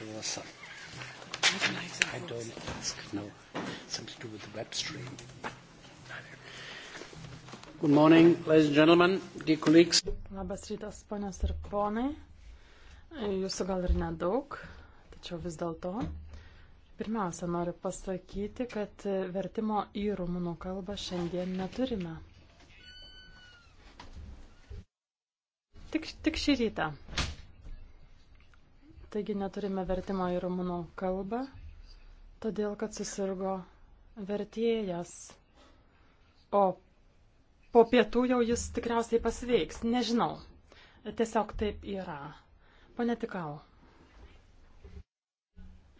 Professor Sun. I don't ask, no. Something to do with the web stream. Good morning, ladies and gentlemen, dear colleagues. Labas rytas, ponios ir ponai. Jūsų gal ir nedaug, tačiau vis dėlto. Pirmiausia, noriu pasakyti, kad vertimo į rumunų kalbą šiandien neturime. Tik, tik šį rytą Taigi neturime vertimo į rumunų kalbą, todėl kad susirgo vertėjas. O po pietų jau jis tikriausiai pasveiks. Nežinau. Tiesiog taip yra. Pane Tikau.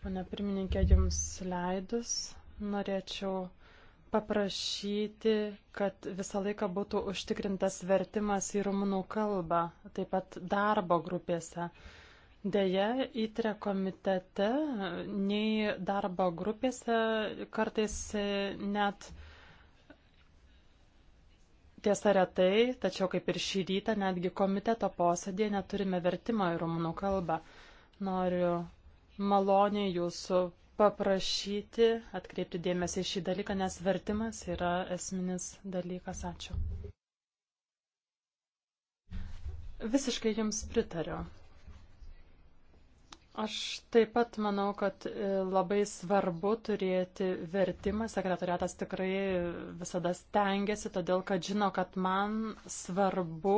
Pane pirmininkė, jums leidus norėčiau paprašyti, kad visą laiką būtų užtikrintas vertimas į rumunų kalbą, taip pat darbo grupėse. Deja, įtre komitete, nei darbo grupėse kartais net tiesa retai, tačiau kaip ir šį rytą, netgi komiteto posėdėje neturime vertimo į rumunų kalbą. Noriu maloniai jūsų paprašyti, atkreipti dėmesį į šį dalyką, nes vertimas yra esminis dalykas. Ačiū. Visiškai jums pritariu. Aš taip pat manau, kad e, labai svarbu turėti vertimą. Sekretariatas tikrai visada stengiasi, todėl kad žino, kad man svarbu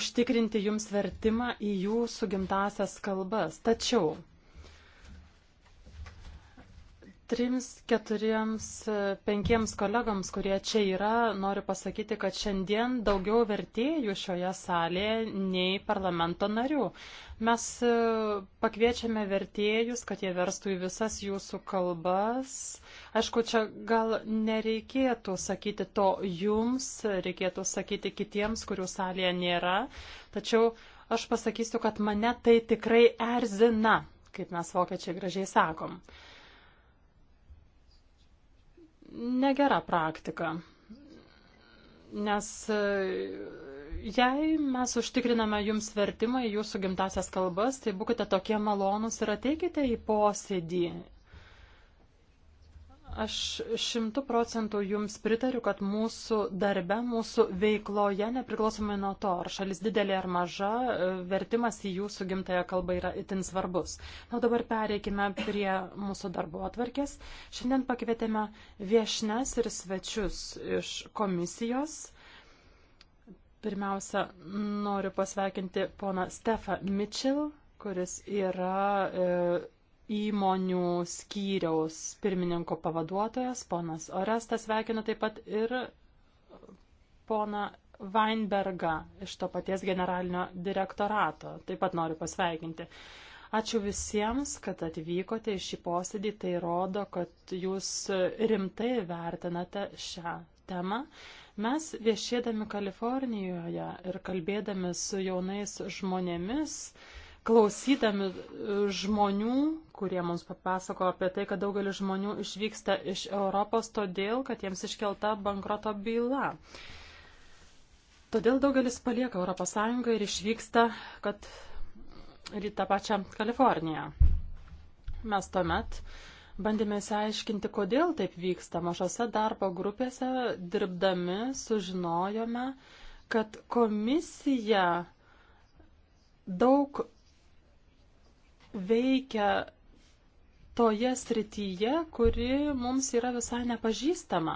užtikrinti jums vertimą į jūsų gimtasias kalbas. Tačiau trims, keturiems, e, penkiems kolegams, kurie čia yra, noriu pasakyti, kad šiandien daugiau vertėjų šioje salėje nei parlamento narių. Mes e, pakviečiame vertėjus, kad jie verstų į visas jūsų kalbas. Aišku, čia gal nereikėtų sakyti to jums, reikėtų sakyti kitiems, kurių salėje nėra. Tačiau aš pasakysiu, kad mane tai tikrai erzina, kaip mes vokiečiai gražiai sakom. Uh, negera praktika. Nes e, jei mes užtikriname jums vertimą į jūsų gimtasias kalbas, tai būkite tokie malonūs ir ateikite į posėdį Aš šimtų procentų jums pritariu, kad mūsų darbe, mūsų veikloje, nepriklausomai nuo to, ar šalis didelė ar maža, vertimas į jūsų gimtają kalbą yra itin svarbus. Na dabar pereikime prie mūsų darbo atvarkės. Šiandien pakvietėme viešnes ir svečius iš komisijos. Pirmiausia, noriu pasveikinti poną Stefą Mitchell, kuris yra e, įmonių skyriaus pirmininko pavaduotojas, ponas Orestas, sveikinu taip pat ir pona Weinbergą iš to paties generalinio direktorato. Taip pat noriu pasveikinti. Ačiū visiems, kad atvykote į šį posėdį. Tai rodo, kad jūs rimtai vertinate šią temą. Mes viešėdami Kalifornijoje ir kalbėdami su jaunais žmonėmis, uh, klausydami e, žmonių, kurie mums papasako apie tai, kad daugelis žmonių išvyksta iš Europos todėl, kad jiems iškelta bankroto byla. Todėl daugelis palieka ES ir išvyksta, kad ir į tą pačią Kaliforniją. Mes tuomet bandėme įsiaiškinti, kodėl taip vyksta. Mažose darbo grupėse dirbdami sužinojome, kad komisija daug veikia toje srityje, kuri mums yra visai nepažįstama.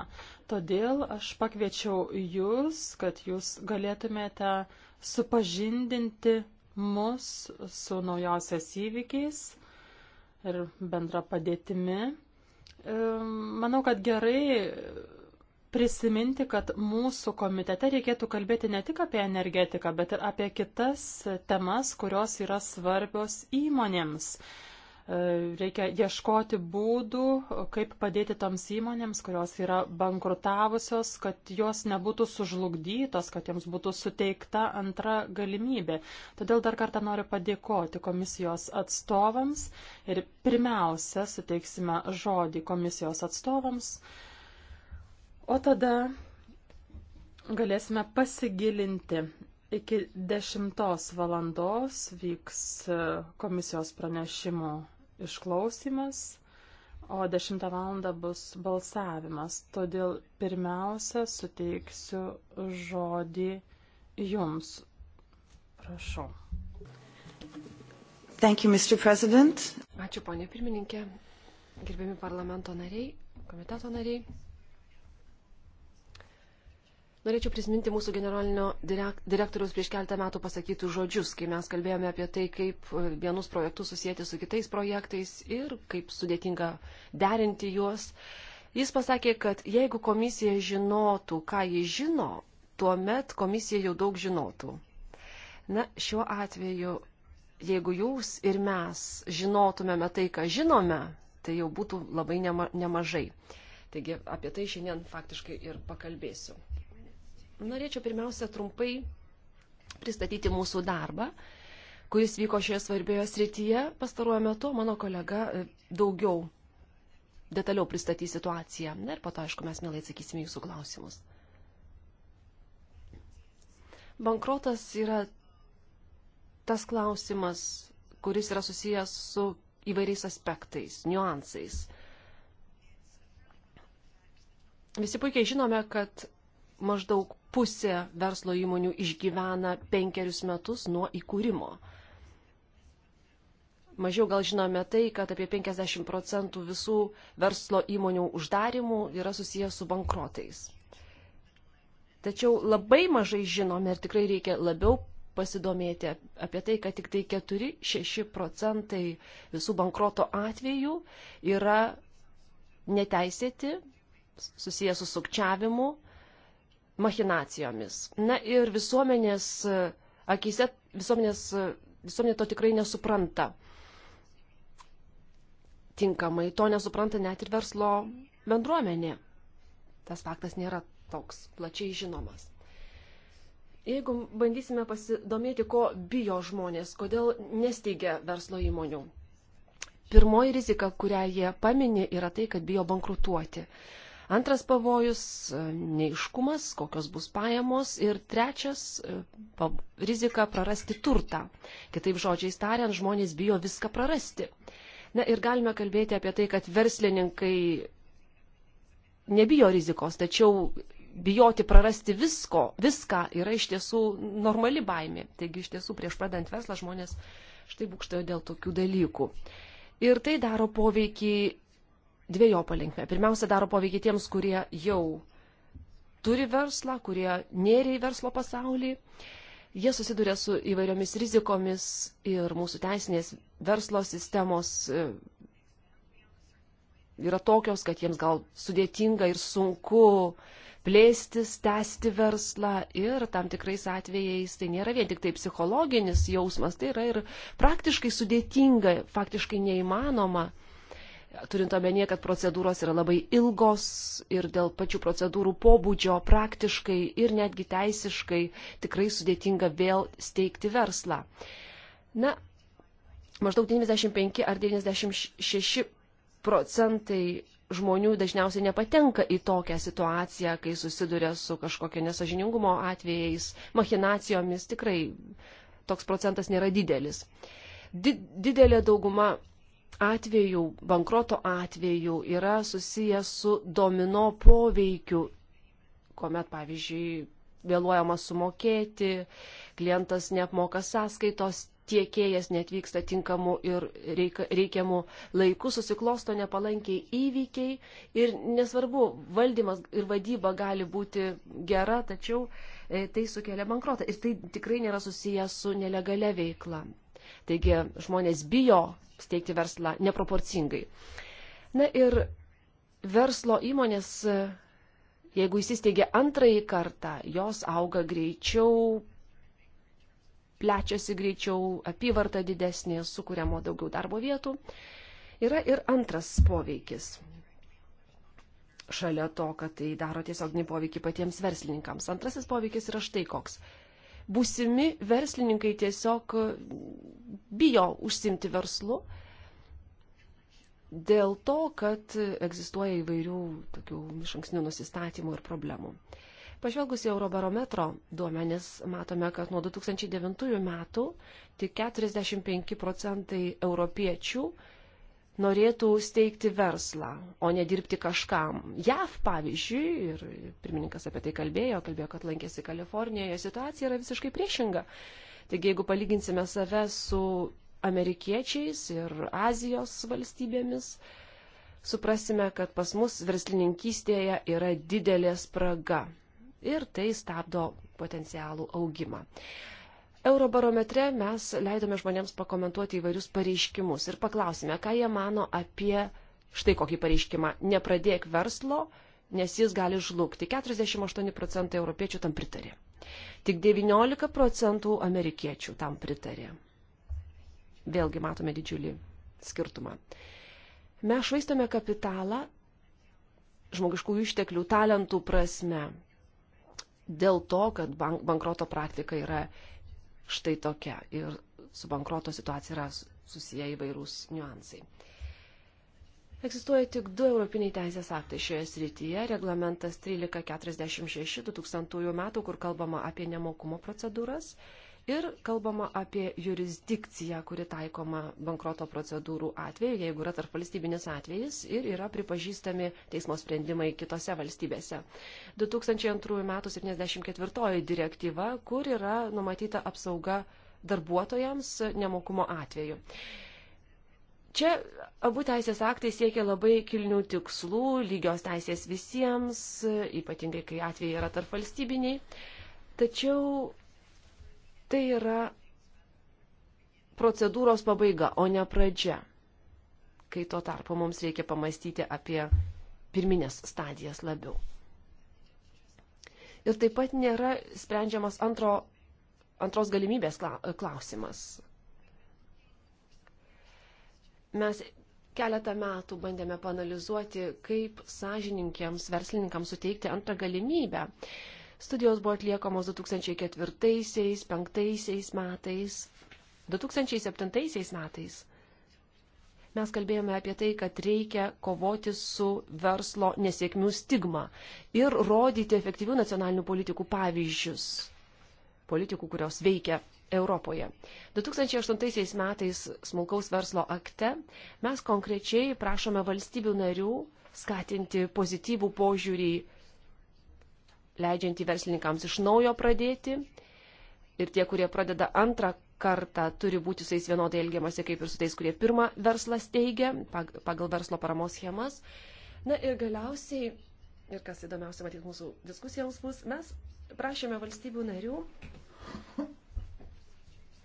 Todėl aš pakviečiau jūs, kad jūs galėtumėte supažindinti mus su naujausias įvykiais ir bendra padėtimi. Manau, kad gerai prisiminti, kad mūsų komitete reikėtų kalbėti ne tik apie energetiką, bet ir apie kitas temas, kurios yra svarbios įmonėms. E, reikia ieškoti būdų, kaip padėti toms įmonėms, kurios yra bankrutavusios, kad jos nebūtų sužlugdytos, kad joms būtų suteikta antra galimybė. Todėl dar kartą noriu padėkoti komisijos atstovams ir pirmiausia suteiksime žodį komisijos atstovams. Uh, O tada galėsime pasigilinti. Iki 10 valandos vyks e, komisijos pranešimų išklausimas, o 10 val. bus balsavimas. Todėl pirmiausia suteiksiu žodį jums. Prašau. Thank you, Mr. President. Ačiū, ponė pirmininkė, gerbiami parlamento nariai, komiteto nariai. Norėčiau prisiminti mūsų generalinio direktoriaus prieš keltą metų pasakytų žodžius, kai mes kalbėjome apie tai, kaip e, vienus projektus susijęti su kitais projektais ir kaip sudėtinga derinti juos. Jis pasakė, kad jeigu komisija žinotų, ką ji žino, tuomet komisija jau daug žinotų. Na, šiuo atveju, jeigu jūs ir mes žinotumėme tai, ką žinome, tai jau būtų labai nema, nemažai. Taigi apie tai šiandien faktiškai ir pakalbėsiu. Norėčiau pirmiausia trumpai pristatyti mūsų darbą, kuris vyko šioje svarbioje srityje. Pastaruoju metu mano kolega e, daugiau detaliau pristatys situaciją. Na ir po to, aišku, mes mielai atsakysime jūsų klausimus. Bankrotas yra tas klausimas, kuris yra susijęs su įvairiais aspektais, niuansais. Visi puikiai žinome, kad maždaug pusė verslo įmonių išgyvena penkerius metus nuo įkūrimo. Mažiau gal žinome tai, kad apie 50 procentų visų verslo įmonių uždarimų yra susijęs su bankrotais. Tačiau labai mažai žinome ir tikrai reikia labiau pasidomėti apie tai, kad tik tai 4-6 procentai visų bankroto atvejų yra neteisėti, susijęs su sukčiavimu machinacijomis. Na ir visuomenės e, akise, visuomenės, e, visuomenė to tikrai nesupranta. Tinkamai to nesupranta net ir verslo bendruomenė. Tas faktas nėra toks plačiai žinomas. Jeigu bandysime pasidomėti, ko bijo žmonės, kodėl nesteigia verslo įmonių. Pirmoji rizika, kurią jie paminė, yra tai, kad bijo bankrutuoti. Antras pavojus - e, neiškumas, kokios bus pajamos. Ir trečias - e, rizika prarasti turtą. Kitaip žodžiais tariant, žmonės bijo viską prarasti. Na ir galime kalbėti apie tai, kad verslininkai nebijo rizikos, tačiau bijoti prarasti visko, viską yra iš tiesų normali baimė. Taigi iš tiesų prieš pradant verslą žmonės štai būkštojo dėl tokių dalykų. Ir tai daro poveikį dviejopą linkmę. Pirmiausia, daro poveikį tiems, kurie jau turi verslą, kurie nėrė į verslo pasaulį. Jie susiduria su įvairiomis rizikomis ir mūsų teisinės verslo sistemos e, yra tokios, kad jiems gal sudėtinga ir sunku plėstis, tęsti verslą ir tam tikrais atvejais tai nėra vien tik tai psichologinis jausmas, tai yra ir praktiškai sudėtinga, faktiškai neįmanoma turint omenyje, kad procedūros yra labai ilgos ir dėl pačių procedūrų pobūdžio praktiškai ir netgi teisiškai tikrai sudėtinga vėl steigti verslą. Na, maždaug 95 ar 96 procentai žmonių dažniausiai nepatenka į tokią situaciją, kai susiduria su kažkokio nesažiningumo atvejais, machinacijomis, tikrai toks procentas nėra didelis. Didelė dauguma atvejų, bankroto atvejų yra susijęs su domino poveikiu, kuomet, pavyzdžiui, vėluojama sumokėti, klientas neapmoka sąskaitos, tiekėjas netvyksta tinkamu ir reikiamu laiku, susiklosto nepalankiai įvykiai ir nesvarbu, valdymas ir vadyba gali būti gera, tačiau e, tai sukelia bankrotą. Ir tai tikrai nėra susijęs su nelegalia veikla. Taigi žmonės bijo steigti verslą neproporcingai. Na ir verslo įmonės, jeigu įsisteigia antrąjį kartą, jos auga greičiau, plečiasi greičiau, apyvarta didesnė, sukūriamo daugiau darbo vietų. Yra ir antras poveikis. Šalia to, kad tai daro tiesioginį poveikį patiems verslininkams. Antrasis poveikis yra štai koks būsimi verslininkai tiesiog e, bijo užsimti verslu dėl to, kad egzistuoja įvairių tokių išanksnių nusistatymų ir problemų. Pažvelgus į Eurobarometro duomenis, matome, kad nuo 2009 metų tik 45 procentai europiečių norėtų steigti verslą, o ne dirbti kažkam. JAV, pavyzdžiui, ir pirmininkas apie tai kalbėjo, kalbėjo, kad lankėsi Kalifornijoje, situacija yra visiškai priešinga. Taigi, jeigu palyginsime save su amerikiečiais ir Azijos valstybėmis, suprasime, kad pas mus verslininkystėje yra didelė spraga ir tai stabdo potencialų augimą. Eurobarometre mes leidome žmonėms pakomentuoti įvairius pareiškimus ir paklausime, ką jie mano apie štai kokį pareiškimą - nepradėk verslo, nes jis gali žlugti. 48 procentai europiečių tam pritarė. Tik 19 procentų amerikiečių tam pritarė. Vėlgi matome didžiulį skirtumą. Mes švaistome kapitalą žmogiškųjų išteklių talentų prasme dėl to, kad bank, bankroto praktika yra štai tokia. Ir su bankroto situacija yra susiję įvairūs niuansai. Egzistuoja tik du europiniai teisės aktai šioje srityje - reglamentas 1346 2000 metų, kur kalbama apie nemokumo procedūras ir kalbama apie jurisdikciją, kuri taikoma bankroto procedūrų atveju, jeigu yra tarp valstybinis atvejis ir yra pripažįstami teismo sprendimai kitose valstybėse. 2002 m. 74 direktyva, kur yra numatyta apsauga darbuotojams nemokumo atveju. Čia abu teisės aktai siekia labai kilnių tikslų, lygios teisės visiems, ypatingai kai atvejai yra tarp valstybiniai. Tačiau Tai yra procedūros pabaiga, o ne pradžia. Kai tuo tarpu mums reikia pamastyti apie pirminės stadijas labiau. Ir taip pat nėra sprendžiamas antro, antros galimybės klausimas. Mes keletą metų bandėme panalizuoti, kaip sąžininkiems verslininkams suteikti antrą galimybę. Uh, Studijos buvo atliekamos 2004-2005 metais, 2007 metais. Mes kalbėjome apie tai, kad reikia kovoti su verslo nesėkmių stigma ir rodyti efektyvių nacionalinių politikų pavyzdžius, politikų, kurios veikia Europoje. 2008 metais smulkaus verslo akte mes konkrečiai prašome valstybių narių skatinti pozityvų požiūrį į leidžiantį verslininkams iš naujo pradėti. Ir tie, kurie pradeda antrą kartą, turi būti su jais vienodai elgiamasi, kaip ir su tais, kurie pirmą verslą steigia pagal verslo paramos schemas. Na ir galiausiai, ir kas įdomiausia matyti mūsų diskusijoms bus, mes prašėme valstybių narių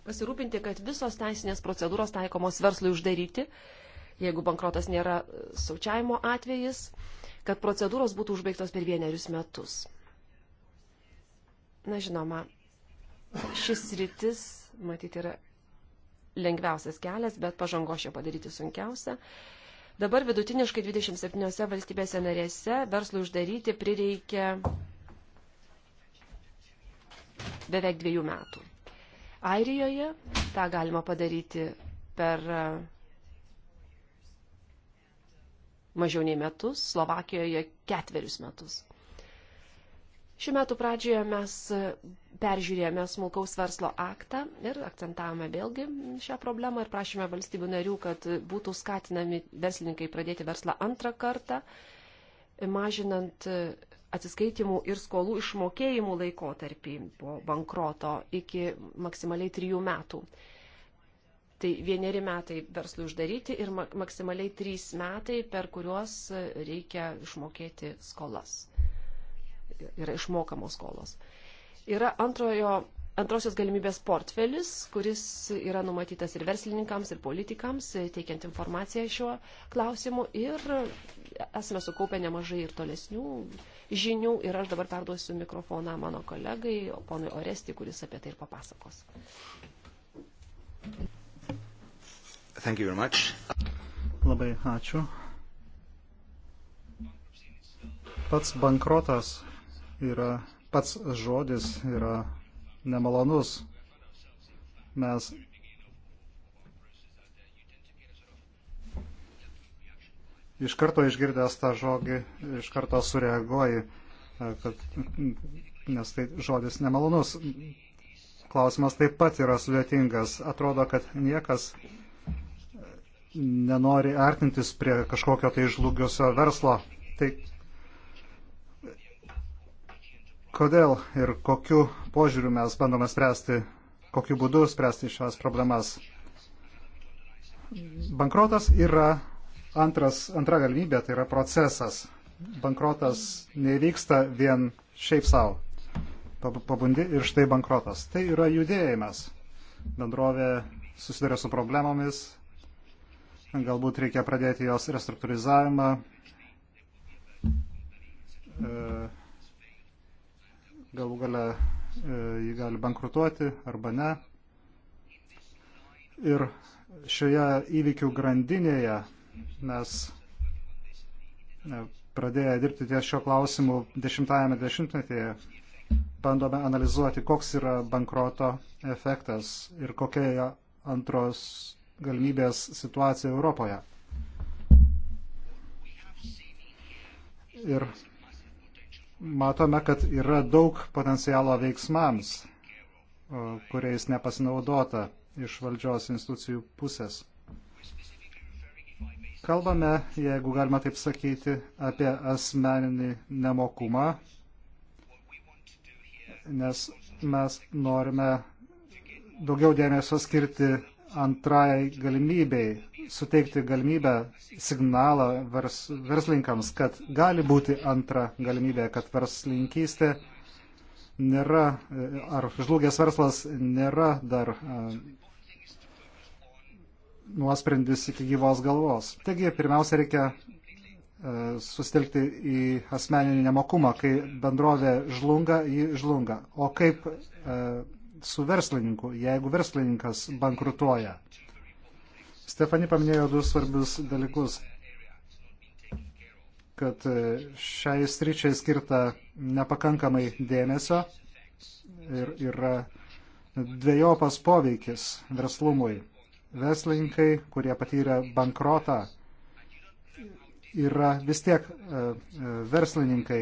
pasirūpinti, kad visos teisinės procedūros taikomos verslui uždaryti, jeigu bankrotas nėra saučiajimo atvejis, kad procedūros būtų užbaigtos per vienerius metus. Na žinoma, šis rytis, matyti, yra lengviausias kelias, bet pažangos čia padaryti sunkiausia. Dabar vidutiniškai 27 valstybėse narėse verslui uždaryti prireikia beveik dviejų metų. Airijoje tą galima padaryti per e, mažiau nei metus, Slovakijoje ketverius metus. Šiuo metu pradžioje mes peržiūrėjome smulkaus verslo aktą ir akcentavome vėlgi šią problemą ir prašėme valstybių narių, kad būtų skatinami verslininkai pradėti verslą antrą kartą, mažinant atsiskaitimų ir skolų išmokėjimų laikotarpį po bankroto iki maksimaliai trijų metų. Tai vieneri metai verslui uždaryti ir maksimaliai trys metai, per kuriuos reikia išmokėti skolas yra išmokamos skolos. Yra antrojo, antrosios galimybės portfelis, kuris yra numatytas ir verslininkams, ir politikams, teikiant informaciją šiuo klausimu. Ir esame sukaupę nemažai ir tolesnių žinių. Ir aš dabar perduosiu mikrofoną mano kolegai, ponui Oresti, kuris apie tai ir papasakos. Thank you very much. Labai ačiū. Pats bankrotas yra pats žodis yra nemalonus. Mes iš karto išgirdęs tą žodį, iš karto sureagoji, kad, nes tai žodis nemalonus. Klausimas taip pat yra sudėtingas. Atrodo, kad niekas nenori artintis prie kažkokio tai žlugusio verslo. Tai kodėl ir kokiu požiūriu mes bandome spręsti, kokiu būdu spręsti šias problemas. Bankrotas yra antras, antra galimybė, tai yra procesas. Bankrotas nevyksta vien šiaip savo. Pabundi ir štai bankrotas. Tai yra judėjimas. Bendrovė susiduria su problemomis, galbūt reikia pradėti jos restruktūrizavimą, e, galų gale e, jį gali bankrutuoti arba ne. Ir šioje įvykių grandinėje mes e, pradėję dirbti ties šio klausimu 10-ame dešimtmetyje bandome analizuoti, koks yra bankroto efektas ir kokia antros galimybės situacija Europoje. Ir matome, kad yra daug potencialo veiksmams, e, kuriais nepasinaudota iš valdžios institucijų pusės. Kalbame, jeigu galima taip sakyti, apie asmeninį nemokumą, nes mes norime daugiau dėmesio skirti antrai galimybei, suteikti galimybę signalą vers, verslinkams, kad gali būti antra galimybė, kad verslininkystė nėra, ar žlugęs verslas nėra dar a, e, nuosprendis iki gyvos galvos. Taigi, pirmiausia, reikia e, sustelkti į asmeninį nemokumą, kai bendrovė žlunga, ji žlunga. O kaip e, su verslininku, jeigu verslininkas bankrutuoja. Stefani paminėjo du svarbius dalykus, kad šiai stryčiai skirta nepakankamai dėmesio ir yra dviejopas poveikis verslumui. Verslininkai, kurie patyrė bankrotą, yra vis tiek e, e, verslininkai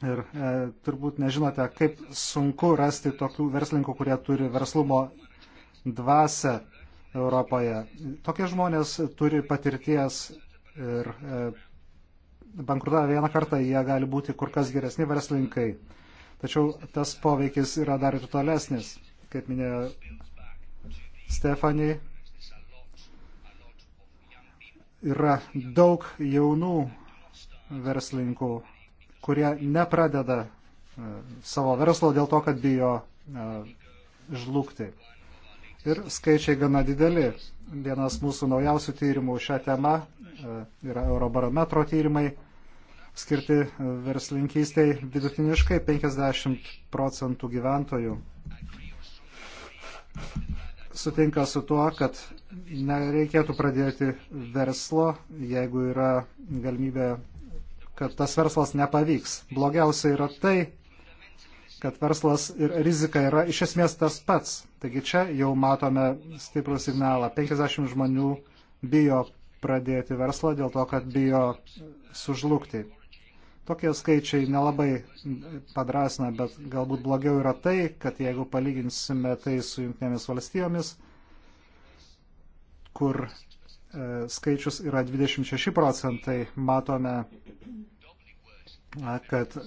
Ir e, turbūt nežinote, kaip sunku rasti tokių verslininkų, kurie turi verslumo dvasę Europoje. Tokie žmonės turi patirties ir e, bankrutavę vieną kartą jie gali būti kur kas geresni verslininkai. Tačiau tas poveikis yra dar ir tolesnis, kaip minėjo Stefanija. Yra daug jaunų verslininkų kurie nepradeda e, savo verslo dėl to, kad bijo e, žlugti. Ir skaičiai gana dideli. Vienas mūsų naujausių tyrimų šią temą e, yra Eurobarometro tyrimai skirti verslinkystėj vidutiniškai 50 procentų gyventojų sutinka su tuo, kad nereikėtų pradėti verslo, jeigu yra galimybė kad tas verslas nepavyks. Blogiausia yra tai, kad verslas ir rizika yra iš esmės tas pats. Taigi čia jau matome stiprų signalą. 50 žmonių bijo pradėti verslą dėl to, kad bijo sužlugti. Tokie skaičiai nelabai padrasina, bet galbūt blogiau yra tai, kad jeigu palyginsime tai su Junktinėmis valstijomis, kur e, skaičius yra 26 procentai, matome, kad e,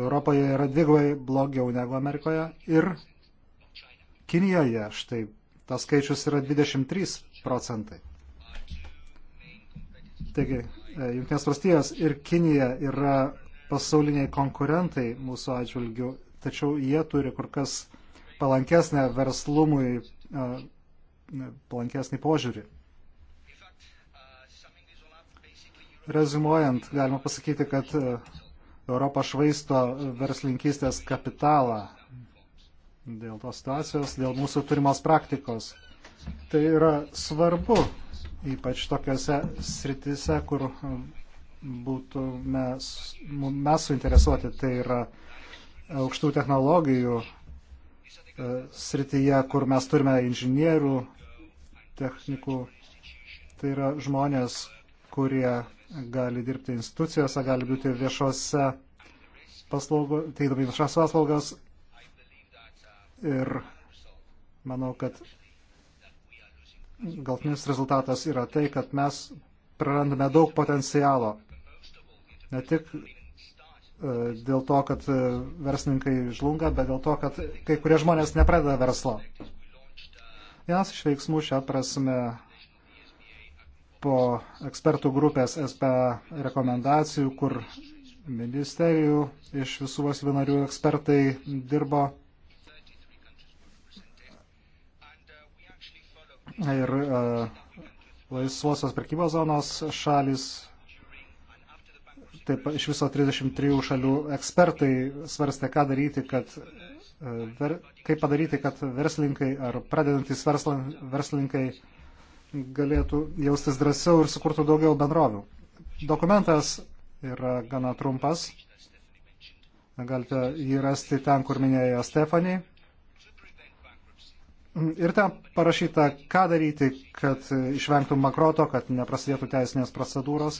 Europoje yra dvigubai blogiau negu Amerikoje ir Kinijoje. Štai tas skaičius yra 23 procentai. Taigi, e, Junktinės valstijos ir Kinija yra pasauliniai konkurentai mūsų atžvilgių, tačiau jie turi kur kas palankesnę verslumui, e, palankesnį požiūrį. Rezumuojant, galima pasakyti, kad e, Europa švaisto verslininkystės kapitalą dėl tos situacijos, dėl mūsų turimos praktikos. Tai yra svarbu, ypač tokiuose sritise, kur e, būtume mes suinteresuoti, tai yra e, aukštų technologijų srityje, kur mes turime inžinierių, technikų, tai yra žmonės, kurie gali dirbti institucijose, gali būti viešose paslaugo, teikdami viešas paslaugas. Ir manau, kad galtinis rezultatas yra tai, kad mes prarandame daug potencialo. Ne tik e, dėl to, kad e, verslininkai žlunga, bet dėl to, kad kai kurie žmonės nepradeda verslo. Vienas iš veiksmų šią prasme po ekspertų grupės SPA rekomendacijų, kur ministerijų iš visų asmenarių ekspertai dirbo. Ir uh, laisvosios prekybos zonos šalis, taip iš viso 33 šalių ekspertai svarstė, ką daryti, kad, e, ver, kaip padaryti, kad verslininkai ar pradedantis versla, verslininkai uh, galėtų jaustis drąsiau ir sukurtų daugiau bendrovių. Dokumentas yra gana trumpas. Galite jį rasti ten, kur minėjo Stefanija. Ir ten parašyta, ką daryti, kad išvengtum makroto, kad neprasidėtų teisinės procedūros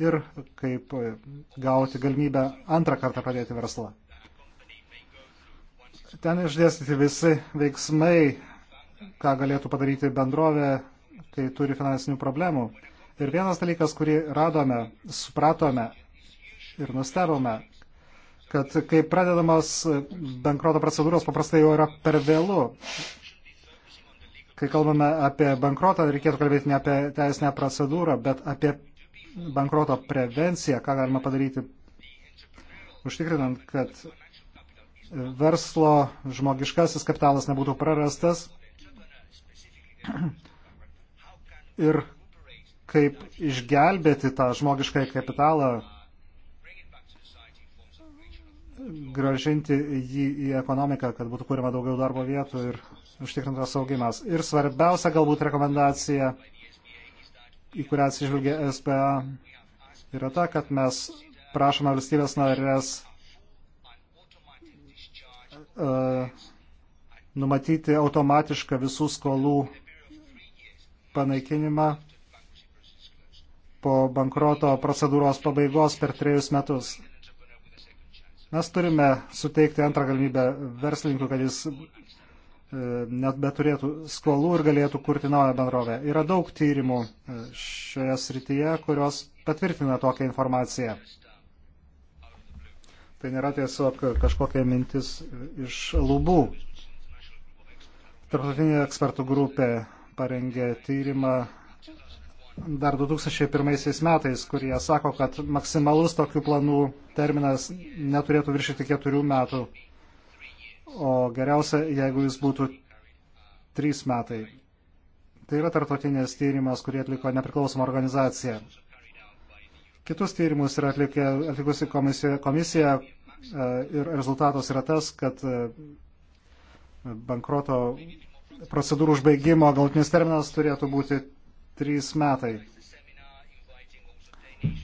ir kaip gauti galimybę antrą kartą pradėti verslą. Ten išdėstyti visi veiksmai, ką galėtų padaryti bendrovė, kai turi finansinių problemų. Ir vienas dalykas, kurį radome, supratome ir nustebome, kad kai pradedamos bankroto procedūros, paprastai jau yra per vėlų. Kai kalbame apie bankrotą, reikėtų kalbėti ne apie teisinę procedūrą, bet apie bankroto prevenciją, ką galima padaryti, užtikrinant, kad verslo žmogiškasis kapitalas nebūtų prarastas ir kaip išgelbėti tą žmogišką kapitalą, gražinti jį į ekonomiką, kad būtų kūrima daugiau darbo vietų ir užtikrintas augimas. Ir svarbiausia galbūt rekomendacija, į kurią atsižvelgia SPA, yra ta, kad mes prašome valstybės narės uh, numatyti automatišką visų skolų panaikinimą po bankroto procedūros pabaigos per trejus metus. Mes turime suteikti antrą galimybę verslininkui, kad jis e, net beturėtų skolų ir galėtų kurti naują bendrovę. Yra daug tyrimų e, šioje srityje, kurios patvirtina tokią informaciją. Tai nėra tiesiog kažkokia mintis iš lubų. Tarptautinė ekspertų grupė parengė tyrimą dar 2001 metais, kurie sako, kad maksimalus tokių planų terminas neturėtų viršyti keturių metų, o geriausia, jeigu jis būtų trys metai. Tai yra tartotinės tyrimas, kurį atliko nepriklausoma organizacija. Kitus tyrimus yra atlikė, atlikusi komisija, komisija e, ir rezultatas yra tas, kad e, bankroto procedūrų užbaigimo galtinis terminas turėtų būti trys metai. E,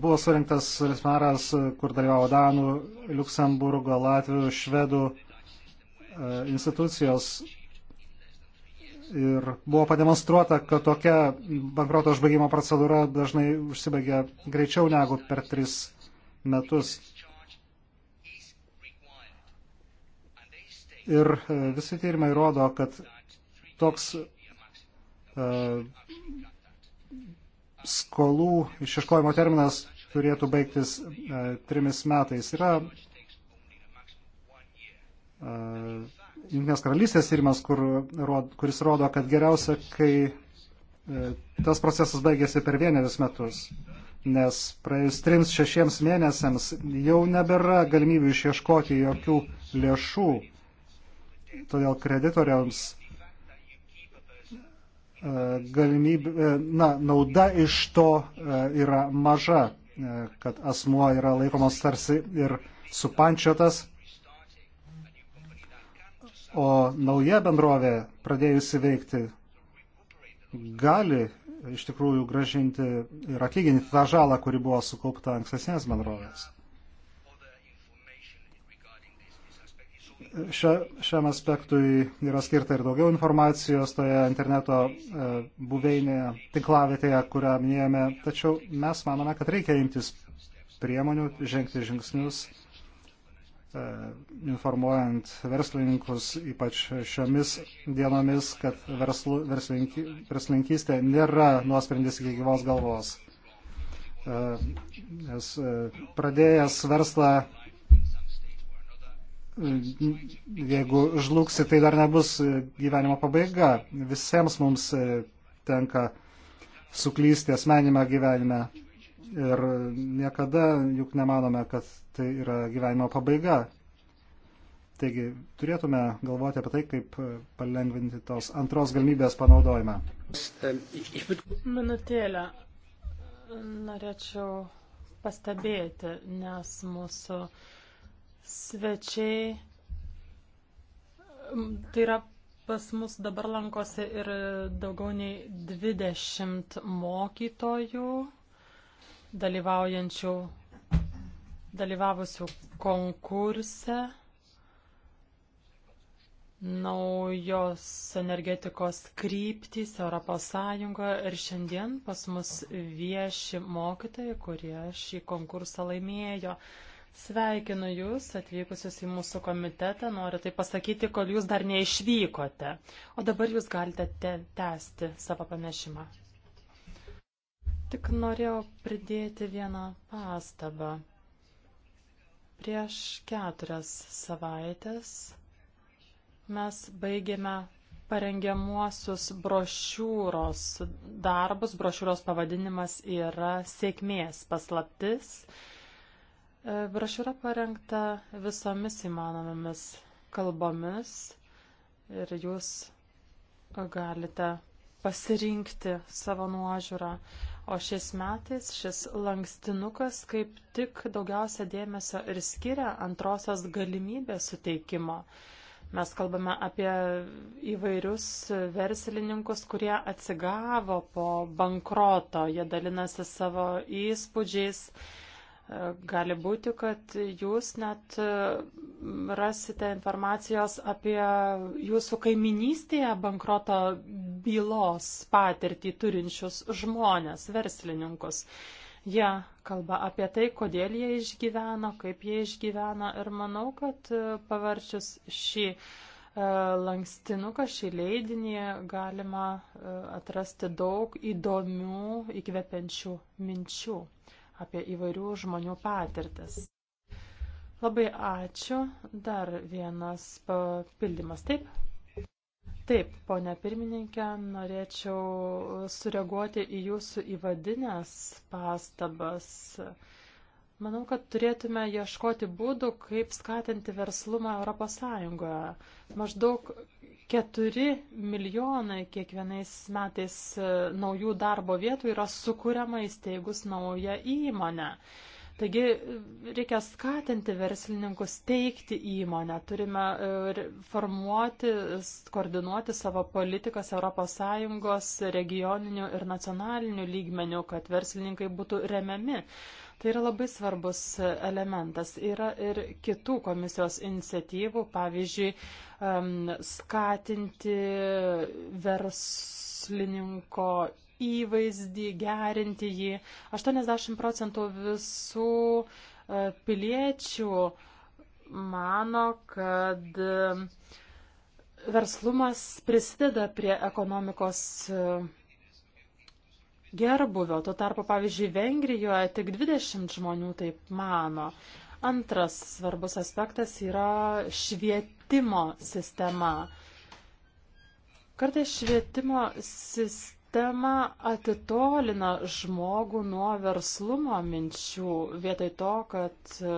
buvo surinktas seminaras, kur dalyvavo Danų, Luksemburgo, Latvijų, Švedų e, institucijos ir buvo pademonstruota, kad tokia bankruoto užbaigimo procedūra dažnai užsibaigia greičiau negu per tris metus. Ir e, visi tyrimai rodo, kad toks uh, skolų išieškojimo terminas turėtų baigtis uh, trimis metais. Yra uh, Junktinės karalystės tyrimas, kur, rod, kuris rodo, kad geriausia, kai uh, tas procesas baigėsi per vienerius metus, nes praėjus trims šešiems mėnesiams jau nebėra galimybių išieškoti jokių lėšų. Uh, Todėl kreditoriams e, galimybė, e, na, nauda iš to e, yra maža, kad asmuo yra laikomas tarsi ir supančiotas. O nauja bendrovė, pradėjusi veikti, gali iš tikrųjų gražinti ir atlyginti tą žalą, kuri buvo sukaupta ankstesnės bendrovės. šia, šiam aspektui yra skirta ir daugiau informacijos toje interneto e, buveinėje, tinklavietėje, kurią minėjome. Tačiau mes manome, kad reikia imtis priemonių, žengti žingsnius, e, informuojant verslininkus, ypač šiomis dienomis, kad verslu, verslinki, verslininkystė nėra nuosprendis iki gyvos galvos. E, nes pradėjęs verslą jeigu žlugsi, tai dar nebus gyvenimo pabaiga. Visiems mums e, tenka suklysti asmenime gyvenime. Ir niekada juk nemanome, kad tai yra gyvenimo pabaiga. Taigi turėtume galvoti apie tai, kaip palengvinti tos antros galimybės panaudojimą. Minutėlę norėčiau pastebėti, nes mūsų uh, Svečiai. Tai yra pas mus dabar lankosi ir daugiau nei 20 mokytojų dalyvaujančių, dalyvavusių konkurse naujos energetikos kryptys Europos Sąjungoje ir šiandien pas mus vieši mokytojai, kurie šį konkursą laimėjo. Sveikinu Jūs atvykusius į mūsų komitetą. Noriu tai pasakyti, kol Jūs dar neišvykote. O dabar Jūs galite te tęsti savo panešimą. Tik norėjau pridėti vieną pastabą. Prieš keturias savaitės mes baigėme parengiamuosius brošiūros darbus. Brošiūros pavadinimas yra sėkmės paslaptis. E, brošiūra parengta visomis įmanomomis kalbomis ir jūs galite pasirinkti savo nuožiūrą. O šiais metais šis lankstinukas kaip tik daugiausia dėmesio ir skiria antrosios galimybės suteikimo. Mes kalbame apie įvairius verslininkus, kurie atsigavo po bankroto, jie dalinasi savo įspūdžiais Gali būti, kad jūs net rasite informacijos apie jūsų kaiminystėje bankroto bylos patirtį turinčius žmonės, verslininkus. Jie kalba apie tai, kodėl jie išgyveno, kaip jie išgyveno ir manau, kad e, pavarčius šį e, lankstinuką, šį leidinį galima e, atrasti daug įdomių, įkvepiančių minčių apie įvairių žmonių patirtis. Labai ačiū. Dar vienas papildymas. Taip? Taip, ponia pirmininkė, norėčiau sureaguoti į jūsų įvadinės pastabas. Manau, kad turėtume ieškoti būdų, kaip skatinti verslumą ES. Maždaug 4 milijonai kiekvienais metais e, naujų darbo vietų yra sukūriama įsteigus naują įmonę. Taigi e, reikia skatinti verslininkus teikti įmonę, turime e, formuoti, koordinuoti savo politikas ES regioninių ir nacionalinių lygmenių, kad verslininkai būtų remiami. Tai yra labai svarbus elementas. Yra ir kitų komisijos iniciatyvų, pavyzdžiui, skatinti verslininko įvaizdį, gerinti jį. 80 procentų visų e, piliečių mano, kad e, verslumas prisideda prie ekonomikos e, gerbuvio. Tuo tarpu, pavyzdžiui, Vengrijoje tik 20 žmonių taip mano. Antras svarbus aspektas yra švietimo sistema. Kartais švietimo sistema atitolina žmogų nuo verslumo minčių, vietoj to, kad e,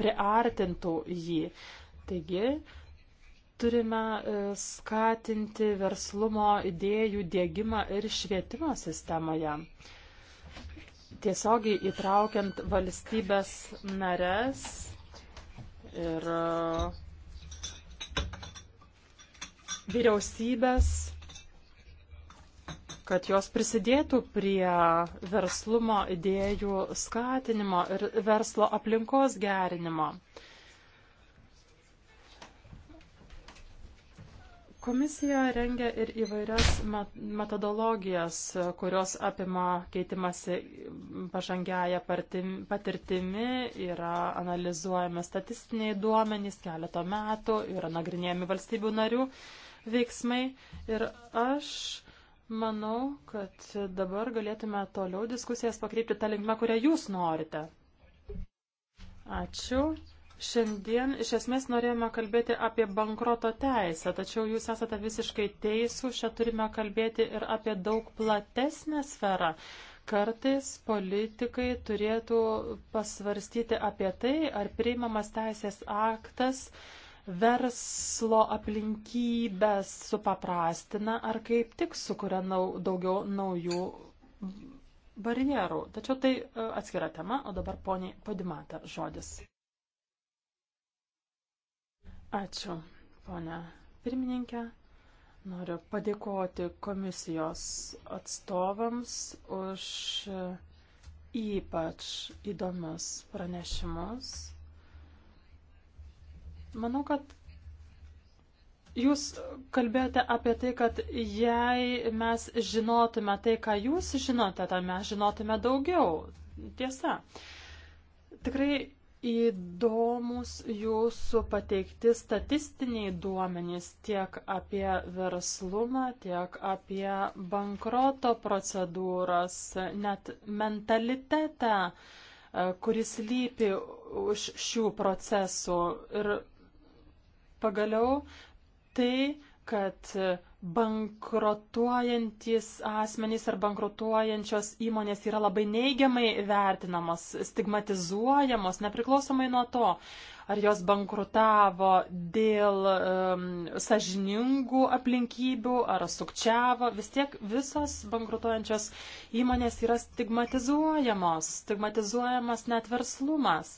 priartintų jį. Taigi, Turime e, skatinti verslumo idėjų dėgymą ir švietimo sistemoje. Tiesiogiai įtraukiant valstybės nares ir e, vyriausybės, kad jos prisidėtų prie verslumo idėjų skatinimo ir verslo aplinkos gerinimo. Komisija rengia ir įvairias metodologijas, kurios apima keitimasi pažangiaja patirtimi, yra analizuojami statistiniai duomenys keletą metų, yra nagrinėjami valstybių narių veiksmai. Ir aš manau, kad dabar galėtume toliau diskusijas pakreipti tą linkmę, kurią jūs norite. Ačiū. Šiandien iš esmės norėjome kalbėti apie bankroto teisę, tačiau jūs esate visiškai teisų, čia turime kalbėti ir apie daug platesnę sferą. Kartais politikai turėtų pasvarstyti apie tai, ar priimamas teisės aktas verslo aplinkybės supaprastina, ar kaip tik sukuria nau, daugiau naujų barjerų. Tačiau tai e, atskira tema, o dabar poniai Padimata žodis. Ačiū, ponia pirmininkė. Noriu padėkoti komisijos atstovams už ypač įdomius pranešimus. Manau, kad Jūs kalbėjote apie tai, kad jei mes žinotume tai, ką jūs žinote, tai mes žinotume daugiau. Tiesa. Tikrai įdomus jūsų pateikti statistiniai duomenys tiek apie verslumą, tiek apie bankroto procedūras, net mentalitetą, e, kuris lypi už šių procesų. Ir pagaliau tai, kad bankrotuojantis asmenys ar bankrotuojančios įmonės yra labai neigiamai vertinamos, stigmatizuojamos, nepriklausomai nuo to, ar jos bankrutavo dėl um, sažiningų aplinkybių, ar sukčiavo, vis tiek visos bankrutuojančios įmonės yra stigmatizuojamos, stigmatizuojamas net verslumas.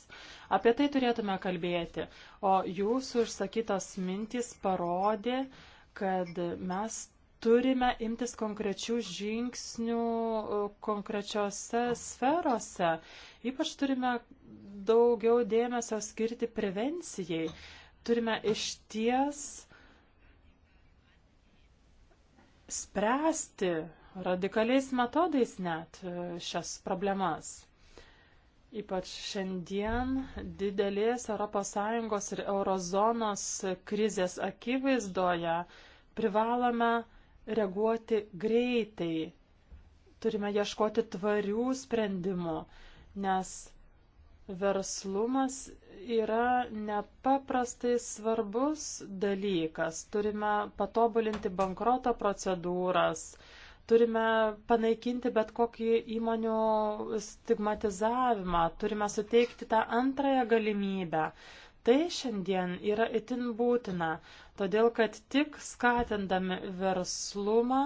Apie tai turėtume kalbėti. O jūsų išsakytos mintys parodė, uh, kad mes turime imtis konkrečių žingsnių e, konkrečiose sferose. Ypač turime daugiau dėmesio skirti prevencijai. Turime išties spręsti radikaliais metodais net e, šias problemas. Ypač šiandien didelės ES ir eurozonos krizės akivaizdoje uh, Privalome reaguoti greitai, turime ieškoti tvarių sprendimų, nes verslumas yra nepaprastai svarbus dalykas. Turime patobulinti bankroto procedūras, turime panaikinti bet kokį įmonių stigmatizavimą, turime suteikti tą antrąją galimybę. Tai šiandien yra itin būtina. Todėl, kad tik skatindami verslumą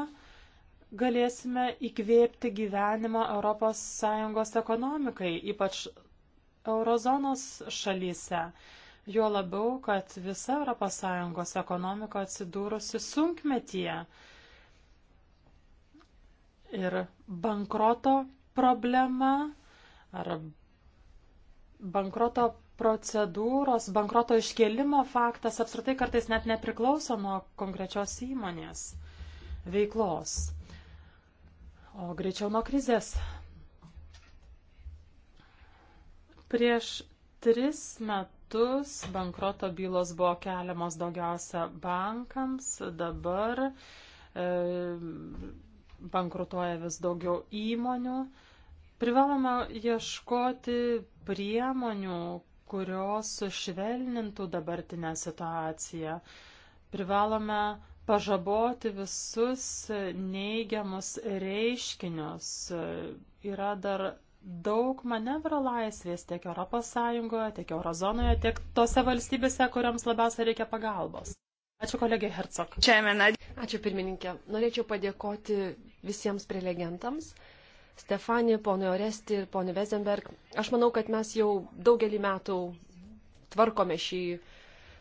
galėsime įkvėpti gyvenimą ES ekonomikai, ypač eurozonos šalyse. Jo labiau, kad visa ES ekonomika atsidūrusi sunkmetyje. Ir bankroto problema ar bankroto procedūros, bankroto iškėlimo faktas apskritai kartais net nepriklauso nuo konkrečios įmonės veiklos, o greičiau nuo krizės. Prieš tris metus bankroto bylos buvo keliamos daugiausia bankams, dabar e, bankrutuoja vis daugiau įmonių. Privalome ieškoti priemonių, kurios sušvelnintų dabartinę situaciją. Privalome pažaboti visus neigiamus reiškinius. Yra dar daug manevro laisvės tiek ES, tiek Eurozonoje, tiek tose valstybėse, kuriams labiausiai reikia pagalbos. Ačiū kolegė Hercog. Čia mena. Ačiū pirmininkė. Norėčiau padėkoti visiems prelegentams. Stefani, ponui Oresti ir ponui Vezenberg. Aš manau, kad mes jau daugelį metų tvarkome šį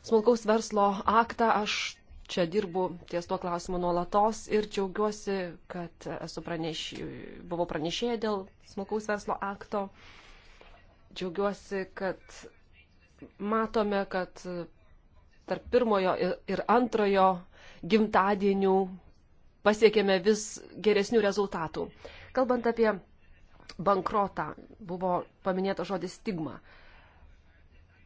smulkaus verslo aktą. Aš čia dirbu ties tuo klausimu nuolatos ir džiaugiuosi, kad esu praneš... buvau pranešėję dėl smulkaus verslo akto. Džiaugiuosi, kad matome, kad tarp pirmojo ir antrojo gimtadienių pasiekėme vis geresnių rezultatų. Kalbant apie bankrotą, buvo paminėta žodis stigma.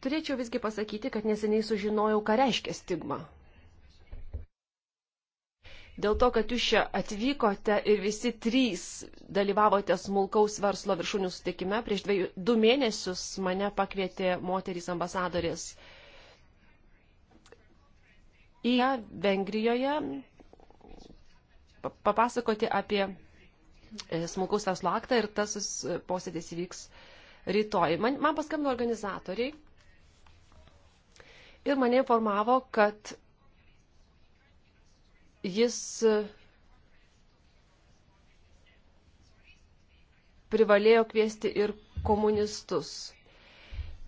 Turėčiau visgi pasakyti, kad neseniai sužinojau, ką reiškia stigma. Dėl to, kad jūs čia atvykote ir visi trys dalyvavote smulkaus verslo viršūnių sutikime, prieš dviejų, du mėnesius mane pakvietė moterys ambasadorės į Vengrijoje papasakoti apie E, smulkaus verslo aktą ir tas e, posėdis įvyks rytoj. Man, man paskambino organizatoriai ir mane informavo, kad jis e, privalėjo kviesti ir komunistus.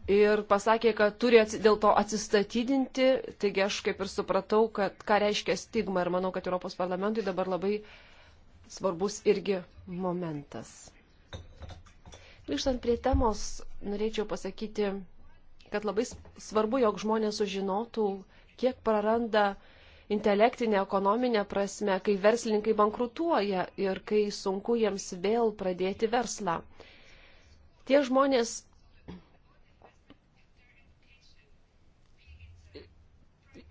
Ir pasakė, kad turi atsi, dėl to atsistatydinti, taigi aš kaip ir supratau, kad ką reiškia stigma ir manau, kad Europos parlamentui dabar labai uh, svarbus irgi momentas. Grįžtant prie temos, norėčiau pasakyti, kad labai svarbu, jog žmonės sužinotų, kiek praranda intelektinė, ekonominė prasme, kai verslininkai bankrutuoja ir kai sunku jiems vėl pradėti verslą. Tie žmonės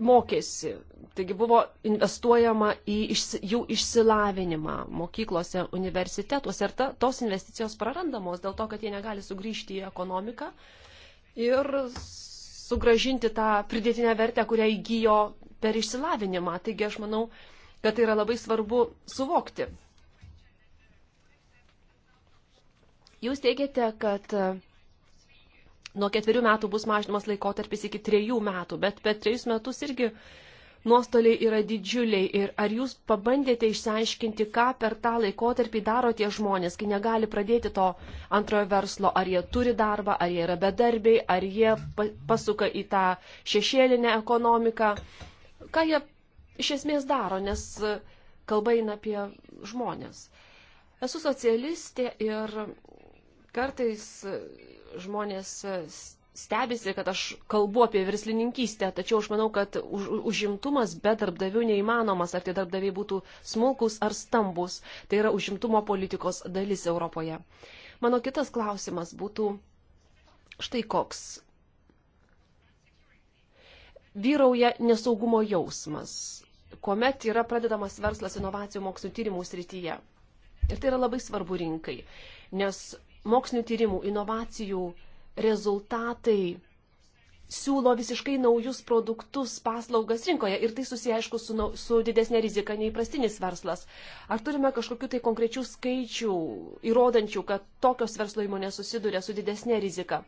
mokėsi. Taigi buvo investuojama į išs, jų išsilavinimą mokyklose, universitetuose ir ta, tos investicijos prarandamos dėl to, kad jie negali sugrįžti į ekonomiką ir sugražinti tą pridėtinę vertę, kurią įgyjo per išsilavinimą. Taigi aš manau, kad tai yra labai svarbu suvokti. Jūs teigiate, kad nuo ketverių metų bus mažinamas laikotarpis iki trejų metų, bet per trejus metus irgi nuostoliai yra didžiuliai. Ir ar jūs pabandėte išsiaiškinti, ką per tą laikotarpį daro tie žmonės, kai negali pradėti to antrojo verslo, ar jie turi darbą, ar jie yra bedarbiai, ar jie pasuka į tą šešėlinę ekonomiką. Ką jie iš esmės daro, nes e, kalba eina apie žmonės. Esu socialistė ir Kartais e, žmonės e, stebisi, kad aš kalbu apie verslininkystę, tačiau aš manau, kad už, užimtumas be darbdavių neįmanomas, ar tie darbdaviai būtų smulkus ar stambus. Tai yra užimtumo politikos dalis Europoje. Mano kitas klausimas būtų štai koks. Vyrauja nesaugumo jausmas, kuomet yra pradedamas verslas inovacijų mokslo tyrimų srityje. Ir tai yra labai svarbu rinkai, nes mokslinių tyrimų, inovacijų rezultatai siūlo visiškai naujus produktus, paslaugas rinkoje ir tai susiję, aišku, su, su didesnė rizika nei prastinis verslas. Ar turime kažkokių tai konkrečių skaičių įrodančių, kad tokios verslo įmonės susiduria su didesnė rizika?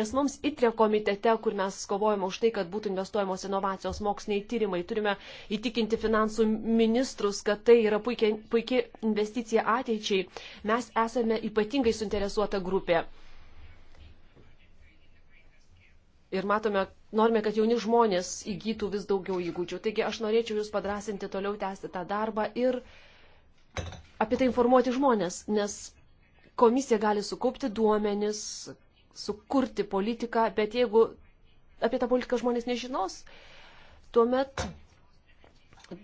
Nes mums ITRE komitete, kur mes kovojame už tai, kad būtų investuojamos inovacijos, moksliniai tyrimai, turime įtikinti finansų ministrus, kad tai yra puikia, puikia investicija ateičiai. Mes esame ypatingai suinteresuota grupė ir matome, norime, kad jauni žmonės įgytų vis daugiau įgūdžių. Taigi aš norėčiau Jūs padrasinti toliau tęsti tą darbą ir apie tai informuoti žmonės, nes komisija gali sukaupti duomenis, sukurti politiką, bet jeigu apie tą politiką žmonės nežinos, tuomet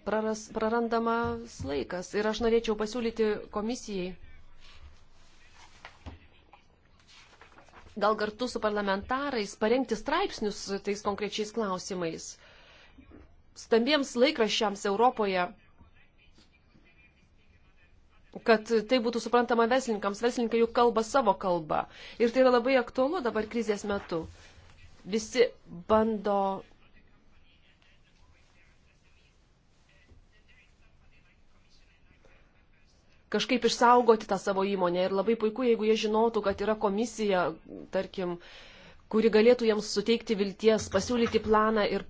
praras, prarandamas laikas. Ir aš norėčiau pasiūlyti komisijai gal kartu su parlamentarais parengti straipsnius tais konkrečiais klausimais. Stambiems laikraščiams Europoje, kad tai būtų suprantama verslininkams. Verslininkai juk kalba savo kalbą. Ir tai yra labai aktualu dabar krizės metu. Visi bando kažkaip išsaugoti tą savo įmonę. Ir labai puiku, jeigu jie žinotų, kad yra komisija, tarkim, kuri galėtų jiems suteikti vilties, pasiūlyti planą ir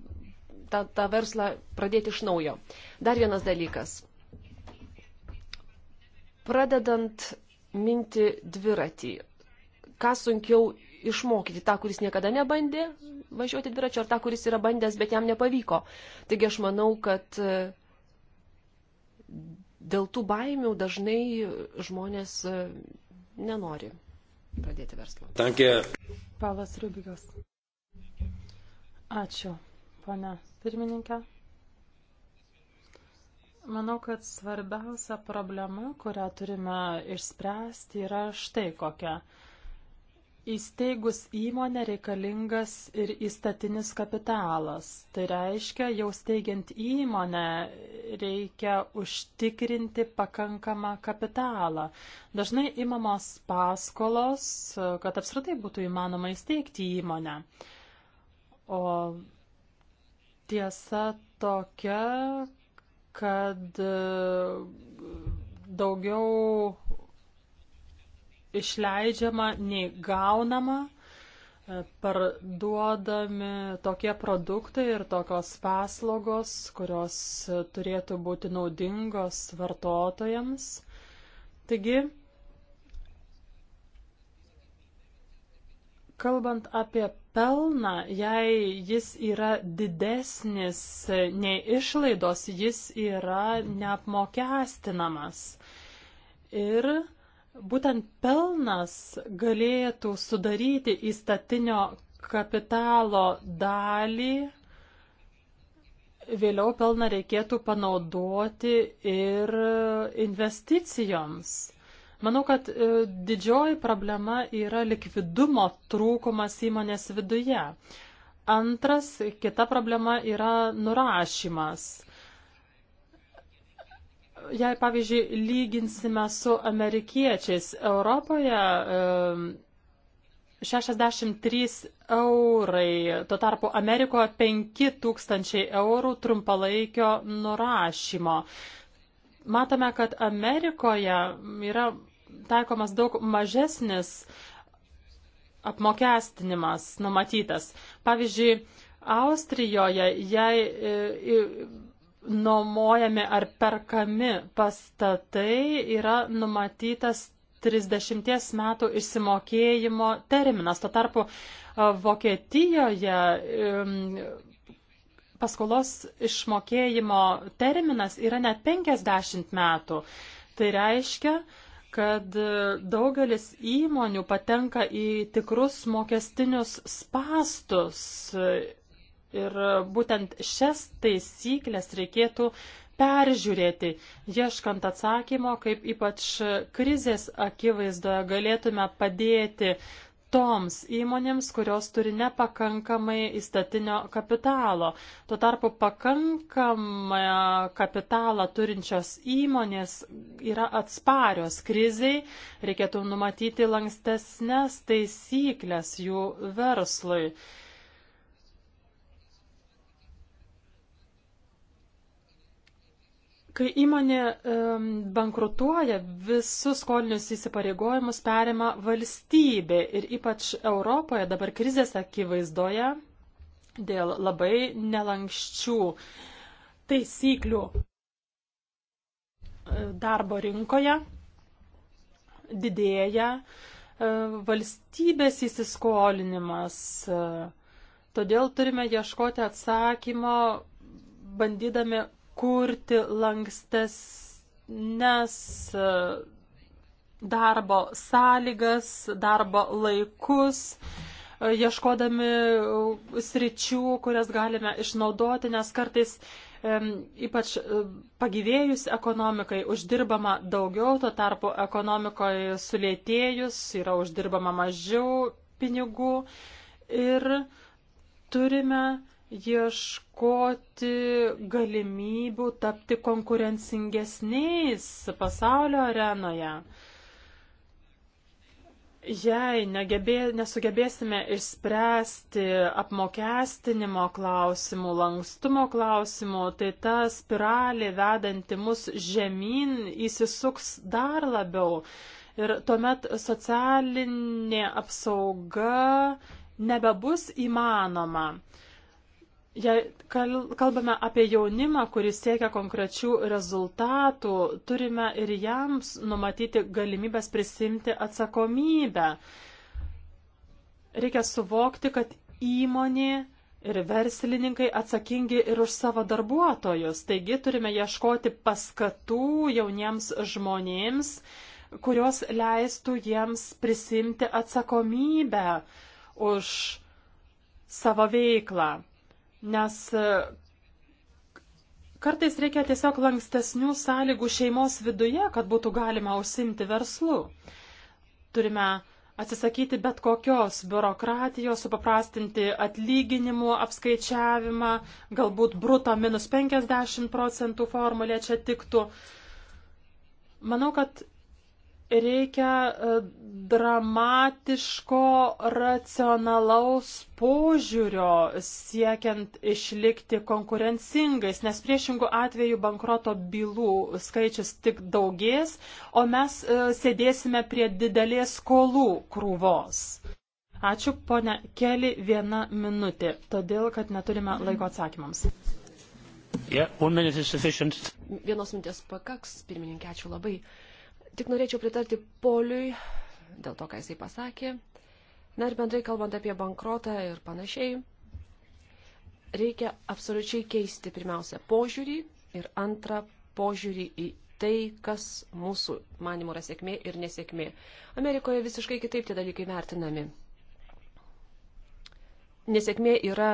tą, tą verslą pradėti iš naujo. Dar vienas dalykas. Pradedant minti dviratį, ką sunkiau išmokyti tą, kuris niekada nebandė važiuoti dviračiu, ar tą, kuris yra bandęs, bet jam nepavyko. Taigi aš manau, kad dėl tų baimių dažnai žmonės e, nenori pradėti verslą. Tankė. Pavlas Rubikas. Ačiū, ponia pirmininkė. Manau, kad svarbiausia problema, kurią turime išspręsti, yra štai kokia. Įsteigus įmonę reikalingas ir įstatinis kapitalas. Tai reiškia, jau steigiant įmonę reikia užtikrinti pakankamą kapitalą. Dažnai imamos paskolos, kad apskritai būtų įmanoma įsteigti įmonę. O tiesa tokia, kad daugiau išleidžiama, nei gaunama, e, parduodami tokie produktai ir tokios paslaugos, kurios e, turėtų būti naudingos vartotojams. Taigi, kalbant apie pelną, jei jis yra didesnis e, nei išlaidos, jis yra neapmokestinamas. Ir būtent pelnas galėtų sudaryti įstatinio kapitalo dalį, vėliau pelną reikėtų panaudoti ir investicijoms. Manau, kad e, didžioji problema yra likvidumo trūkumas įmonės viduje. Antras, kita problema yra nurašymas jei, pavyzdžiui, lyginsime su amerikiečiais, Europoje 63 eurai, tuo tarpu Amerikoje 5000 eurų trumpalaikio nurašymo. Matome, kad Amerikoje yra taikomas daug mažesnis apmokestinimas numatytas. Pavyzdžiui, Austrijoje, jei e, nuomojami ar perkami pastatai yra numatytas 30 metų išsimokėjimo terminas. Tuo tarpu Vokietijoje paskolos išmokėjimo terminas yra net 50 metų. Tai reiškia, kad e, daugelis įmonių patenka į tikrus mokestinius spastus Ir būtent šias taisyklės reikėtų peržiūrėti, ieškant atsakymo, kaip ypač krizės akivaizdoje galėtume padėti toms įmonėms, kurios turi nepakankamai įstatinio kapitalo. Tuo tarpu pakankamą kapitalą turinčios įmonės yra atsparios kriziai, reikėtų numatyti lankstesnės taisyklės jų verslui. Kai įmonė um, bankrutuoja, visus skolinius įsipareigojimus perima valstybė ir ypač Europoje dabar krizės akivaizdoje dėl labai nelankščių taisyklių e, darbo rinkoje didėja e, valstybės įsiskolinimas. E, todėl turime ieškoti atsakymo, bandydami kurti lankstesnes e, darbo sąlygas, darbo laikus, e, ieškodami e, sričių, kurias galime išnaudoti, nes kartais ypač pagyvėjus ekonomikai uždirbama daugiau, tuo tarpu ekonomikoje sulėtėjus yra uždirbama mažiau pinigų ir turime ieškoti galimybių tapti konkurencingesniais pasaulio arenoje. Jei negebė, nesugebėsime išspręsti apmokestinimo klausimų, lankstumo klausimų, tai ta spiralė vedanti mus žemyn įsisuks dar labiau. Ir tuomet socialinė apsauga nebebus įmanoma. Jei kalbame apie jaunimą, kuris siekia konkrečių rezultatų, turime ir jiems numatyti galimybės prisimti atsakomybę. Reikia suvokti, kad įmonė ir verslininkai atsakingi ir už savo darbuotojus. Taigi turime ieškoti paskatų jauniems žmonėms, kurios leistų jiems prisimti atsakomybę už savo veiklą nes e, kartais reikia tiesiog lankstesnių sąlygų šeimos viduje, kad būtų galima užsimti verslu. Turime atsisakyti bet kokios biurokratijos, supaprastinti atlyginimų apskaičiavimą, galbūt bruto minus 50 procentų formulė čia tiktų. Manau, kad reikia e, dramatiško racionalaus požiūrio siekiant išlikti konkurencingais, nes priešingų atveju bankroto bylų skaičius tik daugės, o mes e, sėdėsime prie didelės skolų krūvos. Ačiū, ponia Keli, viena minutė, todėl kad neturime laiko atsakymams. Yeah, Vienos minties pakaks, pirmininkė, ačiū labai. Uh, Tik norėčiau pritarti Poliui dėl to, ką jisai pasakė. Na ir bendrai kalbant apie bankrotą ir panašiai, reikia absoliučiai keisti pirmiausia požiūrį ir antrą požiūrį į tai, kas mūsų manimo yra sėkmė ir nesėkmė. Amerikoje visiškai kitaip tie dalykai vertinami. Nesėkmė yra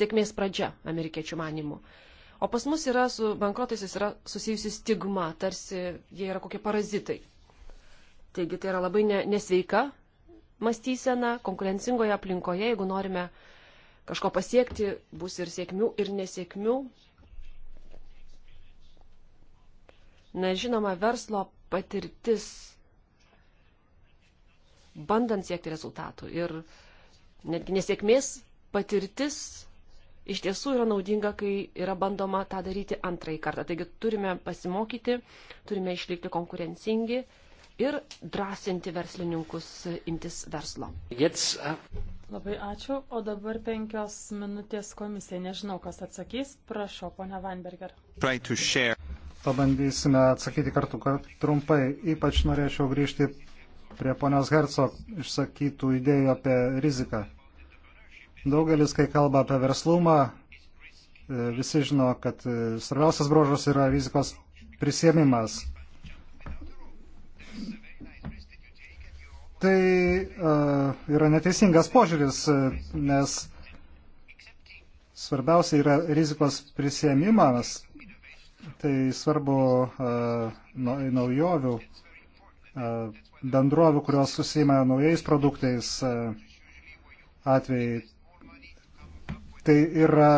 sėkmės pradžia amerikiečių manimų. O pas mus yra su bankrotais jis yra susijusi stigma, tarsi jie yra kokie parazitai. Taigi tai yra labai nesveika mąstysena, konkurencingoje aplinkoje, jeigu norime kažko pasiekti, bus ir sėkmių, ir nesėkmių. Na, žinoma, verslo patirtis, bandant siekti rezultatų ir netgi nesėkmės patirtis iš tiesų yra naudinga, kai yra bandoma tą daryti antrąjį kartą. Taigi turime pasimokyti, turime išlikti konkurencingi ir drąsinti verslininkus imtis verslo. Jetzt, uh... Labai ačiū. O dabar penkios minutės komisija. Nežinau, kas atsakys. Prašau, ponia Weinberger. Pabandysime atsakyti kartu trumpai. Ypač norėčiau grįžti prie ponios Herco išsakytų idėjų apie riziką. Daugelis, kai kalba apie verslumą, e, visi žino, kad e, svarbiausias brožas yra rizikos prisėmimas. Tai uh, yra neteisingas požiūris, nes svarbiausia yra rizikos prisėmimas, tai svarbu uh, naujovių, uh, bendrovių, kurios susima naujais produktais uh, atvejai tai yra,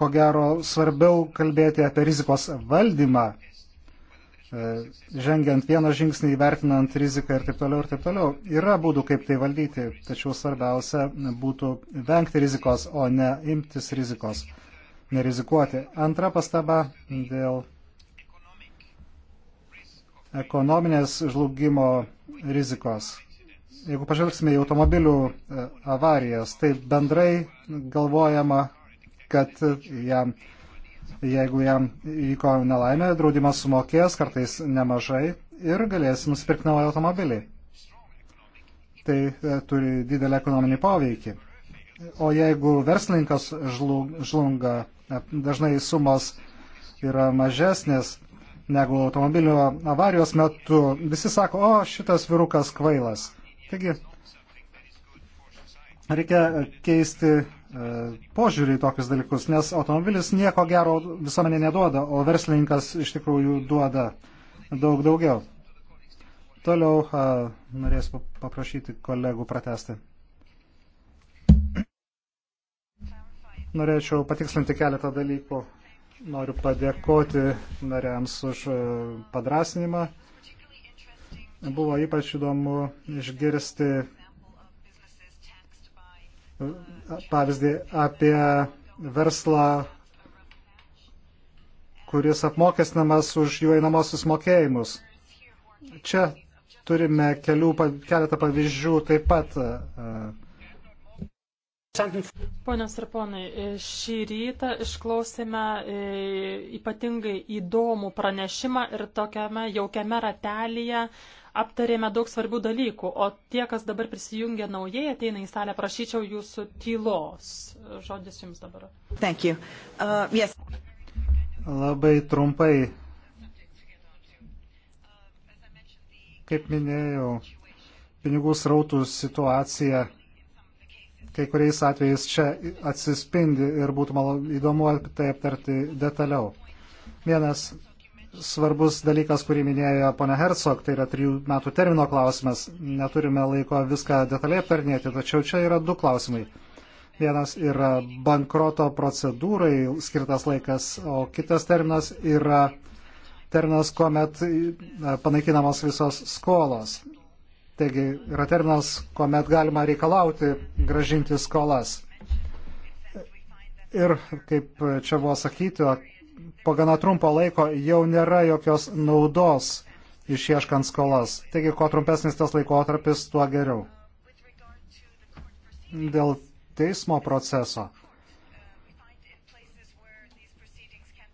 ko gero, svarbiau kalbėti apie rizikos valdymą, e, žengiant vieną žingsnį įvertinant riziką ir taip toliau ir taip toliau. Yra būdų, kaip tai valdyti, tačiau svarbiausia būtų vengti rizikos, o ne imtis rizikos, nerizikuoti. Antra pastaba dėl ekonominės žlugimo rizikos. Jeigu pažvelgsime į automobilių e, avarijas, tai bendrai galvojama, kad jam, jeigu jam įvyko nelaimė, draudimas sumokės kartais nemažai ir galės nusipirkti naują automobilį. Tai e, turi didelį ekonominį poveikį. O jeigu verslininkas žlunga, e, dažnai sumos yra mažesnės negu automobilio avarijos metu, visi sako, o šitas virukas kvailas. Taigi, reikia keisti e, požiūrį į tokius dalykus, nes automobilis nieko gero visuomenė neduoda, o verslininkas iš tikrųjų duoda daug daugiau. Toliau a, e, norės paprašyti kolegų pratesti. Norėčiau patikslinti keletą dalykų. Noriu padėkoti nariams už e, padrasinimą. Buvo ypač įdomu išgirsti e, pavyzdį apie verslą, kuris apmokestinamas už jų einamosius mokėjimus. Čia turime kelių, keletą pavyzdžių taip pat. E. Ponios ir ponai, šį rytą išklausėme e, ypatingai įdomų pranešimą ir tokiame jaukiame ratelėje aptarėme daug svarbių dalykų, o tie, kas dabar prisijungia naujai, ateina į salę, prašyčiau jūsų tylos. Žodis jums dabar. Thank you. Uh, yes. Labai trumpai. Kaip minėjau, pinigų srautų situacija kai kuriais atvejais čia atsispindi ir būtų malo įdomu tai aptarti detaliau. Vienas svarbus dalykas, kurį minėjo ponia Hercog, tai yra trijų metų termino klausimas. Neturime laiko viską detaliai aptarnėti, tačiau čia yra du klausimai. Vienas yra bankroto procedūrai skirtas laikas, o kitas terminas yra terminas, kuomet e, panaikinamos visos skolos. Taigi yra terminas, kuomet galima reikalauti gražinti skolas. Ir kaip čia buvo sakyti, po gana trumpo laiko jau nėra jokios naudos išieškant skolas. Taigi, kuo trumpesnis tas laikotarpis, tuo geriau. Dėl teismo proceso.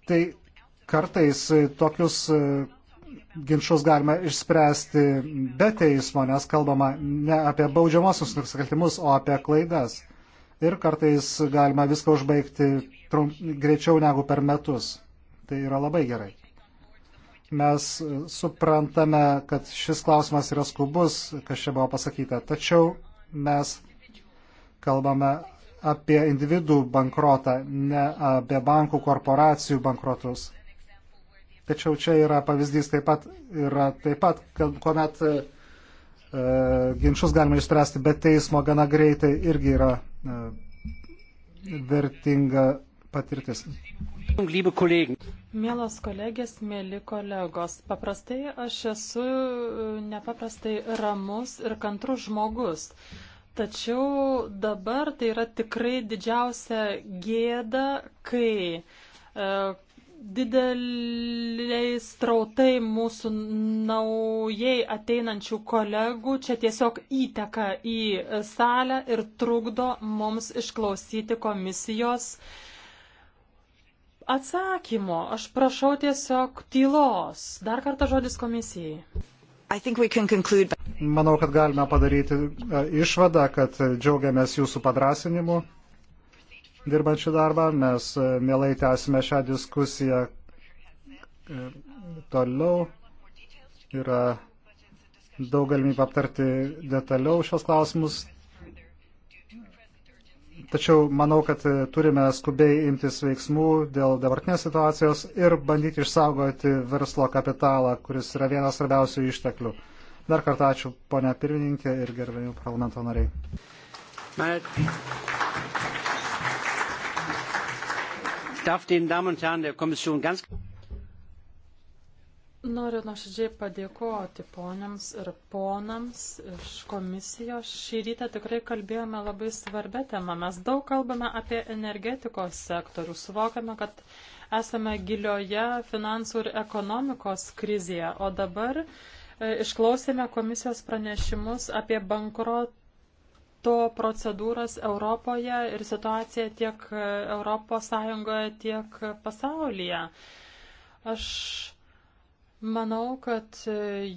Tai kartais tokius e, ginčius galima išspręsti be teismo, nes kalbama ne apie baudžiamosius nusikaltimus, o apie klaidas. Ir kartais galima viską užbaigti greičiau negu per metus tai yra labai gerai. Mes suprantame, kad šis klausimas yra skubus, kas čia buvo pasakyta, tačiau mes kalbame apie individų bankrotą, ne apie bankų korporacijų bankrotus. Tačiau čia yra pavyzdys taip pat, yra taip pat, kad kuomet e, ginčius galima išspręsti be teismo gana greitai irgi yra e, vertinga patirtis. Mielos kolegės, mėly kolegos, paprastai aš esu e, nepaprastai ramus ir kantrus žmogus. Tačiau dabar tai yra tikrai didžiausia gėda, kai e, dideliai strautai mūsų naujai ateinančių kolegų čia tiesiog įteka į salę ir trukdo mums išklausyti komisijos uh, atsakymo. Aš prašau tiesiog tylos. Dar kartą žodis komisijai. Conclude... Manau, kad galime padaryti e, išvadą, kad džiaugiamės jūsų padrasinimu dirbant šį darbą. Mes e, mielai tęsime šią diskusiją e, toliau. Yra daug galimybę aptarti detaliau šios klausimus. Tačiau manau, kad e, turime skubiai imtis veiksmų dėl dabartinės situacijos ir bandyti išsaugoti verslo kapitalą, kuris yra vienas svarbiausių išteklių. Dar kartą ačiū ponia pirmininkė ir gerbėjų parlamento nariai. Darf den Damen und Herren der Kommission ganz Noriu nuoširdžiai padėkoti poniams ir ponams iš komisijos. Šį rytą tikrai kalbėjome labai svarbę temą. Mes daug kalbame apie energetikos sektorių. Suvokiame, kad esame gilioje finansų ir ekonomikos krizėje. O dabar e, išklausėme komisijos pranešimus apie bankroto procedūras Europoje ir situaciją tiek ES, tiek pasaulyje. Aš Manau, kad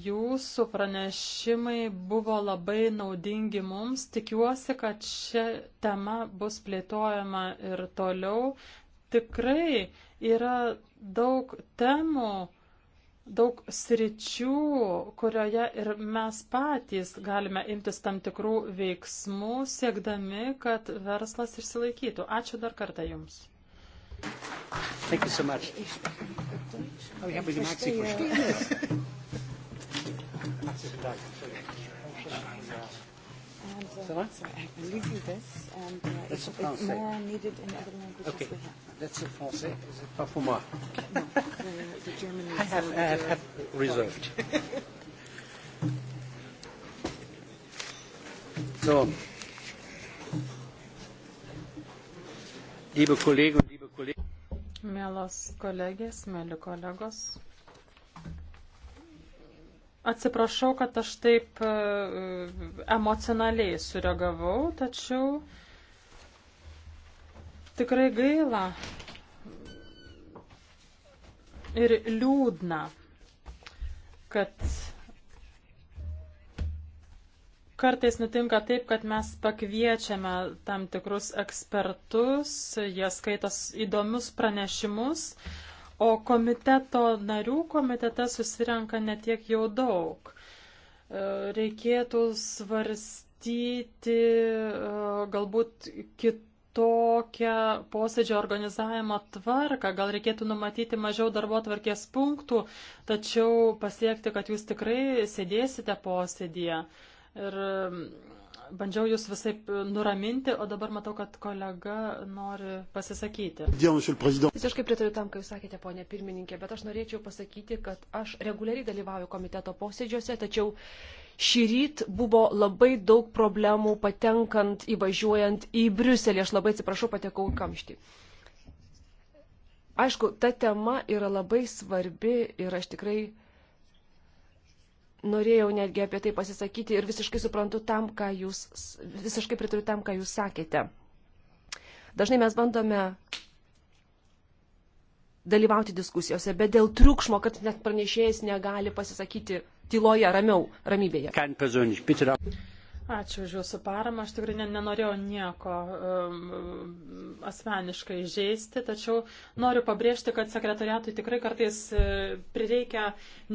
jūsų pranešimai buvo labai naudingi mums. Tikiuosi, kad ši tema bus plėtojama ir toliau. Tikrai yra daug temų, daug sričių, kurioje ir mes patys galime imtis tam tikrų veiksmų, siekdami, kad verslas išsilaikytų. Ačiū dar kartą Jums. Thank you so much. Oh, ja, aber die mag sie verstehen es. And uh, so I believe you this, and uh, it's, it's more needed in other languages okay. we have. That's the français, c'est pas pour moi. no, the, the German is I have, I have, have reserved. so, liebe Kollegen und Mielos kolegės, mėly kolegos, atsiprašau, kad aš taip e, emocionaliai sureagavau, tačiau tikrai gaila ir liūdna, kad Kartais nutinka taip, kad mes pakviečiame tam tikrus ekspertus, jie skaitos įdomius pranešimus, o komiteto narių komitete susirenka netiek jau daug. E, reikėtų svarstyti e, galbūt kitokią posėdžio organizavimo tvarką, gal reikėtų numatyti mažiau darbo tvarkės punktų, tačiau pasiekti, kad jūs tikrai sėdėsite posėdėje. Po ir mm, bandžiau jūs visai nuraminti, o dabar matau, kad kolega nori pasisakyti. Visiškai pritariu tam, ką jūs sakėte, ponė pirmininkė, bet aš norėčiau pasakyti, kad aš reguliariai dalyvauju komiteto posėdžiuose, tačiau šį ryt buvo labai daug problemų patenkant, įvažiuojant į Briuselį. Aš labai atsiprašau, patekau į kamštį. Aišku, ta tema yra labai svarbi ir aš tikrai norėjau netgi apie tai pasisakyti ir visiškai suprantu tam, ką jūs, visiškai pritariu tam, ką jūs sakėte. Dažnai mes bandome dalyvauti diskusijose, bet dėl triukšmo, kad net pranešėjas negali pasisakyti tyloje, ramiau, ramybėje. Ačiū už Jūsų paramą. Aš tikrai nenorėjau nieko um, asmeniškai žaisti, tačiau noriu pabrėžti, kad sekretariatui tikrai kartais e, prireikia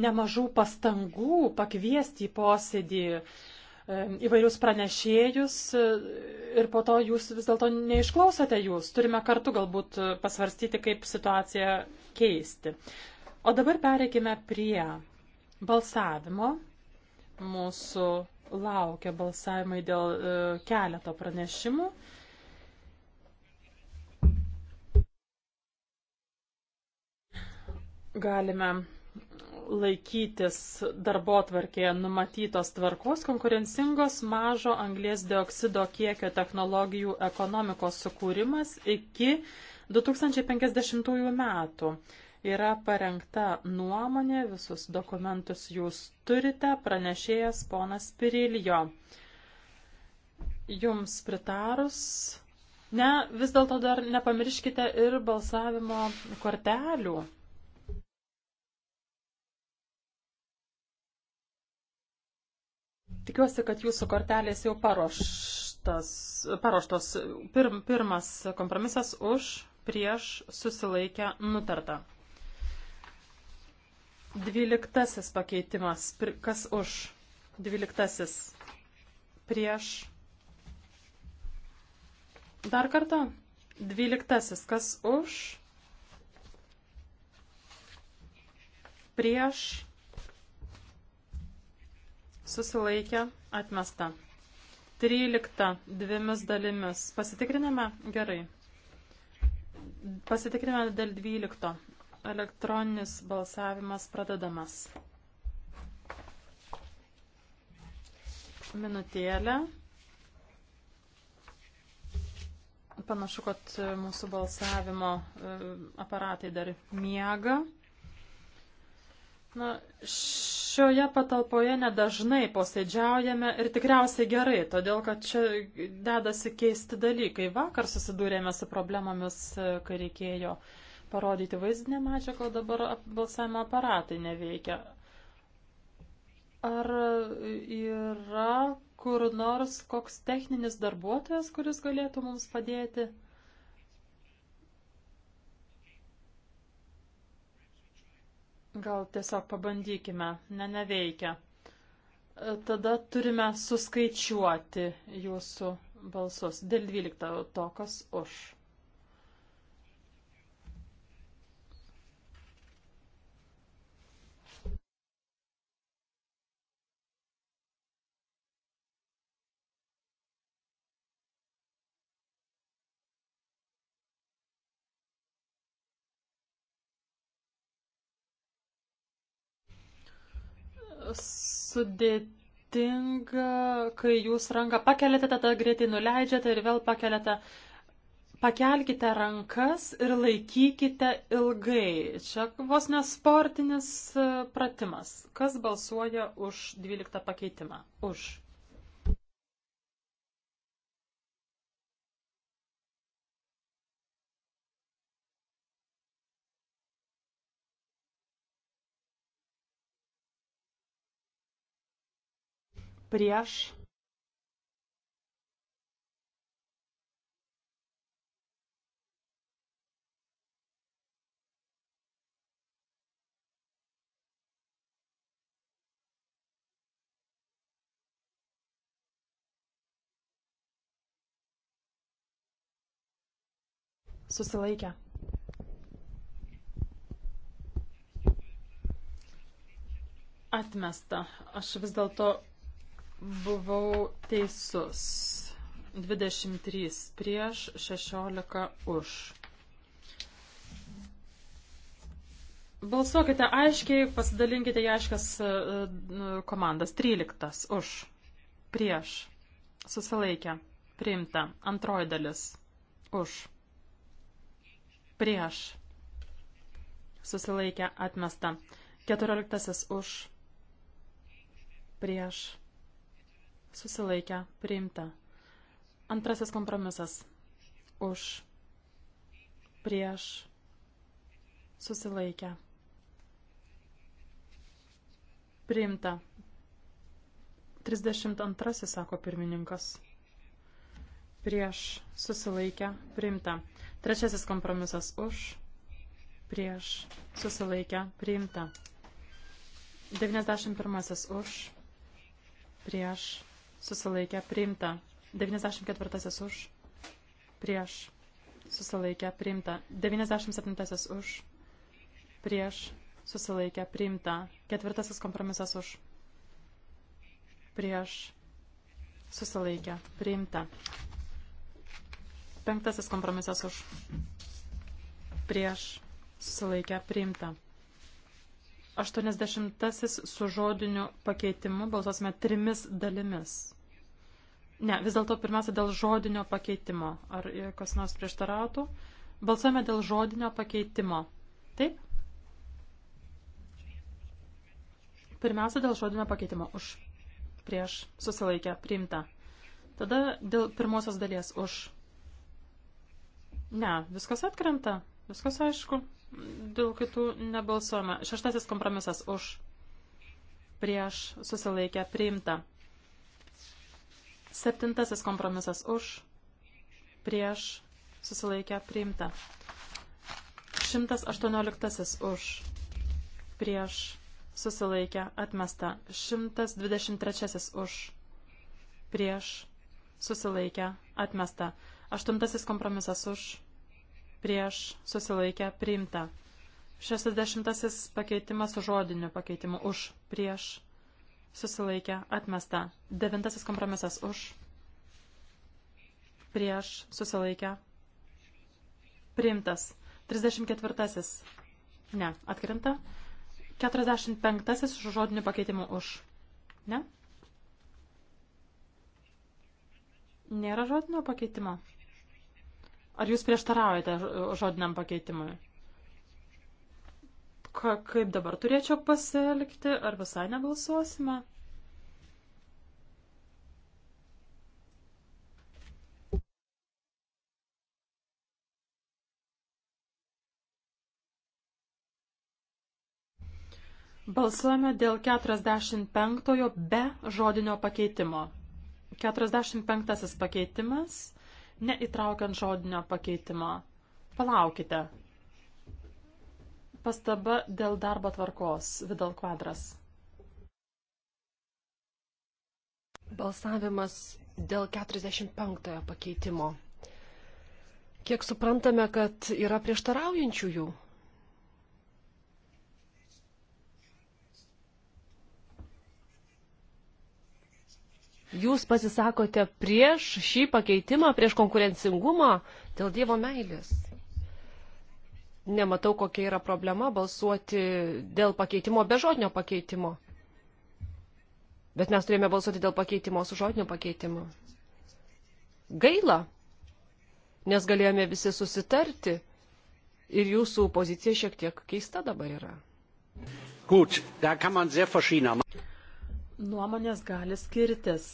nemažų pastangų pakviesti į posėdį um, įvairius pranešėjus e, ir po to jūs vis dėlto neišklausote jūs. Turime kartu galbūt pasvarstyti, kaip situaciją keisti. O dabar pereikime prie balsavimo mūsų laukia balsavimai dėl e, keleto pranešimų. Galime laikytis darbo tvarkėje numatytos tvarkos konkurencingos mažo anglės dioksido kiekio technologijų ekonomikos sukūrimas iki 2050 metų yra parengta nuomonė, visus dokumentus jūs turite, pranešėjas ponas Pirilijo. Jums pritarus. Ne, vis dėlto dar nepamirškite ir balsavimo kortelių. Tikiuosi, kad jūsų kortelės jau paruoštas, paruoštos. Pir, pirmas kompromisas už, prieš, susilaikę, nutarta. Dvyliktasis pakeitimas. Kas už? Dvyliktasis. Prieš. Dar kartą. Dvyliktasis. Kas už? Prieš. Susilaikė. Atmesta. Trylikta. Dvimis dalimis. Pasitikriname? Gerai. Pasitikriname dėl dvylikto. Elektroninis balsavimas pradedamas. Minutėlė. Panašu, kad mūsų balsavimo e, aparatai dar miega. Na, šioje patalpoje nedažnai posėdžiaujame ir tikriausiai gerai, todėl kad čia dedasi keisti dalykai. Vakar susidūrėme su problemomis, e, kai reikėjo uh, parodyti vaizdinę medžiagą, o dabar balsavimo aparatai neveikia. Ar yra kur nors koks techninis darbuotojas, kuris galėtų mums padėti? Gal tiesiog pabandykime, ne, neveikia. E, tada turime suskaičiuoti jūsų balsus dėl 12 to, kas už. sudėtinga, kai jūs ranką pakeliate, tada greitai nuleidžiate ir vėl pakeliate. Pakelkite rankas ir laikykite ilgai. Čia vos nesportinis e, pratimas. Kas balsuoja už 12 pakeitimą? Už. prieš susilaikę. Atmesta. Aš vis dėlto buvau teisus. 23 prieš, 16 už. Balsuokite aiškiai, pasidalinkite į aiškias e, komandas. 13 už, prieš, susilaikę, priimta. Antroji dalis už, prieš, susilaikę, atmesta. 14 už, prieš, susilaikę, priimta. Antrasis kompromisas už, prieš, susilaikę, priimta. 32, sako pirmininkas. Prieš, susilaikę, priimta. Trečiasis kompromisas už, prieš, susilaikę, priimta. 91 už, prieš, susilaikė priimta. 94 už, prieš, susilaikė priimta. 97 už, prieš, susilaikė priimta. Ketvirtasis kompromisas už, prieš, susilaikė priimta. Penktasis kompromisas už, prieš, susilaikė priimta. 80 su žodiniu pakeitimu balsuosime trimis dalimis. Ne, vis dėlto pirmiausia dėl žodinio pakeitimo. Ar kas nors prieštarautų? Balsuojame dėl žodinio pakeitimo. Taip? Pirmiausia dėl žodinio pakeitimo. Už. Prieš. Susilaikę. Priimta. Tada dėl pirmosios dalies. Už. Ne, viskas atkrenta. Viskas aišku. Dėl kitų nebalsuojame. Šeštasis kompromisas už. Prieš susilaikę priimta. Septintasis kompromisas už. Prieš susilaikę priimta. 118 už. Prieš susilaikę atmesta. 123 už. Prieš susilaikę atmesta. Aštuntasis kompromisas už prieš susilaikę priimta. 60 pakeitimas su žodiniu pakeitimu už prieš susilaikę atmesta. 9 kompromisas už prieš susilaikę priimtas. 34 ne, atkrinta. 45 su žodiniu pakeitimu už ne. Nėra žodinio pakeitimo. Ar jūs prieštaraujate žodiniam pakeitimui? Ka, kaip dabar turėčiau pasielgti, ar visai nebalsuosime? Balsuojame dėl 45 be žodinio pakeitimo. 45 pakeitimas neįtraukiant žodinio pakeitimo. Palaukite. Pastaba dėl darbo tvarkos. Vidal kvadras. Balsavimas dėl 45 pakeitimo. Kiek suprantame, kad yra prieštaraujančiųjų Jūs pasisakote prieš šį pakeitimą, prieš konkurencingumą dėl Dievo meilės. Nematau, kokia yra problema balsuoti dėl pakeitimo be žodinio pakeitimo. Bet mes turėjome balsuoti dėl pakeitimo su žodiniu pakeitimu. Gaila, nes galėjome visi susitarti ir jūsų pozicija šiek tiek keista dabar yra. Gut, da kann man sehr verschiedener nuomonės gali skirtis.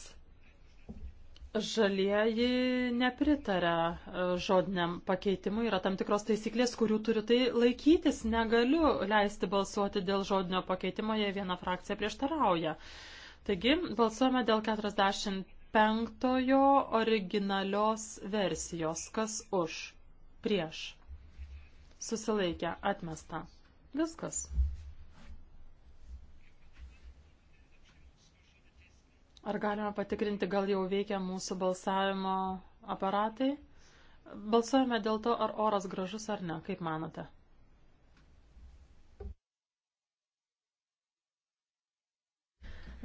Žalieji nepritaria e, žodiniam pakeitimui, yra tam tikros taisyklės, kurių turiu tai laikytis, negaliu leisti balsuoti dėl žodinio pakeitimo, jei viena frakcija prieštarauja. Taigi, balsuojame dėl 45 originalios versijos, kas už, prieš, susilaikę, atmesta. Viskas. Ar galime patikrinti, gal jau veikia mūsų balsavimo aparatai? Balsuojame dėl to, ar oras gražus ar ne, kaip manote?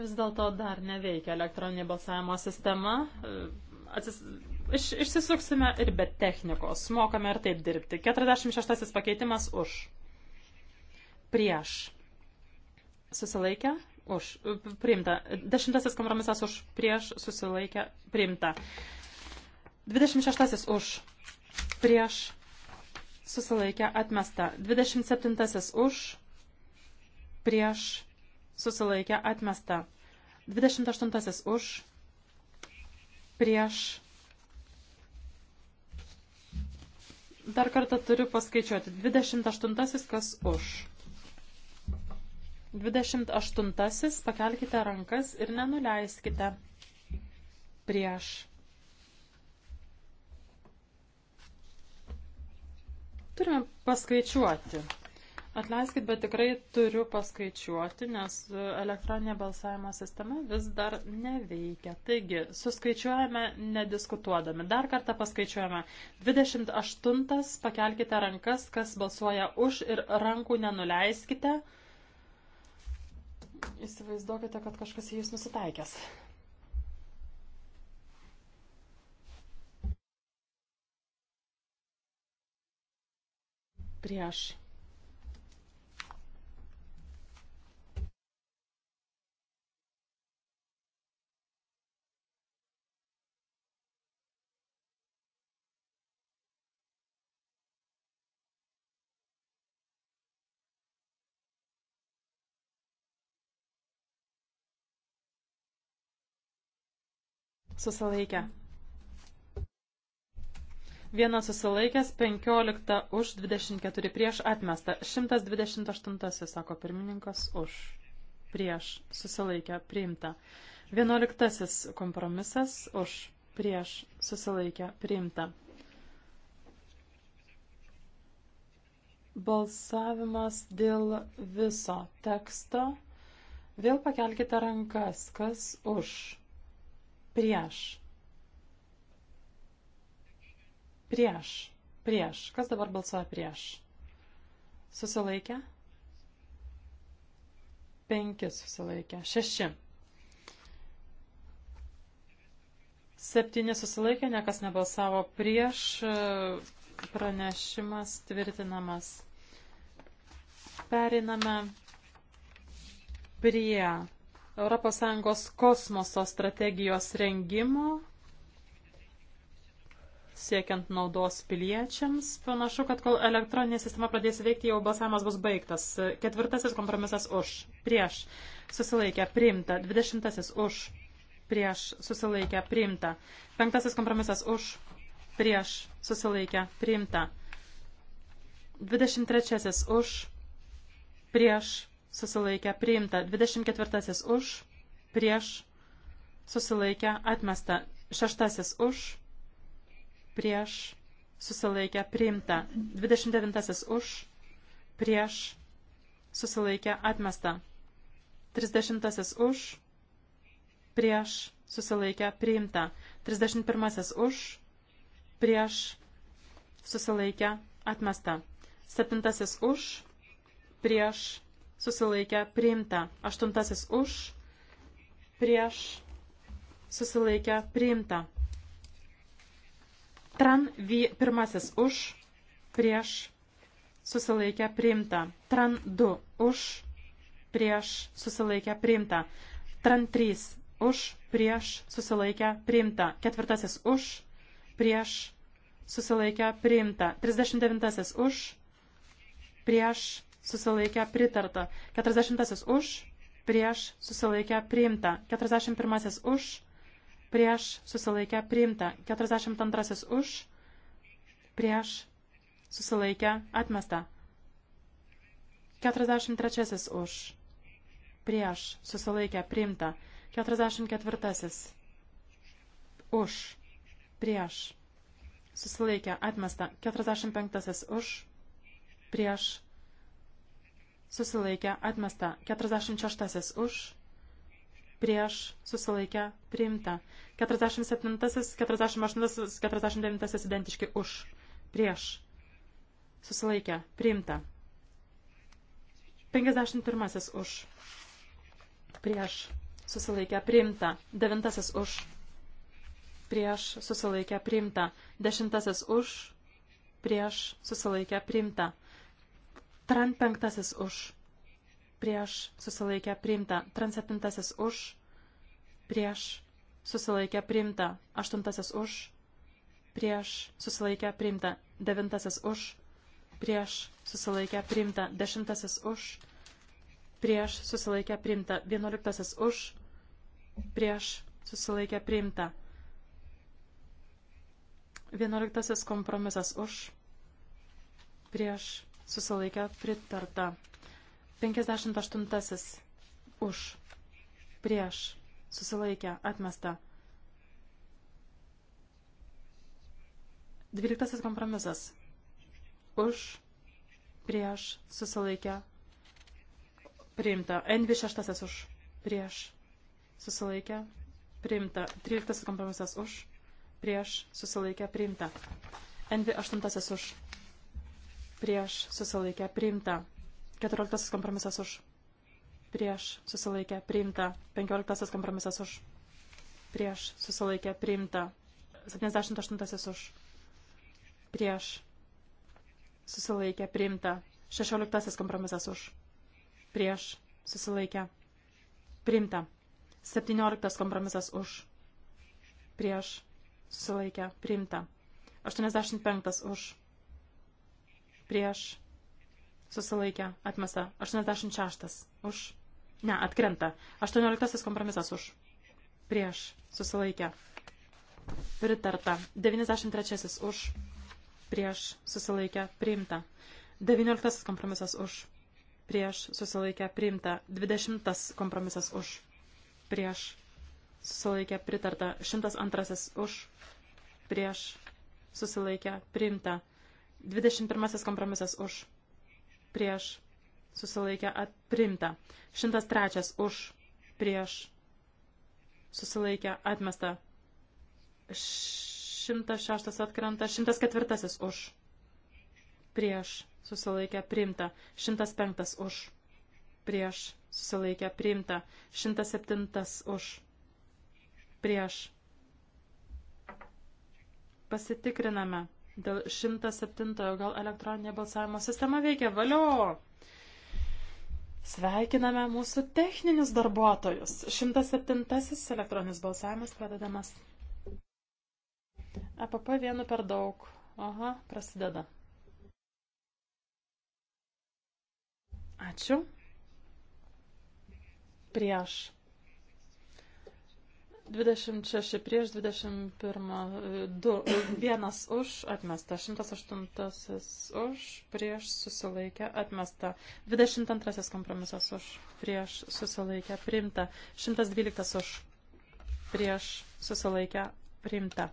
Vis dėlto dar neveikia elektroninė balsavimo sistema. Atsis... Iš, išsisuksime ir be technikos. Mokame ir taip dirbti. 46 pakeitimas už. Prieš. Susilaikę už priimta. Dešimtasis kompromisas už prieš susilaikę priimta. Dvidešimt šeštasis už prieš susilaikę atmesta. Dvidešimt septintasis už prieš susilaikę atmesta. Dvidešimt aštuntasis už prieš. Dar kartą turiu paskaičiuoti. 28 kas už 28. Pakelkite rankas ir nenuleiskite prieš. Turime paskaičiuoti. Atleiskit, bet tikrai turiu paskaičiuoti, nes elektroninė balsavimo sistema vis dar neveikia. Taigi, suskaičiuojame nediskutuodami. Dar kartą paskaičiuojame. 28. Pakelkite rankas, kas balsuoja už ir rankų nenuleiskite. 29 įsivaizduokite, kad kažkas į jūs nusitaikęs. Prieš susilaikė. Vienas susilaikęs, 15 už, 24 prieš atmesta. 128, sako pirmininkas, už, prieš, susilaikė, priimta. 11 kompromisas, už, prieš, susilaikė, priimta. Balsavimas dėl viso teksto. Vėl pakelkite rankas, kas už prieš. Prieš. Prieš. Kas dabar balsuoja prieš? Susilaikę? Penki susilaikę. Šeši. Septyni susilaikė, niekas nebalsavo prieš. Pranešimas tvirtinamas. Periname prie ES kosmoso strategijos rengimo, siekiant naudos piliečiams. Panašu, kad kol elektroninė sistema pradės veikti, jau balsavimas bus baigtas. Ketvirtasis kompromisas už, prieš, susilaikę, priimta. Dvidešimtasis už, prieš, susilaikę, priimta. Penktasis kompromisas už, prieš, susilaikę, priimta. Dvidešimt trečiasis už, prieš, susilaikę priimta. 24 už, prieš, susilaikę atmesta. 6 už, prieš, susilaikę priimta. 29 už, prieš, susilaikę atmesta. 30 už, prieš, susilaikę priimta. 31 už, prieš, susilaikę atmesta. 7 už, prieš, susilaikę priimta. Aštuntasis už, prieš, susilaikę priimta. Tran vy, pirmasis už, prieš, susilaikę priimta. Tran 2 už, prieš, susilaikę priimta. Tran 3 už, prieš, susilaikę priimta. Ketvirtasis už, prieš, susilaikę priimta. 39 už, prieš, susilaikę pritarta. 40 už, prieš susilaikę priimta. 41 už, prieš susilaikę priimta. 42 už, prieš susilaikę atmesta. 43 už, prieš susilaikę priimta. 44 už, prieš susilaikę atmesta. 45 už, prieš susilaikė atmesta. 46 už, prieš susilaikė priimta. 47, 48, 49 identiški už, prieš susilaikė priimta. 51 už, prieš susilaikė priimta. 9 už, prieš susilaikė priimta. 10 už, prieš susilaikė priimta. Tran penktasis už, prieš susilaikę priimta. Tran septintasis už, prieš susilaikę priimta. Aštuntasis už, prieš susilaikę priimta. Devintasis už, prieš susilaikę priimta. Dešimtasis už, prieš susilaikę priimta. Vienuoliktasis už, prieš susilaikę priimta. Vienuoliktasis kompromisas už, prieš susilaikę pritarta. 58 už prieš susilaikę atmesta. 12 kompromisas už prieš susilaikę priimta. NV6 už prieš susilaikę priimta. 13 kompromisas už prieš susilaikę priimta. NV8 už prieš susilaikę priimta. 14 kompromisas už prieš susilaikę priimta. 15 kompromisas už prieš susilaikę priimta. 78 už prieš susilaikę priimta. 16 kompromisas už prieš susilaikę priimta. 17 kompromisas už prieš susilaikę priimta. 85 už prieš susilaikę atmesta. 86 už. Ne, atkrenta. 18 kompromisas už. Prieš susilaikę. Pritarta. 93 už. Prieš susilaikę. Priimta. 19 kompromisas už. Prieš susilaikę. Priimta. 20 kompromisas už. Prieš susilaikę. Pritarta. 102 už. Prieš susilaikę. Priimta. 21 kompromisas už prieš susilaikę atprimta. 103 už prieš susilaikę atmesta. 106 atkrenta. 104 už prieš susilaikę priimta. 105 už prieš susilaikę priimta. 107 už prieš. Pasitikriname. Dėl 107 gal elektroninė balsavimo sistema veikia. Valio! Sveikiname mūsų techninius darbuotojus. 107 elektroninis balsavimas pradedamas. APP e vienu per daug. Aha, prasideda. Ačiū. Prieš. 26 prieš 21, 2, 1 už atmesta, 108 už prieš susilaikę atmesta, 22 kompromisas už prieš susilaikę priimta, 112 už prieš susilaikę priimta.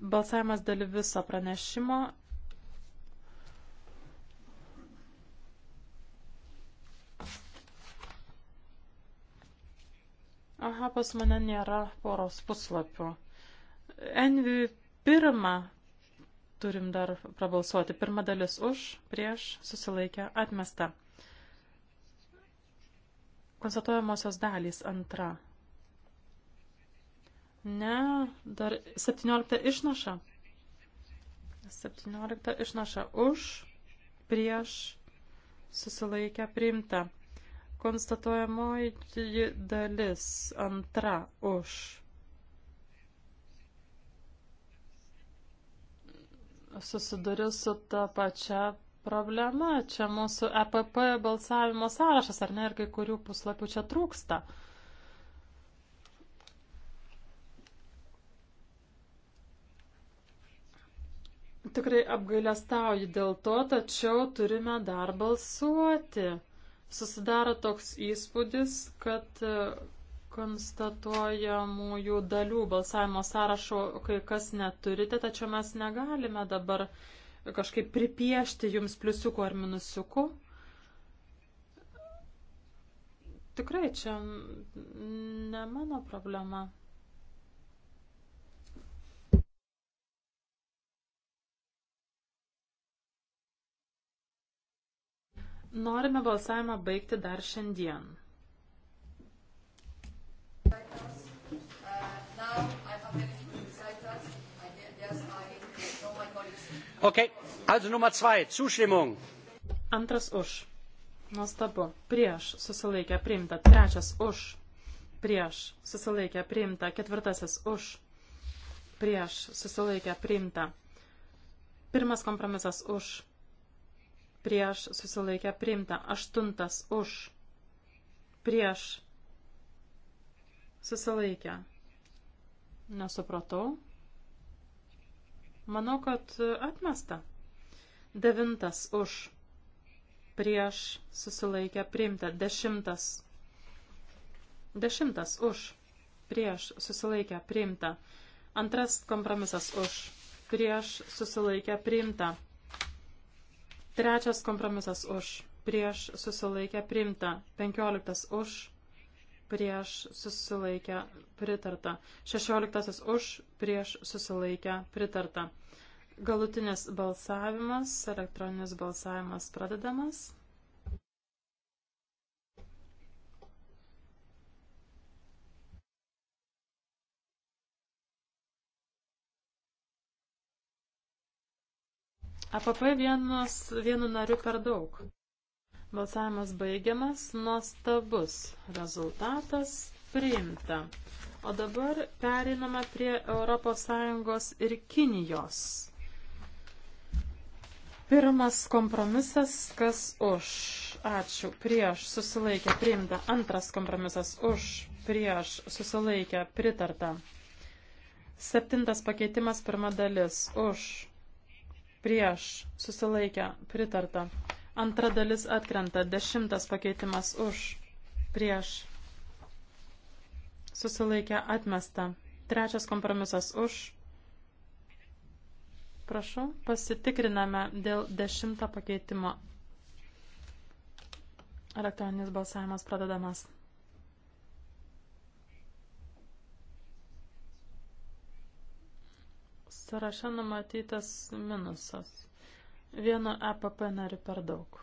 Balsavimas dėl viso pranešimo Aha, pas mane nėra poros puslapių. Envi pirmą turim dar prabalsuoti. Pirma dalis už, prieš, susilaikę, atmesta. Konstatuojamosios dalys antra. Ne, dar 17 išnaša. 17 išnaša už, prieš, susilaikę, priimta. Konstatuojamoji dalis antra už. Susiduriu su ta pačia problema. Čia mūsų EPP balsavimo sąrašas, ar ne, ir kai kurių puslapių čia trūksta. Tikrai apgailestauju dėl to, tačiau turime dar balsuoti susidaro toks įspūdis, kad e, konstatuojamųjų dalių balsavimo sąrašo kai kas neturite, tačiau mes negalime dabar kažkaip pripiešti jums pliusiukų ar minusiukų. Tikrai čia ne mano problema. Norime balsavimą baigti dar šiandien. Okay. Also Nummer zwei, Zustimmung. Antras už. Nuostabu. Prieš susilaikę priimta. Trečias už. Prieš susilaikę priimta. Ketvirtasis už. Prieš susilaikę priimta. Pirmas kompromisas už prieš susilaikę priimta, aštuntas už, prieš susilaikę. Nesupratau. Manau, kad atmesta. Devintas už, prieš susilaikę priimta, dešimtas. Dešimtas už, prieš susilaikę priimta, antras kompromisas už, prieš susilaikę priimta. Trečias kompromisas už, prieš susilaikę priimta. Penkioliktas už, prieš susilaikę pritarta. Šešioliktasis už, prieš susilaikę pritarta. Galutinis balsavimas, elektroninis balsavimas pradedamas. APP vienos, vienu nariu per daug. Balsavimas baigiamas, nuostabus rezultatas priimta. O dabar periname prie ES ir Kinijos. Pirmas kompromisas, kas už, ačiū, prieš susilaikę priimta. Antras kompromisas už, prieš susilaikę pritarta. Septintas pakeitimas, pirma dalis, už, prieš susilaikę pritarta. Antra dalis atkrenta, dešimtas pakeitimas už prieš susilaikę atmesta. Trečias kompromisas už. Prašau, pasitikriname dėl dešimto pakeitimo. Elektroninis balsavimas pradedamas. Saraše numatytas minusas. Vieno EPP nariu per daug.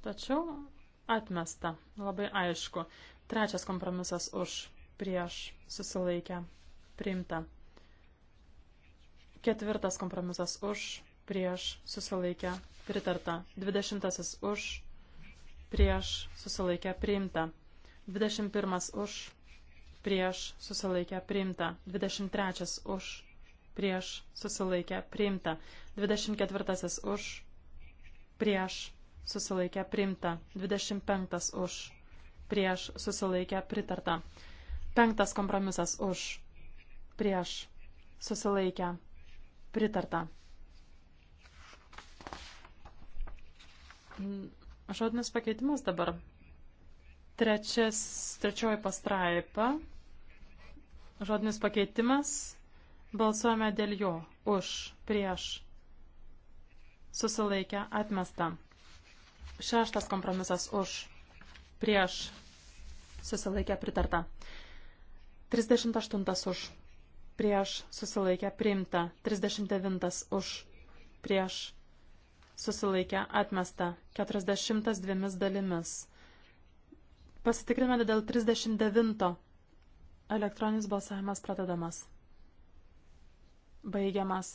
Tačiau atmesta. Labai aišku. Trečias kompromisas už prieš susilaikę priimta. Ketvirtas kompromisas už prieš susilaikę pritarta. Dvidešimtasis už prieš susilaikę priimta. Dvidešimt pirmas už prieš susilaikę priimta, 23 už prieš susilaikę priimta, 24 už prieš susilaikę priimta, 25 už prieš susilaikę pritarta, 5 kompromisas už prieš susilaikę pritarta. Žodinis pakeitimas dabar. Trečias, trečioji pastraipa, Žodinis pakeitimas. Balsuojame dėl jo. Už, prieš, susilaikę, atmesta. Šeštas kompromisas už, prieš, susilaikę, pritarta. 38 už, prieš, susilaikę, priimta. 39 už, prieš, susilaikę, atmesta. 40 dvimis dalimis. Pasitikriname dėl 39 Elektroninis balsavimas pradedamas. Baigiamas.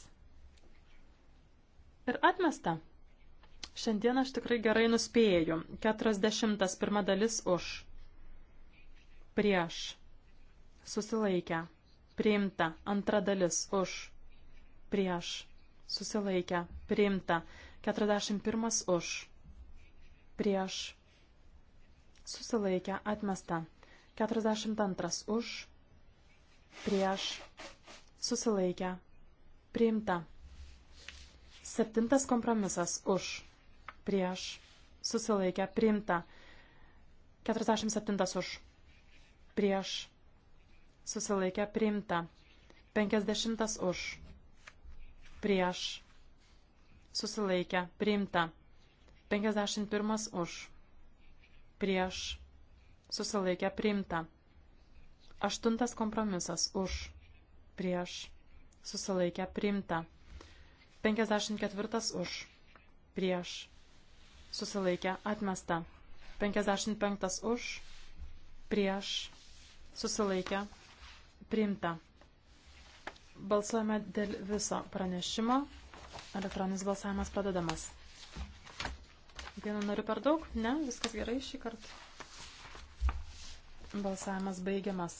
Ir atmesta. Šiandien aš tikrai gerai nuspėju. 41 dalis už. Prieš. Susilaikę. Priimta. Antra dalis už. Prieš. Susilaikę. Priimta. 41 už. Prieš. Susilaikę. Atmesta. 42 už, prieš, susilaikę, priimta. Septintas kompromisas už, prieš, susilaikę, priimta. 47 už, prieš, susilaikę, priimta. 50 už, prieš, susilaikę, priimta. 51 už, prieš, susilaikė priimta. Aštuntas kompromisas už, prieš, susilaikė priimta. 54 už, prieš, susilaikė atmesta. 55 už, prieš, susilaikė priimta. Balsuojame dėl viso pranešimo. Elektroninis balsavimas pradedamas. Vienu noriu per daug? Ne, viskas gerai šį kartą. Balsavimas baigiamas.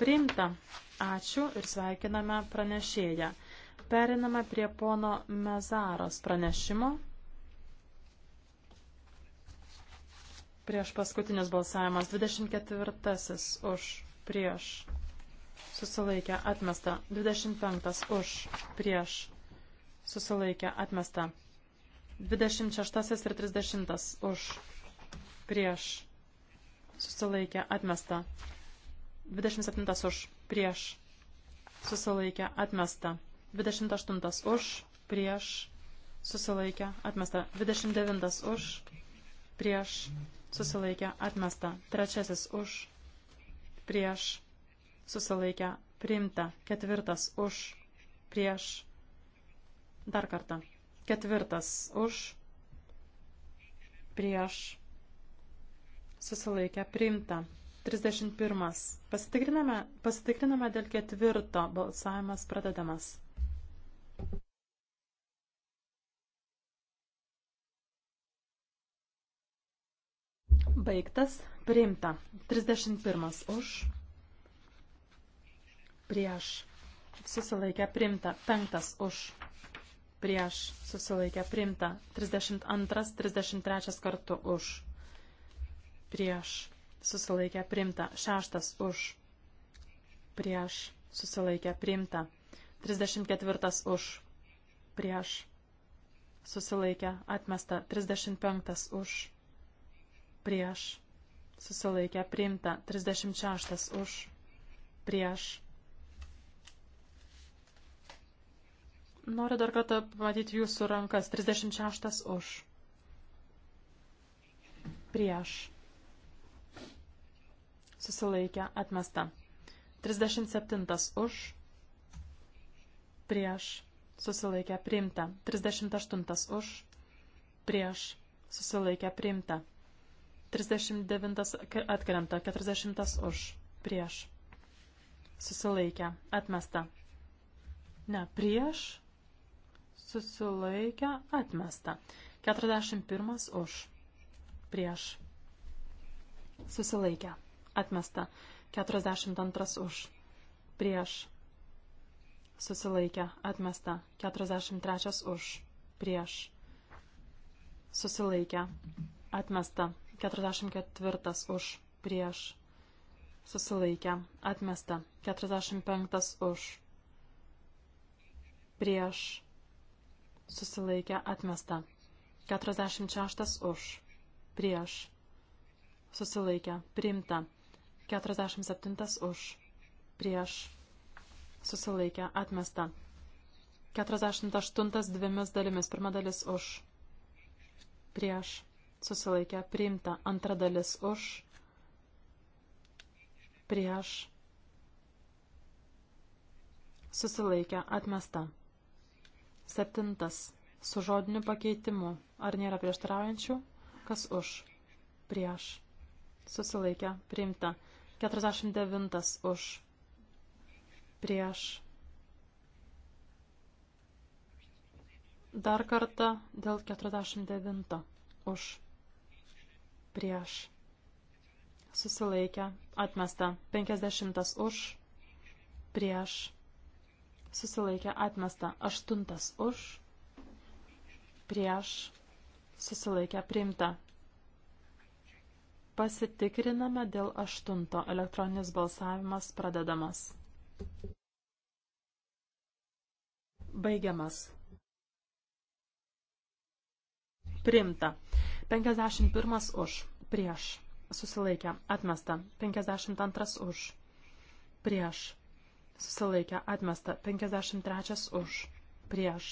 Priimta. Ačiū ir sveikiname pranešėją. Periname prie pono Mezaros pranešimo. Prieš paskutinis balsavimas 24 už prieš susilaikę atmesta 25 už prieš susilaikę atmesta 26 ir 30 už prieš susilaikė atmesta. 27 už prieš susilaikė atmesta. 28 už prieš susilaikė atmesta. 29 už prieš susilaikė atmesta. Trečiasis už prieš susilaikė priimta. Ketvirtas už prieš dar kartą. Ketvirtas už prieš susilaikę priimta. 31. Pasitikriname, pasitikriname dėl ketvirto. Balsavimas pradedamas. Baigtas. Priimta. 31. Už. Prieš. Susilaikę priimta. 5. Už prieš susilaikę primta 32-33 kartu už prieš susilaikę primta, šeštas už prieš susilaikę primta, 34 už prieš susilaikę atmesta, 35 už prieš susilaikę primta, 36 už prieš. Noriu dar kartą pamatyti jūsų rankas. 36 už. Prieš susilaikė atmesta. 37 už, prieš susilaikė priimta. 38 už, prieš susilaikė priimta. 39 atkrenta, 40 už, prieš susilaikė atmesta. Ne, prieš susilaikę atmesta. 41 už. Prieš. Susilaikę. Atmesta. 42 už. Prieš. Susilaikę. Atmesta. 43 už. Prieš. Susilaikę. Atmesta. 44 už. Prieš. Susilaikę. Atmesta. 45 už prieš susilaikę atmestą. 46 už prieš susilaikę priimta. 47 už prieš susilaikę atmesta. 48 dvimis dalimis. Pirma dalis už prieš susilaikę priimta. Antra dalis už prieš susilaikę atmesta. Septintas su žodiniu pakeitimu. Ar nėra prieštaraujančių? Kas už? Prieš. Susilaikę priimta. 49 už prieš. Dar kartą dėl 49 už prieš. Susilaikę, atmesta. 50 už prieš. Susilaikę, atmesta. 8 už prieš. Susilaikę, priimta. Pasitikriname dėl aštunto. Elektroninis balsavimas pradedamas. Baigiamas. Primta. 51 už. Prieš. Susilaikę. Atmesta. 52 už. Prieš. Susilaikę. Atmesta. 53 už. Prieš.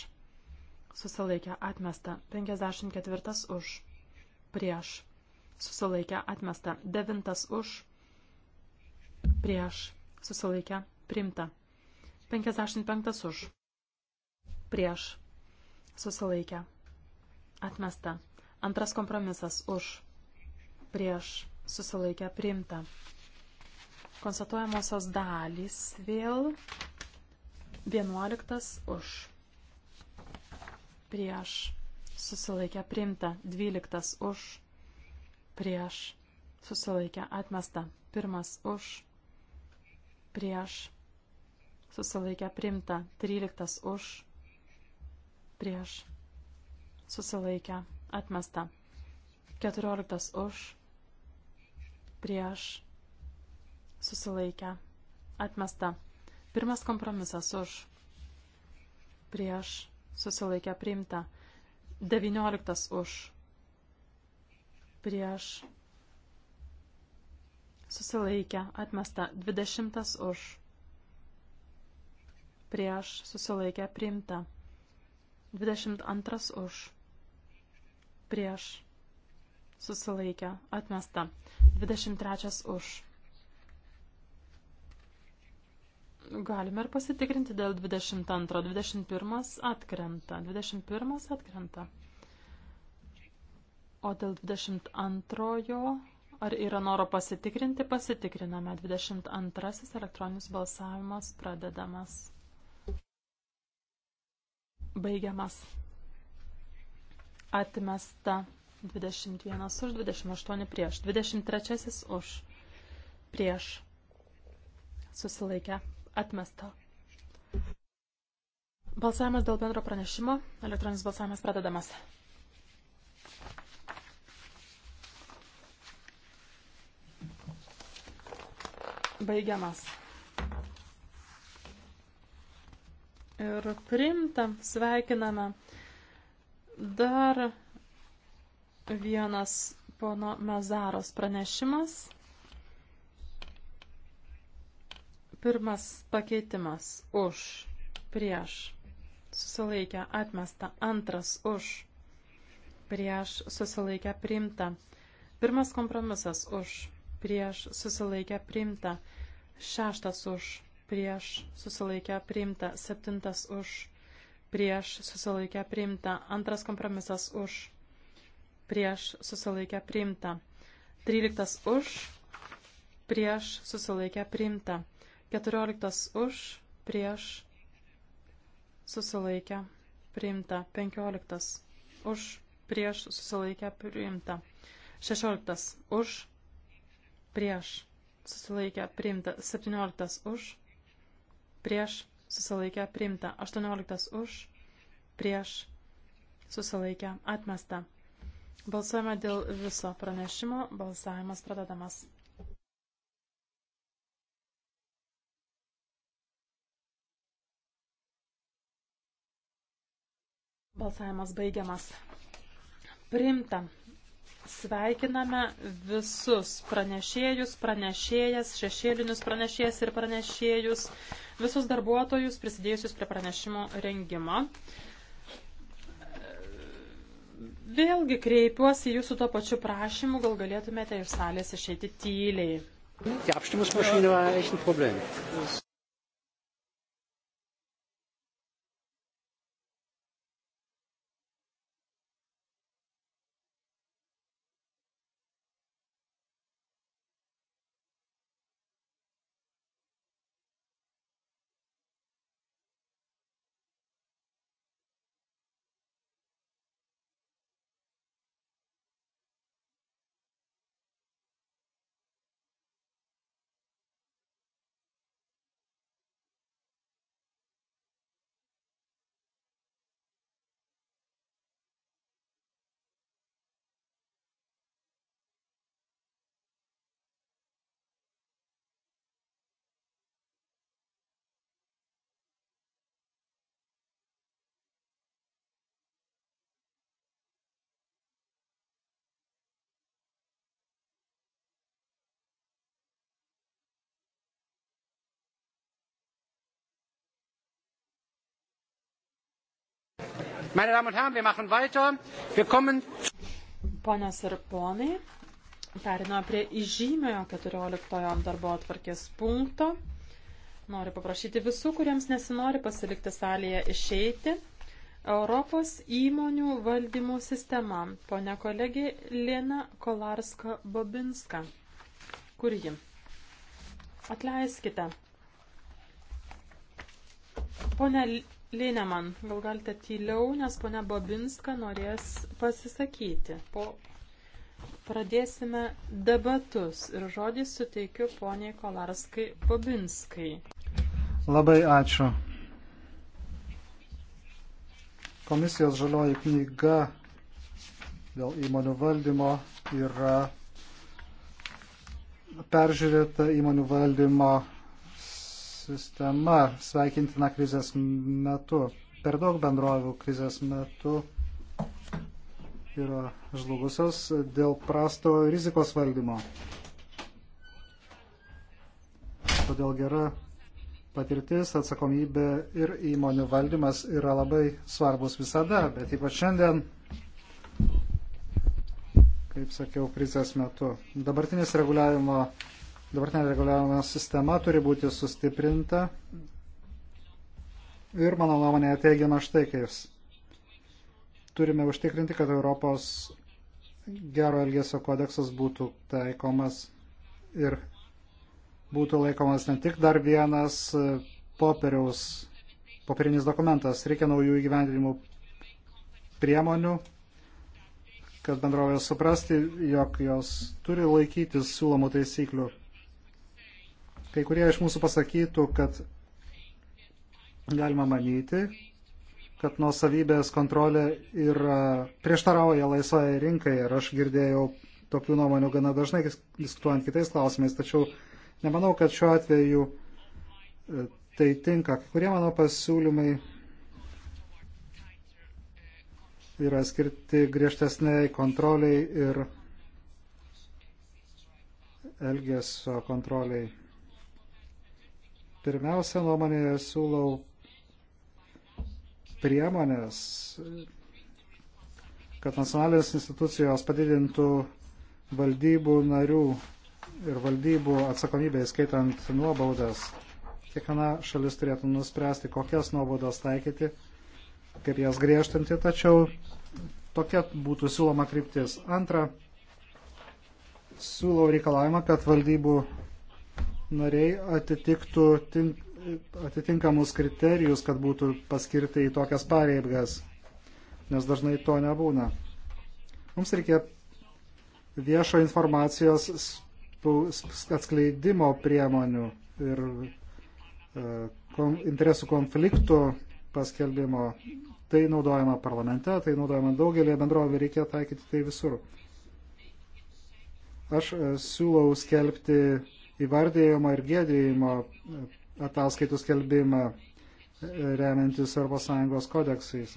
Susilaikę. Atmesta. 54 už. Prieš susilaikę atmesta. Devintas už, prieš, susilaikę primta. 55 už, prieš, susilaikę atmesta. Antras kompromisas už, prieš, susilaikę primta. Konstatuojamosios dalys vėl 11 už, prieš, susilaikę primta. 12 už, prieš susilaikę atmesta. Pirmas už prieš susilaikę primta. Tryliktas už prieš susilaikę atmesta. Keturioliktas už prieš susilaikę atmesta. Pirmas kompromisas už prieš susilaikę primta. Devynioliktas už prieš susilaikę atmesta 20 už prieš susilaikę priimta 22 už prieš susilaikę atmesta 23 už Galime ir pasitikrinti dėl 22, 21 atkrenta, 21 atkrenta. O dėl 22-ojo, ar yra noro pasitikrinti, pasitikriname. 22-asis elektroninis balsavimas pradedamas. Baigiamas. Atmesta 21 už, 28 prieš, 23 už, prieš, susilaikę, atmesta. Balsavimas dėl bendro pranešimo, elektroninis balsavimas pradedamas. baigiamas. Ir priimta, sveikiname. Dar vienas pono Mazaros pranešimas. Pirmas pakeitimas už, prieš, susilaikę, atmesta, antras už, prieš, susilaikę, priimta. Pirmas kompromisas už, prieš susilaikę priimta, šeštas už prieš susilaikę priimta, septintas už prieš susilaikę priimta, antras kompromisas už prieš susilaikę priimta, tryliktas už prieš susilaikę priimta, keturioliktas už prieš susilaikę priimta, penkioliktas už prieš susilaikę priimta, šešioliktas už prieš susilaikę priimta 17 už, prieš susilaikę priimta 18 už, prieš susilaikę atmesta. Balsuojame dėl viso pranešimo. Balsavimas pradedamas. Balsavimas baigiamas. Primta. Sveikiname visus pranešėjus, pranešėjas, šešėlinius pranešėjas ir pranešėjus, visus darbuotojus prisidėjusius prie pranešimo rengimo. Vėlgi kreipiuosi jūsų tuo pačiu prašymu, gal galėtumėte iš salės išeiti tyliai. Die Abstimmungsmaschine war echt ein Problem. Meine Damen und Herren, wir machen weiter. Wir kommen. Ponios ir ponai, perino prie įžymiojo 14 darbo atvarkės punkto. Noriu paprašyti visų, kuriems nesinori pasilikti salėje išeiti. Europos įmonių valdymo sistema. Pone kolegė Lena Kolarska-Bobinska. Kur ji? Atleiskite. Pone Lyneman, gal galite tyliau, nes ponia Babinska norės pasisakyti. Po... Pradėsime debatus ir žodį suteikiu poniai Kolarskai Babinskai. Labai ačiū. Komisijos žalioji knyga dėl įmonių valdymo yra peržiūrėta įmonių valdymo sistema sveikintina krizės metu. Per daug bendrovių krizės metu yra žlugusios dėl prasto rizikos valdymo. Todėl gera patirtis, atsakomybė ir įmonių valdymas yra labai svarbus visada, bet ypač šiandien, kaip sakiau, krizės metu. Dabartinis reguliavimo dabartinė reguliavimo sistema turi būti sustiprinta. Ir mano nuomonė teigiama štai kaip. Turime užtikrinti, kad Europos gero elgesio kodeksas būtų taikomas ir būtų laikomas ne tik dar vienas popieriaus, popierinis dokumentas. Reikia naujų įgyvendinimų priemonių, kad bendrovės suprasti, jog jos turi laikytis siūlomų taisyklių. Kai kurie iš mūsų pasakytų, kad galima manyti, kad nuosavybės kontrolė yra prieštarauja laisvai rinkai ir aš girdėjau tokių nuomonių gana dažnai diskutuojant kitais klausimais, tačiau nemanau, kad šiuo atveju e, tai tinka. Kai kurie mano pasiūlymai yra skirti griežtesniai kontroliai ir elgesio kontroliai Pirmiausia, nuomonėje siūlau priemonės, kad nacionalinės institucijos padidintų valdybų narių ir valdybų atsakomybę, skaitant nuobaudas. Kiekviena šalis turėtų nuspręsti, kokias nuobaudas taikyti, kaip jas griežtinti, tačiau tokia būtų siūloma kryptis. Antra, siūlau reikalavimą, kad valdybų nariai atitiktų atitinkamus kriterijus, kad būtų paskirti į tokias pareigas, nes dažnai to nebūna. Mums reikia viešo informacijos atskleidimo priemonių ir e, interesų konfliktų paskelbimo. Tai naudojama parlamente, tai naudojama daugelį bendrovį, reikia taikyti tai visur. Aš e, siūlau skelbti įvardėjimo ir gėdėjimo ataskaitų skelbimą e, remiantis ES kodeksais.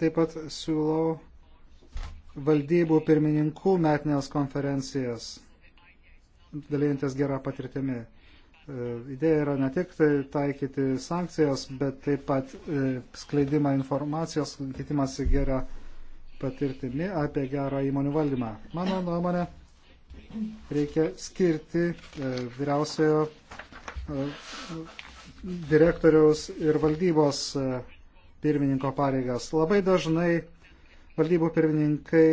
Taip pat siūlau valdybų pirmininkų metinės konferencijas, dalyjantis gerą patirtimį. E, idėja yra ne tik tai taikyti sankcijas, bet taip pat e, skleidimą informacijos, kitimas į gerą patirtimį patirtimi apie gerą įmonių valdymą. Mano nuomonė, reikia skirti e, vyriausiojo e, direktoriaus ir valdybos e, pirmininko pareigas. Labai dažnai valdybų pirmininkai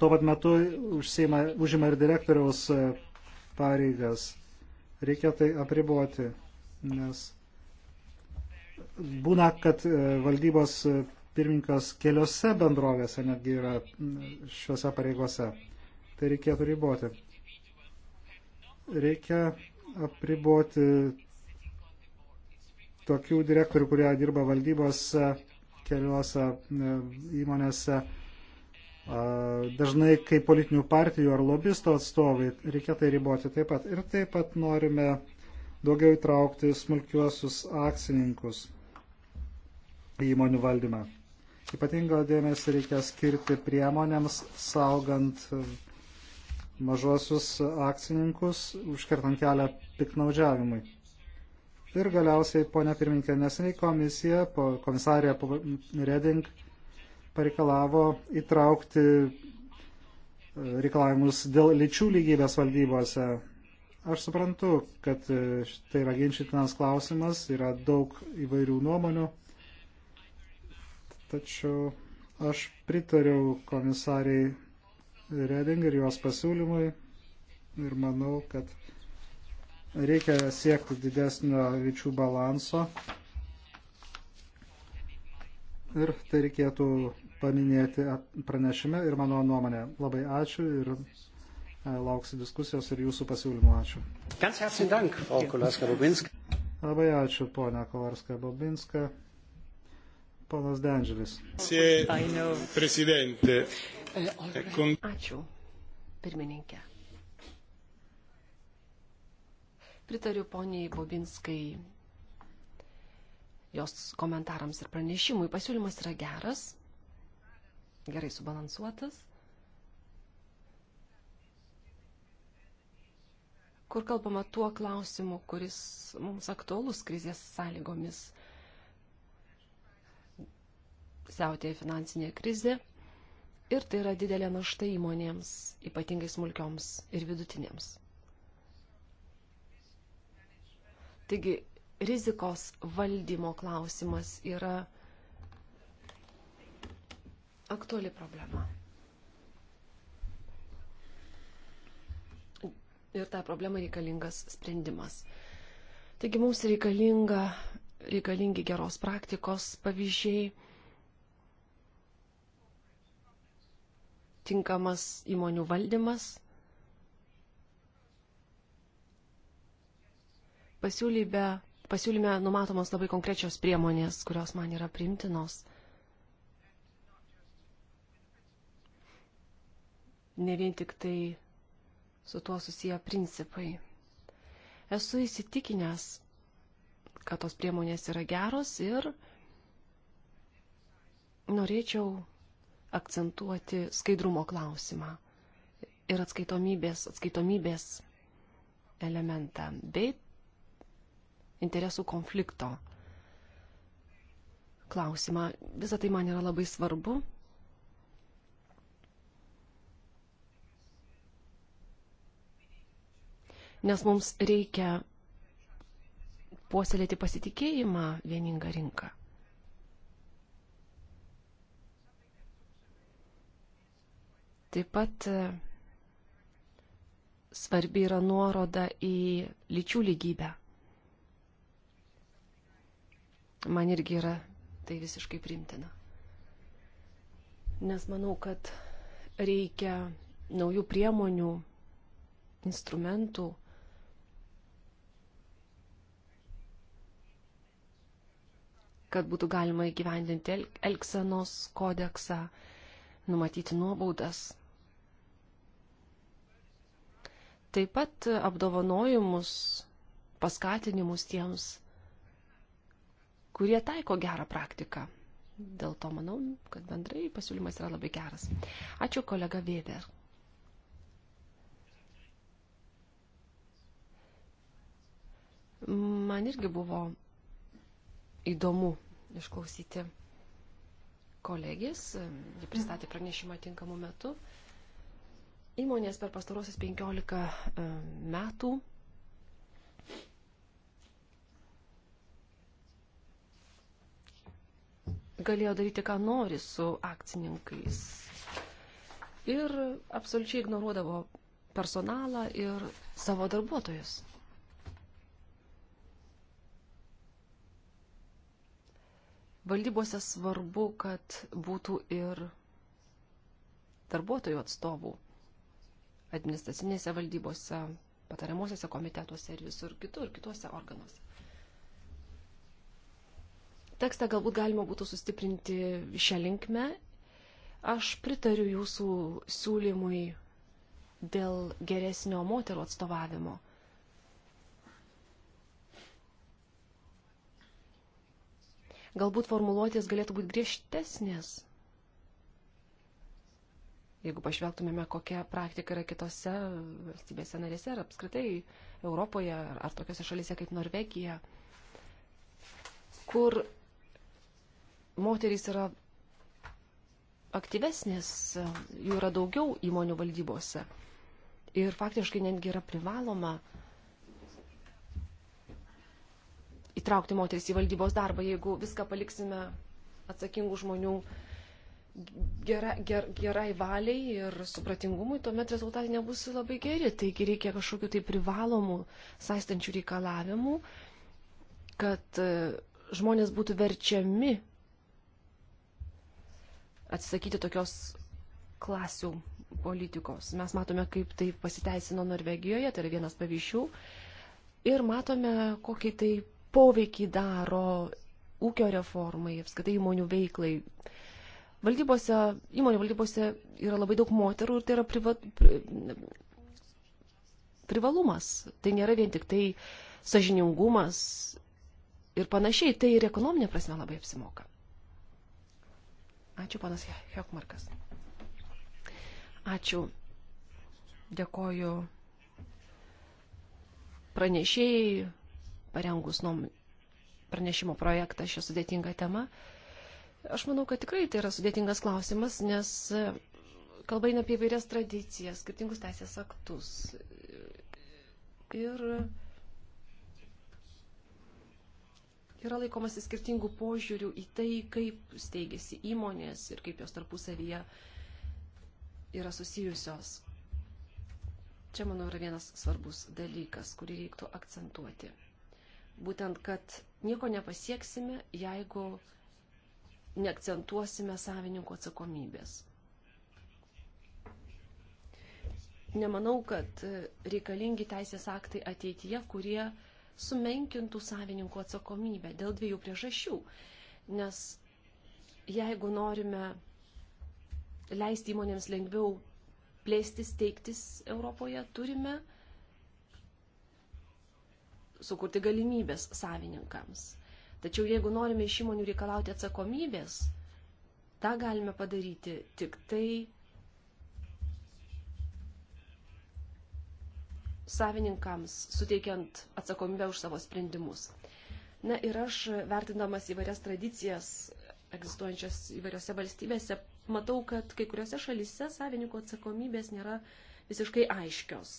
tuo pat metu užsima, užima ir direktoriaus pareigas. Reikia tai apriboti, nes būna, kad valdybos pirmininkas keliose bendrovėse netgi yra šiuose pareigose. Tai reikėtų riboti. Reikia apriboti tokių direktorių, kurie dirba valdybose, keliuose e, įmonėse, e, dažnai kaip politinių partijų ar lobisto atstovai, reikia tai riboti taip pat. Ir taip pat norime daugiau įtraukti smulkiuosius akcininkus į įmonių valdymą. Ypatingo dėmesį reikia skirti priemonėms, saugant e, mažosius akcininkus, užkertant kelią piknaudžiavimui. Ir galiausiai, ponia pirminkė, neseniai komisija, po komisarė Reding pareikalavo įtraukti e, reikalavimus dėl lyčių lygybės valdybose. Aš suprantu, kad e, tai yra ginčytinas klausimas, yra daug įvairių nuomonių Tačiau aš pritariau komisariai Reding ir jos pasiūlymui ir manau, kad reikia siekti didesnio lyčių balanso ir tai reikėtų paminėti pranešime ir mano nuomonė. Labai ačiū ir e, lauksiu diskusijos ir jūsų pasiūlymų. Ačiū. Labai ačiū, ponia Kolarska Bobinska. Ponas Dendželis. Eh, Ačiū, pirmininkė. Pritariu poniai Bobinskai jos komentarams ir pranešimui. Pasiūlymas yra geras, gerai subalansuotas. Kur kalbama tuo klausimu, kuris mums aktuolus krizės sąlygomis – siautėja finansinė krizė ir tai yra didelė našta įmonėms, ypatingai smulkioms ir vidutinėms. Taigi rizikos valdymo klausimas yra aktuali problema. ir tą problemą reikalingas sprendimas. Taigi mums reikalinga, reikalingi geros praktikos pavyzdžiai, tinkamas įmonių valdymas. Pasiūlybe, pasiūlyme numatomos labai konkrečios priemonės, kurios man yra primtinos. Ne vien tik tai su tuo susiję principai. Esu įsitikinęs, kad tos priemonės yra geros ir norėčiau akcentuoti skaidrumo klausimą ir atskaitomybės, atskaitomybės elementą bei interesų konflikto klausimą. Visą tai man yra labai svarbu. Nes mums reikia puoselėti pasitikėjimą vieningą rinką. Taip pat e, svarbi yra nuoroda į lyčių lygybę. Man irgi yra tai visiškai primtina. Nes manau, kad reikia naujų priemonių, instrumentų, kad būtų galima įgyvendinti elksenos kodeksą, numatyti nuobaudas taip pat apdovanojimus, paskatinimus tiems, kurie taiko gerą praktiką. Dėl to manau, kad bendrai pasiūlymas yra labai geras. Ačiū kolega Weber. Man irgi buvo įdomu išklausyti kolegės, ji pristatė pranešimą tinkamu metu. Įmonės per pastarosius 15 e, metų galėjo daryti, ką nori su akcininkais. Ir absoliučiai ignoruodavo personalą ir savo darbuotojus. Valdybose svarbu, kad būtų ir darbuotojų atstovų administracinėse valdybose, patariamuosiuose komitetuose ir visur kitur, kituose organuose. Tekstą galbūt galima būtų sustiprinti šią linkmę. Aš pritariu jūsų siūlymui dėl geresnio moterų atstovavimo. Galbūt formuluotės galėtų būti griežtesnės Jeigu pažvelgtumėme, kokia praktika yra kitose valstybėse narėse ir apskritai Europoje ar, ar tokiose šalise kaip Norvegija, kur moterys yra aktyvesnės, jų yra daugiau įmonių valdybose. Ir faktiškai netgi yra privaloma įtraukti moteris į valdybos darbą, jeigu viską paliksime atsakingų žmonių gera, ger, gerai valiai ir supratingumui, tuomet rezultatai nebus labai geri. Taigi reikia kažkokių tai privalomų, saistančių reikalavimų, kad e, žmonės būtų verčiami atsisakyti tokios klasių politikos. Mes matome, kaip tai pasiteisino Norvegijoje, tai yra vienas pavyzdžių. Ir matome, kokį tai poveikį daro ūkio reformai, apskaitai įmonių veiklai. Uh, Valdybose, įmonių valdybose yra labai daug moterų ir tai yra priva, pri, privalumas. Tai nėra vien tik tai sažiningumas ir panašiai. Tai ir ekonominė prasme labai apsimoka. Ačiū, panas Hekmarkas. Ačiū. Dėkoju pranešėjai, parengus nuom pranešimo projektą šią sudėtingą temą. Aš manau, kad tikrai tai yra sudėtingas klausimas, nes e, kalba eina apie įvairias tradicijas, skirtingus teisės aktus. Ir yra laikomasi skirtingų požiūrių į tai, kaip steigėsi įmonės ir kaip jos tarpusavyje yra susijusios. Čia, manau, yra vienas svarbus dalykas, kurį reiktų akcentuoti. Būtent, kad nieko nepasieksime, jeigu neakcentuosime savininko atsakomybės. Nemanau, kad reikalingi teisės aktai ateityje, kurie sumenkintų savininko atsakomybę dėl dviejų priežasčių. Nes jeigu norime leisti įmonėms lengviau plėstis, teiktis Europoje, turime sukurti galimybės savininkams. Tačiau jeigu norime iš įmonių reikalauti atsakomybės, tą galime padaryti tik tai savininkams, suteikiant atsakomybę už savo sprendimus. Na ir aš, vertindamas įvairias tradicijas egzistuojančias įvairiose valstybėse, matau, kad kai kuriuose šalise savininko atsakomybės nėra visiškai aiškios.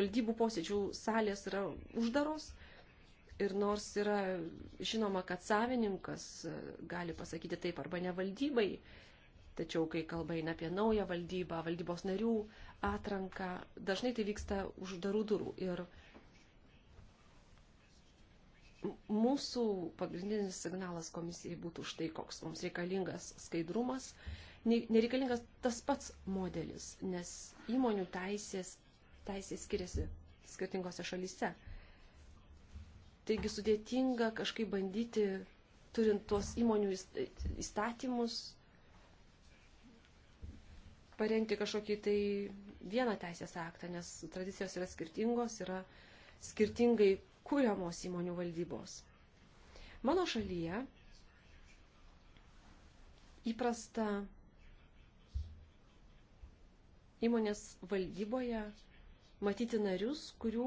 Valdybų posėdžių salės yra uždaros Ir nors yra žinoma, kad savininkas e, gali pasakyti taip arba ne valdybai, tačiau kai kalba eina apie naują valdybą, valdybos narių atranką, dažnai tai vyksta uždarų durų. Ir mūsų pagrindinis signalas komisijai būtų štai koks. Mums reikalingas skaidrumas, nereikalingas tas pats modelis, nes įmonių teisės, teisės skiriasi skirtingose šalyse. Taigi sudėtinga kažkaip bandyti, turint tuos įmonių įstatymus, parengti kažkokį tai vieną teisės aktą, nes tradicijos yra skirtingos, yra skirtingai kūriamos įmonių valdybos. Mano šalyje įprasta įmonės valdyboje matyti narius, kurių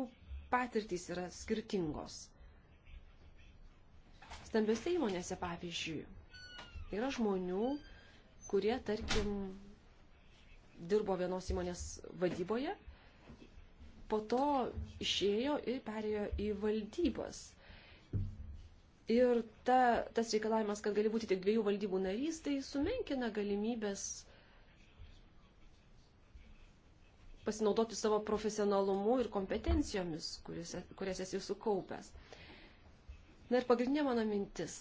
patirtys yra skirtingos stambiose įmonėse, pavyzdžiui, yra žmonių, kurie, tarkim, dirbo vienos įmonės vadyboje, po to išėjo ir perėjo į valdybas. Ir ta, tas reikalavimas, kad gali būti tik dviejų valdybų narys, tai sumenkina galimybės pasinaudoti savo profesionalumu ir kompetencijomis, kurias esi sukaupęs. Na ir pagrindinė mano mintis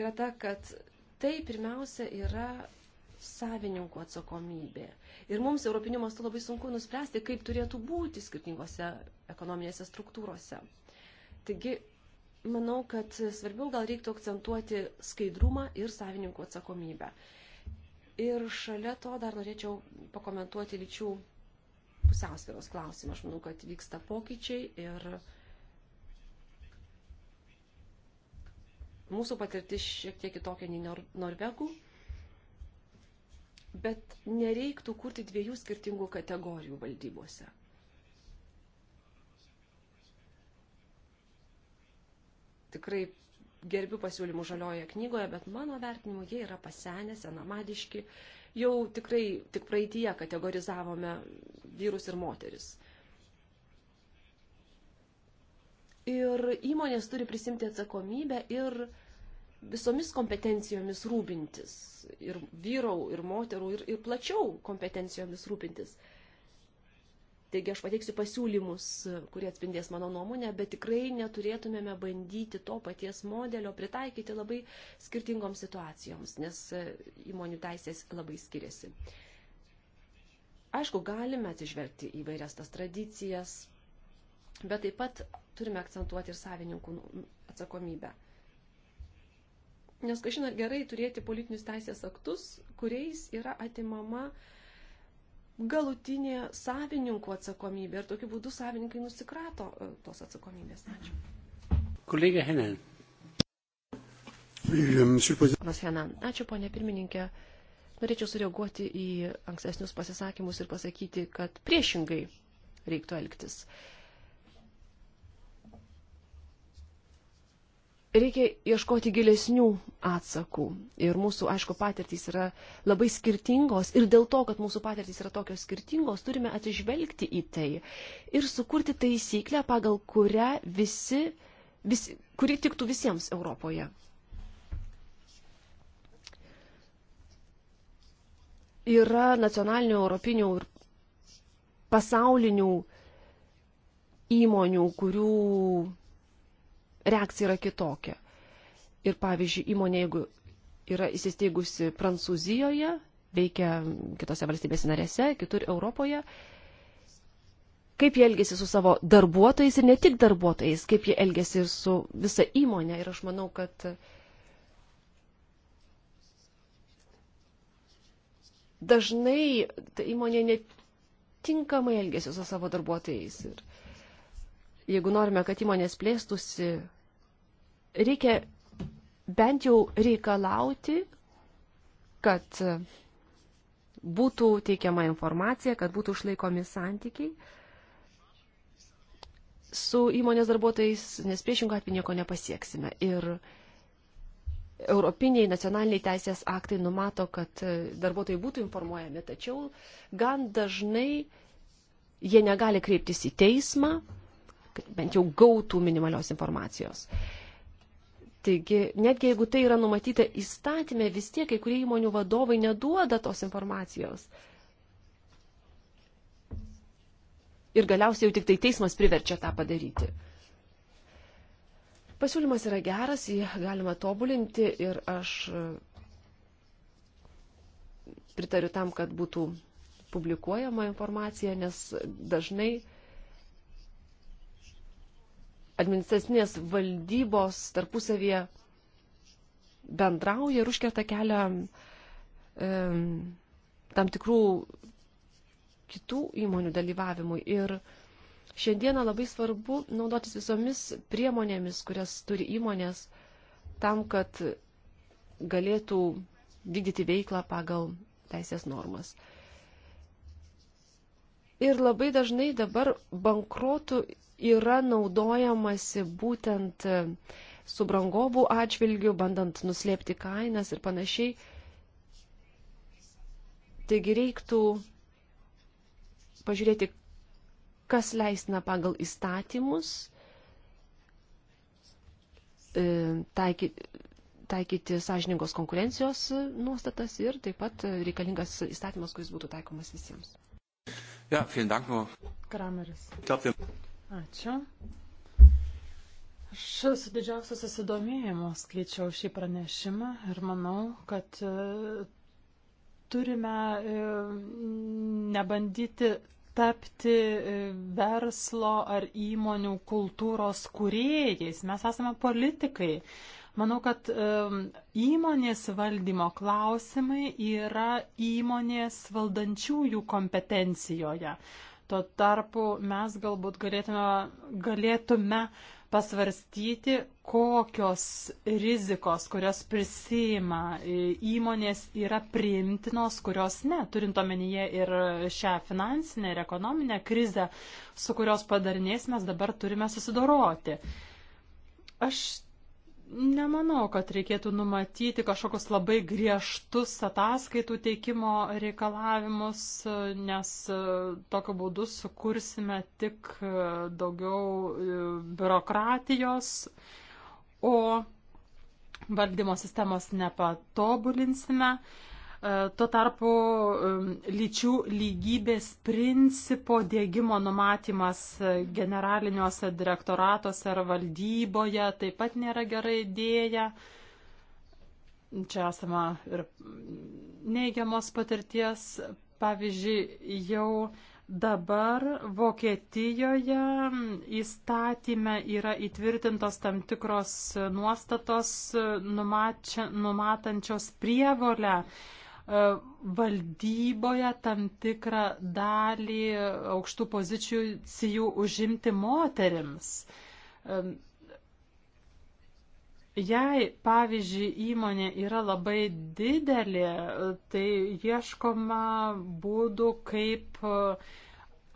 yra ta, kad tai pirmiausia yra savininkų atsakomybė. Ir mums europiniu mastu labai sunku nuspręsti, kaip turėtų būti skirtingose ekonominėse struktūrose. Taigi, manau, kad svarbiau gal reiktų akcentuoti skaidrumą ir savininkų atsakomybę. Ir šalia to dar norėčiau pakomentuoti lyčių pusiausvėros klausimą. Aš manau, kad vyksta pokyčiai ir uh, Mūsų patirtis šiek tiek kitokia nei nor norvegų, bet nereiktų kurti dviejų skirtingų kategorijų valdybose. Tikrai gerbiu pasiūlymų žaliojoje knygoje, bet mano vertinimu jie yra pasenę, senamadiški. Jau tikrai tik praeitie kategorizavome vyrus ir moteris. Ir įmonės turi prisimti atsakomybę ir visomis kompetencijomis rūpintis. Ir vyrų, ir moterų, ir, ir plačiau kompetencijomis rūpintis. Taigi aš pateiksiu pasiūlymus, kurie atspindės mano nuomonę, bet tikrai neturėtumėme bandyti to paties modelio pritaikyti labai skirtingoms situacijoms, nes e, įmonių teisės labai skiriasi. Aišku, galime atsižvelgti į vairias tas tradicijas, bet taip pat turime akcentuoti ir savininkų nu, atsakomybę. Nes kažina gerai turėti politinius teisės aktus, kuriais yra atimama galutinė savininkų atsakomybė ir tokiu būdu savininkai nusikrato e, tos atsakomybės. Ačiū. Kolega euh, Henan. Ačiū, ponė pirmininkė. Norėčiau sureaguoti į ankstesnius pasisakymus ir pasakyti, kad priešingai reiktų elgtis. Uh, reikia ieškoti gilesnių atsakų. Ir mūsų, aišku, patirtys yra labai skirtingos. Ir dėl to, kad mūsų patirtys yra tokios skirtingos, turime atsižvelgti į tai ir sukurti taisyklę, pagal kurią visi, visi kuri tiktų visiems Europoje. Yra nacionalinių, europinių ir pasaulinių įmonių, kurių reakcija yra kitokia. Ir pavyzdžiui, įmonė, jeigu yra įsisteigusi Prancūzijoje, veikia kitose valstybėse narėse, kitur Europoje, kaip jie elgesi su savo darbuotojais ir ne tik darbuotojais, kaip jie elgesi ir su visa įmonė. Ir aš manau, kad dažnai ta įmonė netinkamai elgesi su savo darbuotojais. Ir jeigu norime, kad įmonės plėstusi, reikia bent jau reikalauti, kad būtų teikiama informacija, kad būtų išlaikomi santykiai su įmonės darbuotojais, nes priešingų atveju nieko nepasieksime. Ir europiniai nacionaliniai teisės aktai numato, kad darbuotojai būtų informuojami, tačiau gan dažnai jie negali kreiptis į teismą, kad bent jau gautų minimalios informacijos. Taigi, netgi jeigu tai yra numatyta įstatymė, vis tiek kai kurie įmonių vadovai neduoda tos informacijos. Ir galiausiai jau tik tai teismas priverčia tą padaryti. Pasiūlymas yra geras, jį galima tobulinti ir aš e, pritariu tam, kad būtų publikuojama informacija, nes dažnai administracinės valdybos tarpusavėje bendrauja ir užkerta kelią e, tam tikrų kitų įmonių dalyvavimui. Ir šiandieną labai svarbu naudotis visomis priemonėmis, kurias turi įmonės, tam, kad galėtų vykdyti veiklą pagal teisės normas. Ir labai dažnai dabar bankrotų yra naudojamasi būtent e, subrangovų atžvilgių, bandant nuslėpti kainas ir panašiai. Taigi reiktų pažiūrėti, kas leistina pagal įstatymus e, taikyti, taikyti sąžiningos konkurencijos nuostatas ir taip pat reikalingas įstatymas, kuris būtų taikomas visiems. Ja, vielen Dank. Krameris. Ačiū. Aš su didžiausiu susidomėjimu skaičiau šį pranešimą ir manau, kad e, turime e, nebandyti tapti e, verslo ar įmonių kultūros kūrėjais. Mes esame politikai. Manau, kad įmonės valdymo klausimai yra įmonės valdančiųjų kompetencijoje. Tuo tarpu mes galbūt galėtume, galėtume pasvarstyti, kokios rizikos, kurios prisima e, įmonės, yra priimtinos, kurios ne, turint omenyje ir šią finansinę ir ekonominę krizę, su kurios padarniais mes dabar turime susidoroti. Aš Nemanau, kad reikėtų numatyti kažkokius labai griežtus ataskaitų teikimo reikalavimus, nes e, tokiu būdu sukursime tik e, daugiau e, biurokratijos, o valdymo sistemos nepatobulinsime. Tuo tarpu lyčių lygybės principo dėgymo numatymas generaliniuose direktoratuose ar valdyboje taip pat nėra gera idėja. Čia esama ir neigiamos patirties. Pavyzdžiui, jau dabar Vokietijoje įstatyme yra įtvirtintos tam tikros nuostatos numačia, numatančios prievolę uh, E, valdyboje tam tikrą dalį aukštų pozicijų užimti moterims. E, jei, pavyzdžiui, įmonė yra labai didelė, tai ieškoma būdų, kaip e,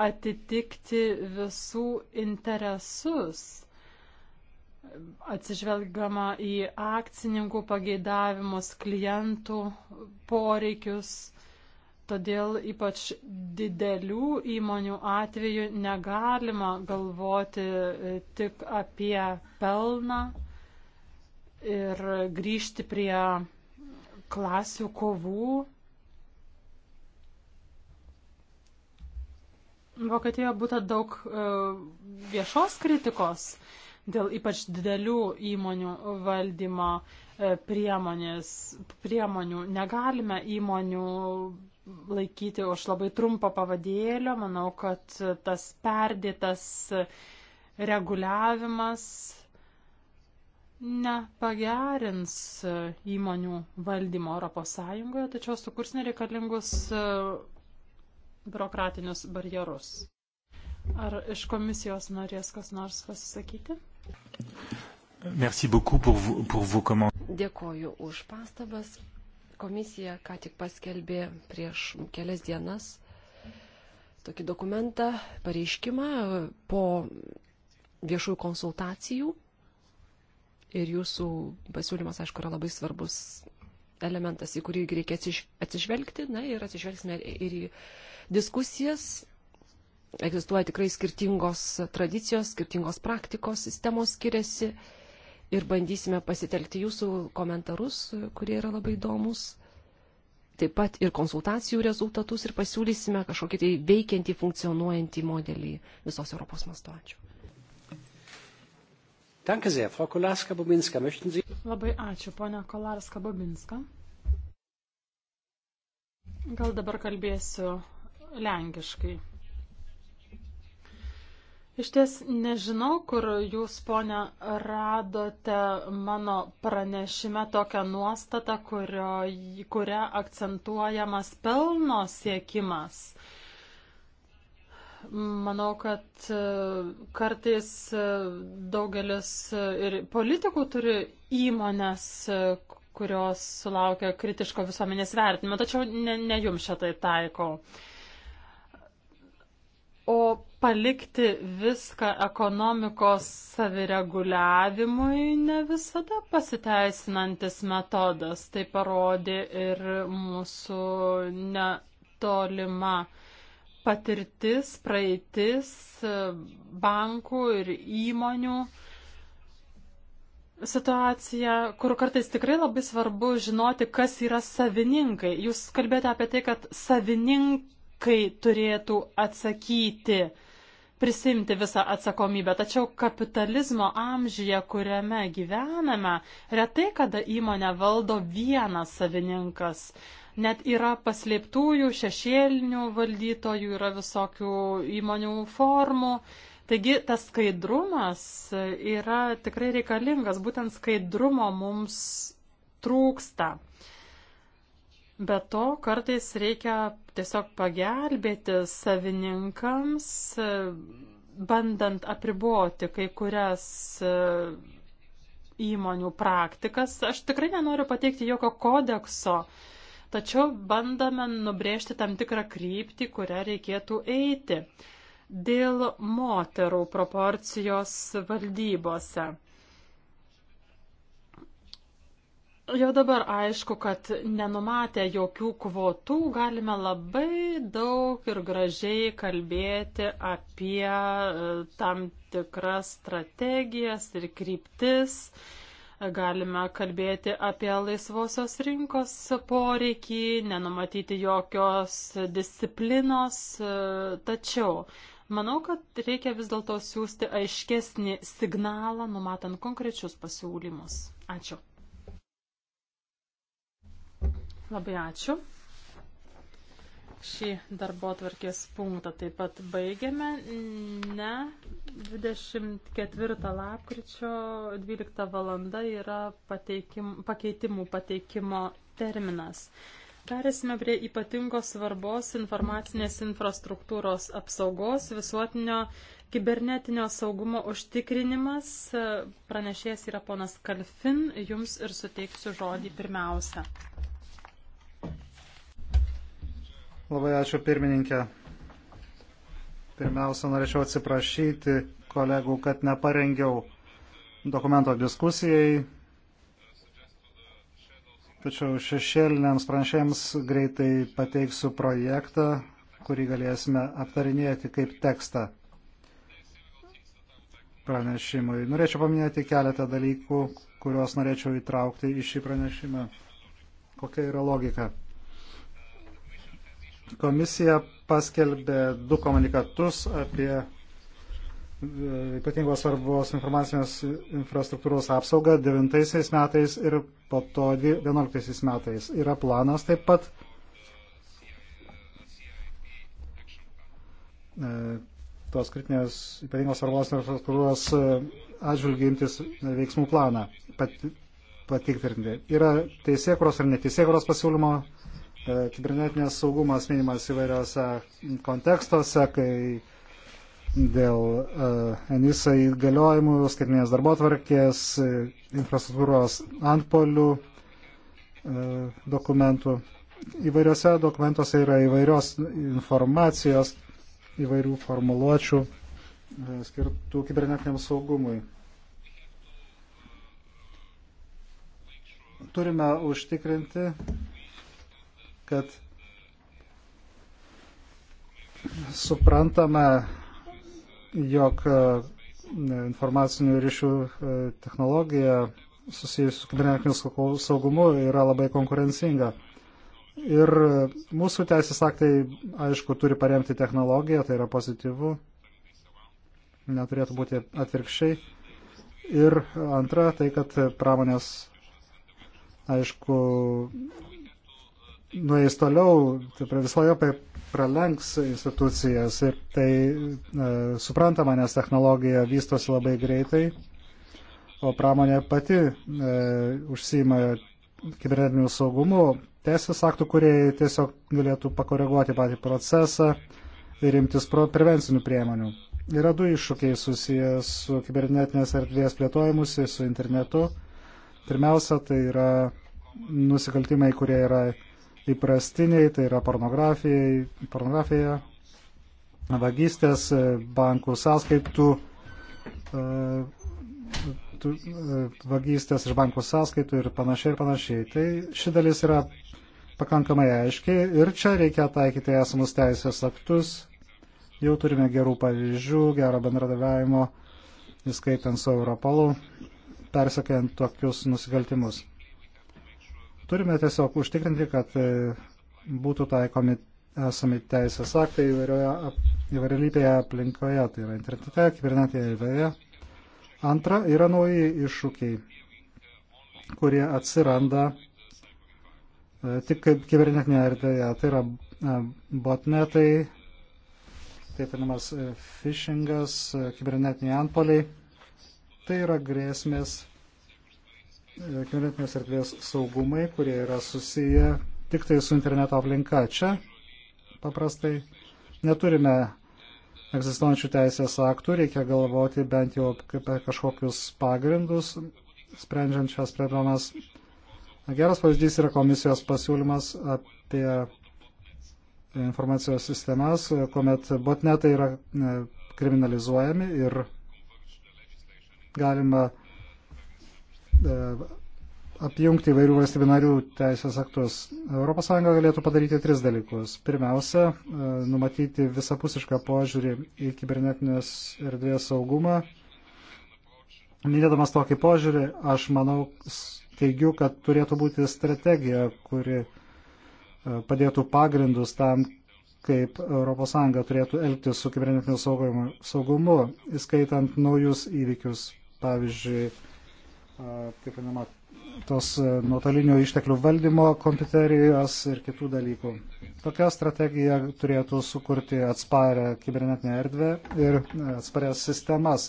atitikti visų interesus atsižvelgiama į akcininkų pageidavimus, klientų poreikius. Todėl ypač didelių įmonių atveju negalima galvoti e, tik apie pelną ir grįžti prie klasių kovų. Vokietijoje būtų daug e, viešos kritikos dėl ypač didelių įmonių valdymo e, priemonės, priemonių. Negalime įmonių laikyti už labai trumpo pavadėlio. Manau, kad tas perdėtas reguliavimas nepagerins įmonių valdymo Europos Sąjungoje, tačiau sukurs nereikalingus e, biurokratinius barjerus. Ar iš komisijos norės kas nors pasisakyti? Merci beaucoup pour, pour vos commentaires. Dėkoju už pastabas. Komisija ką tik paskelbė prieš kelias dienas tokį dokumentą, pareiškimą po viešųjų konsultacijų. Ir jūsų pasiūlymas, aišku, yra labai svarbus elementas, į kurį reikia atsižvelgti. Na ir atsižvelgsime ir į diskusijas egzistuoja tikrai skirtingos tradicijos, skirtingos praktikos, sistemos skiriasi ir bandysime pasitelkti jūsų komentarus, kurie yra labai įdomus, taip pat ir konsultacijų rezultatus ir pasiūlysime kažkokį tai veikiantį, funkcionuojantį modelį visos Europos mastu. Ačiū. Danke sehr, Frau Kolarska-Bobinska. Möchten Sie? Labai ačiū, ponia Kolarska-Bobinska. Gal dabar kalbėsiu lenkiškai. Iš ties nežinau, kur jūs, ponia, radote mano pranešime tokią nuostatą, kurio, kuria akcentuojamas pelno siekimas. Manau, kad e, kartais e, daugelis ir politikų turi įmonės, e, kurios sulaukia kritiško visuomenės vertinimo, tačiau ne, ne jums šitai taikau. Uh, O palikti viską ekonomikos savireguliavimui ne visada pasiteisinantis metodas, tai parodė ir mūsų netolima patirtis, praeitis bankų ir įmonių situacija, kur kartais tikrai labai svarbu žinoti, kas yra savininkai. Jūs kalbėjote apie tai, kad savininkai kai turėtų atsakyti, prisimti visą atsakomybę. Tačiau kapitalizmo amžyje, kuriame gyvename, retai kada įmonę valdo vienas savininkas. Net yra paslėptųjų, šešėlinių valdytojų, yra visokių įmonių formų. Taigi tas skaidrumas yra tikrai reikalingas, būtent skaidrumo mums trūksta. Be to, kartais reikia tiesiog pagelbėti savininkams, bandant apriboti kai kurias e, įmonių praktikas. Aš tikrai nenoriu pateikti jokio kodekso, tačiau bandame nubrėžti tam tikrą kryptį, kurią reikėtų eiti dėl moterų proporcijos valdybose. Jau dabar aišku, kad nenumatę jokių kvotų galime labai daug ir gražiai kalbėti apie e, tam tikras strategijas ir kryptis. Galime kalbėti apie laisvosios rinkos poreikį, nenumatyti jokios disciplinos, e, tačiau manau, kad reikia vis dėlto siūsti aiškesnį signalą, numatant konkrečius pasiūlymus. Ačiū. Labai ačiū. Šį darbo atvarkės punktą taip pat baigiame. Ne, 24 lapkričio 12 valanda yra pateikim, pakeitimų pateikimo terminas. Perėsime prie ypatingos svarbos informacinės infrastruktūros apsaugos visuotinio kibernetinio saugumo užtikrinimas. Pranešėjas yra ponas Kalfin, jums ir suteiksiu žodį pirmiausia. Labai ačiū pirmininkė. Pirmiausia, norėčiau atsiprašyti kolegų, kad neparengiau dokumento diskusijai, tačiau šešėliniams pranešėjams greitai pateiksiu projektą, kurį galėsime aptarinėti kaip tekstą pranešimui. Norėčiau paminėti keletą dalykų, kuriuos norėčiau įtraukti į šį pranešimą. Kokia yra logika? Komisija paskelbė du komunikatus apie e, ypatingos svarbos informacinės infrastruktūros apsaugą 9 metais ir po to 11 metais. Yra planas taip pat e, tos kritinės ypatingos svarbos infrastruktūros e, atžvilgių imtis veiksmų planą patikrinti. Yra teisėkros ir neteisėkros pasiūlymo E, kibernetinės saugumas minimas įvairiose kontekstuose, kai dėl e, NISA įgaliojimų, skaitinės darbo tvarkės, e, infrastruktūros antpolių dokumentų. Įvairiuose dokumentuose yra įvairios informacijos, įvairių formuluočių skirtų kibernetiniam saugumui. Turime užtikrinti, kad suprantame, jog e, informacinių ryšių e, technologija susijusi su kibernetiniu saugumu yra labai konkurencinga. Ir mūsų teisės aktai, aišku, turi paremti technologiją, tai yra pozityvu, neturėtų būti atvirkščiai. Ir antra, tai kad pramonės, aišku, nueis toliau, tai visojopai pralenks institucijas ir tai e, suprantama, nes technologija vystosi labai greitai, o pramonė pati e, užsima kibernetiniu saugumu. Teisės aktų, kurie tiesiog galėtų pakoreguoti patį procesą ir imtis prevencinių priemonių. Yra du iššūkiai susijęs su kibernetinės erdvės plėtojimusi, su internetu. Pirmiausia, tai yra nusikaltimai, kurie yra įprastiniai, tai yra pornografija, vagystės, e, bankų sąskaitų, e, e, vagystės iš bankų sąskaitų ir panašiai ir panašiai. Tai ši dalis yra pakankamai aiški ir čia reikia taikyti esamus teisės aktus. Jau turime gerų pavyzdžių, gerą bendradarbiavimo, įskaitant su Europolu, persekiant tokius nusikaltimus. Turime tiesiog užtikrinti, kad e, būtų taikomi esami teisės aktai įvairialypėje aplinkoje, tai yra internete, kibernetinėje erdvėje. Antra, yra nauji iššūkiai, kurie atsiranda e, tik kaip kibernetinėje erdvėje, tai yra e, botnetai, taip vadinamas phishingas, kibernetiniai antpoliai. Tai yra grėsmės kibernetinės erdvės saugumai, kurie yra susiję tik tai su interneto aplinka. Čia paprastai neturime egzistuojančių teisės aktų, reikia galvoti bent jau apie kažkokius pagrindus, sprendžiant šias problemas. Geras pavyzdys yra komisijos pasiūlymas apie informacijos sistemas, kuomet botnetai yra e, kriminalizuojami ir galima E, apjungti įvairių valstybių narių teisės aktus. ES galėtų padaryti tris dalykus. Pirmiausia, e, numatyti visapusišką požiūrį į kibernetinės erdvės saugumą. Minėdamas tokį požiūrį, aš manau, teigiu, kad turėtų būti strategija, kuri e, padėtų pagrindus tam, kaip ES turėtų elgtis su kibernetiniu saugumu, saugumu įskaitant naujus įvykius, pavyzdžiui, taip vadinama, tos e, nuotolinio išteklių valdymo kompiuterijos ir kitų dalykų. Tokia strategija turėtų sukurti atsparę kibernetinę erdvę ir e, atsparias sistemas.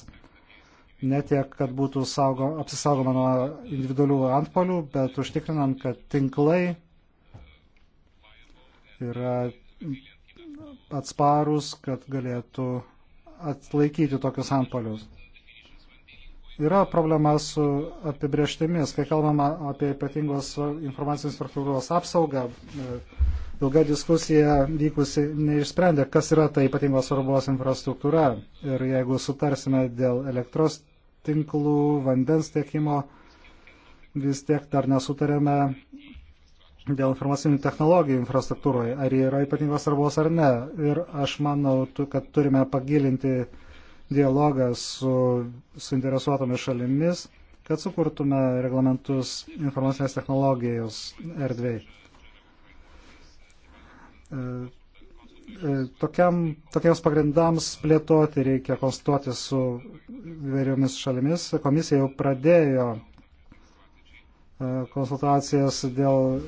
Ne tiek, kad būtų saugo, apsisaugoma nuo individualių antpolių, bet užtikrinant, kad tinklai yra atsparus, kad galėtų atlaikyti tokius antpolius. Yra problema su apibrieštimis, kai kalbama apie ypatingos informacinės infrastruktūros apsaugą. E, ilga diskusija vykusi neišsprendė, kas yra ta ypatingos svarbos infrastruktūra. Ir jeigu sutarsime dėl elektros tinklų, vandens tiekimo, vis tiek dar nesutarėme dėl informacinių technologijų infrastruktūroje, ar jie yra ypatingos svarbos ar ne. Ir aš manau, kad turime pagilinti dialogą su suinteresuotomis šalimis, kad sukurtume reglamentus informacinės technologijos erdvėjai. E, e, tokiam, tokiems pagrindams plėtoti reikia konstatuoti su vėriomis šalimis. Komisija jau pradėjo e, konsultacijas dėl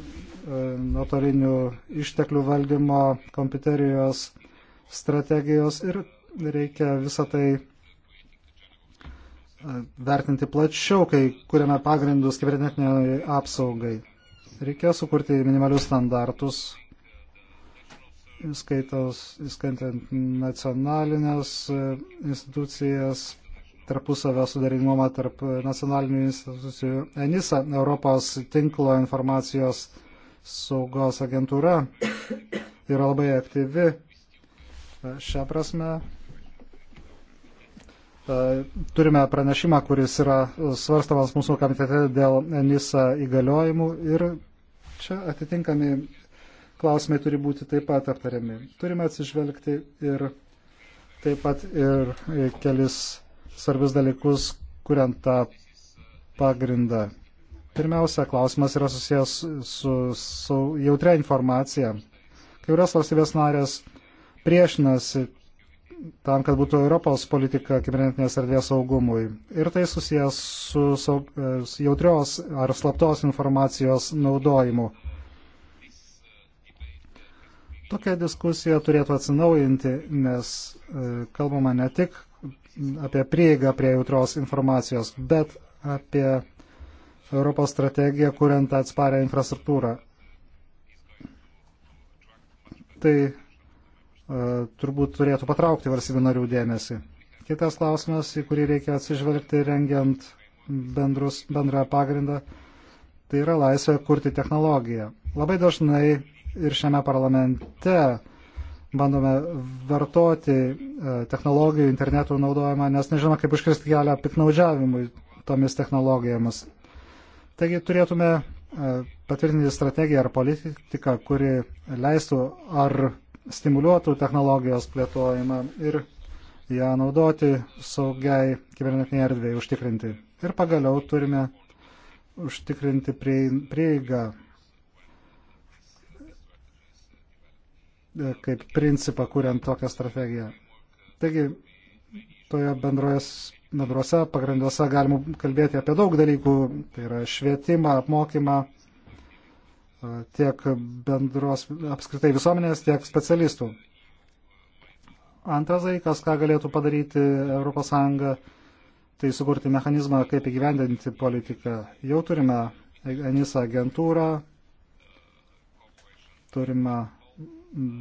nuotolinių išteklių valdymo kompiuterijos strategijos ir reikia visą tai e, vertinti plačiau, kai kuriame pagrindus kibernetinio apsaugai. Reikia sukurti minimalius standartus, įskaitant nacionalinės e, institucijas, tarpusavę sudarinimą tarp nacionalinių institucijų. ENISA, Europos tinklo informacijos saugos agentūra, yra labai aktyvi e, šią prasme E, turime pranešimą, kuris yra e, svarstamas mūsų komitete dėl NISA įgaliojimų ir čia atitinkami klausimai turi būti taip pat aptariami. Turime atsižvelgti ir taip pat ir kelis svarbius dalykus, kuriant tą pagrindą. Pirmiausia, klausimas yra susijęs su, su jautria informacija. Kai kurios valstybės narės priešinasi tam, kad būtų Europos politika kibernetinės erdvės saugumui. Ir tai susijęs su, su, e, su jautrios ar slaptos informacijos naudojimu. Tokia diskusija turėtų atsinaujinti, nes e, kalbama ne tik apie prieigą prie jautrios informacijos, bet apie Europos strategiją, kuriant atsparę infrastruktūrą. Tai E, turbūt turėtų patraukti valstybių narių dėmesį. Kitas klausimas, į kurį reikia atsižvelgti rengiant bendrus, bendrą pagrindą, tai yra laisvė kurti technologiją. Labai dažnai ir šiame parlamente bandome vartoti e, technologijų internetų naudojimą, nes nežinome, kaip užkristi kelią piknaudžiavimui tomis technologijomis. Taigi turėtume e, patvirtinti strategiją ar politiką, kuri leistų ar stimuliuotų technologijos plėtojimą ir ją naudoti saugiai kibernetiniai erdvėjai užtikrinti. Ir pagaliau turime užtikrinti prieigą e, kaip principą, kuriant tokią strategiją. Taigi, toje bendroje, bendrose pagrinduose galima kalbėti apie daug dalykų, tai yra švietimą, apmokymą, tiek bendros apskritai visuomenės, tiek specialistų. Antras dalykas, ką galėtų padaryti ES, tai sukurti mechanizmą, kaip įgyvendinti politiką. Jau turime ENISA agentūrą, turime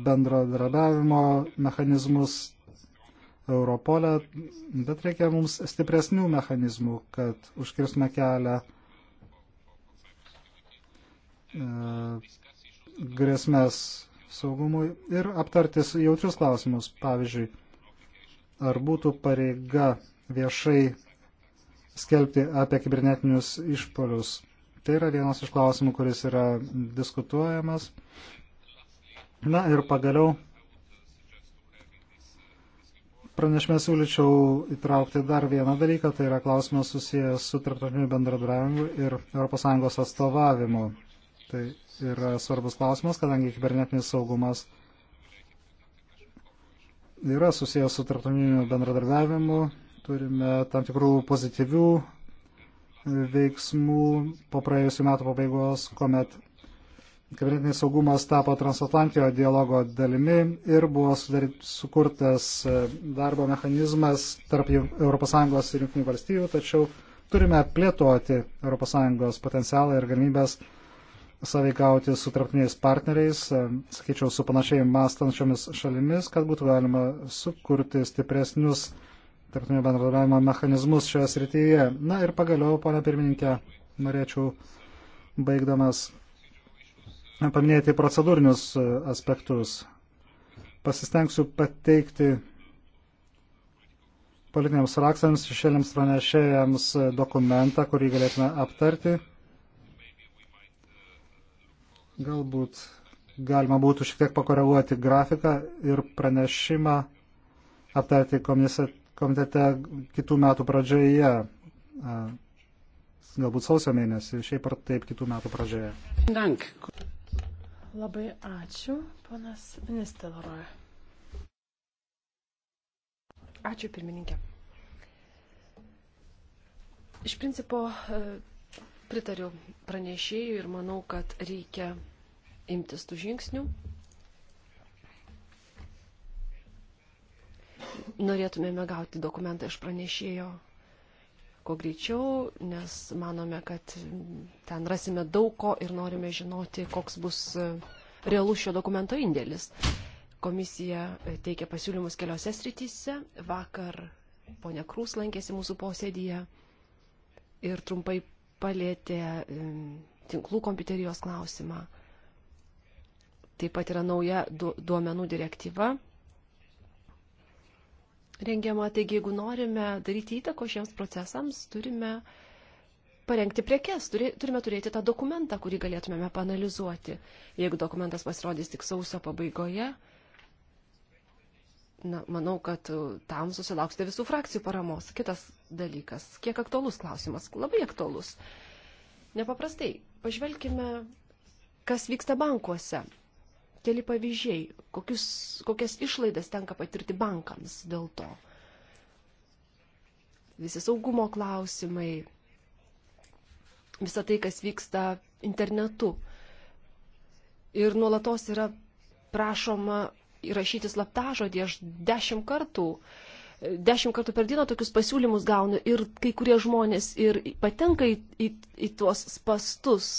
bendradarbiavimo mechanizmus Europolę, bet reikia mums stipresnių mechanizmų, kad užkirstume kelią E, grėsmės saugumui ir aptartis jautrius klausimus. Pavyzdžiui, ar būtų pareiga viešai skelbti apie kibernetinius išpolius. Tai yra vienas iš klausimų, kuris yra diskutuojamas. Na ir pagaliau pranešime siūlyčiau įtraukti dar vieną dalyką, tai yra klausimas susijęs su tarptautiniu bendradarbiavimu ir ES atstovavimu. Tai yra svarbus klausimas, kadangi kibernetinis saugumas yra susijęs su tarptautiniu bendradarbiavimu. Turime tam tikrų pozityvių veiksmų po praėjusių metų pabaigos, kuomet kibernetinis saugumas tapo transatlantijo dialogo dalimi ir buvo sudaryt, sukurtas e, darbo mechanizmas tarp ES ir JAV, tačiau turime plėtoti ES potencialą ir galimybės saveikauti su tarptiniais partneriais, e, sakyčiau, su panašiai mąstančiomis šalimis, kad būtų galima sukurti stipresnius tarptinio bendradarbiavimo mechanizmus šioje srityje. Na ir pagaliau, ponia pirmininkė, norėčiau baigdamas paminėti procedūrinius e, aspektus. Pasistengsiu pateikti politiniams raksams, šešėliams pranešėjams e, dokumentą, kurį galėtume aptarti Galbūt galima būtų šiek tiek pakoreguoti grafiką ir pranešimą aptarti komitete kitų metų pradžioje, galbūt sausio mėnesį, šiaip ar taip kitų metų pradžioje. Dank. Labai ačiū, panas Nisteloroje. Ačiū, pirmininkė. Iš principo e, Pritariu pranešėjui ir manau, kad reikia imtis tų žingsnių. Norėtumėme gauti dokumentą iš pranešėjo kuo greičiau, nes manome, kad ten rasime daug ko ir norime žinoti, koks bus realus šio dokumento indėlis. Komisija teikia pasiūlymus keliose srityse. Vakar ponia Krūs lankėsi mūsų posėdyje ir trumpai palėtė tinklų kompiuterijos klausimą. Taip pat yra nauja duomenų direktyva rengiama. Taigi, jeigu norime daryti įtako šiems procesams, turime parengti prekes, turime turėti tą dokumentą, kurį galėtumėme panalizuoti. Jeigu dokumentas pasirodys tik sausio pabaigoje, na, manau, kad e, tam susilauksite visų frakcijų paramos. Kitas dalykas, kiek aktualus klausimas, labai aktualus. Nepaprastai, pažvelkime, kas vyksta bankuose. Keli pavyzdžiai, kokius, kokias išlaidas tenka patirti bankams dėl to. Visi saugumo klausimai, visa tai, kas vyksta internetu. Ir nuolatos yra prašoma įrašyti slaptažodį. Aš dešimt kartų, dešimt kartų per dieną tokius pasiūlymus gaunu ir kai kurie žmonės ir patenka į, į, į tuos spastus.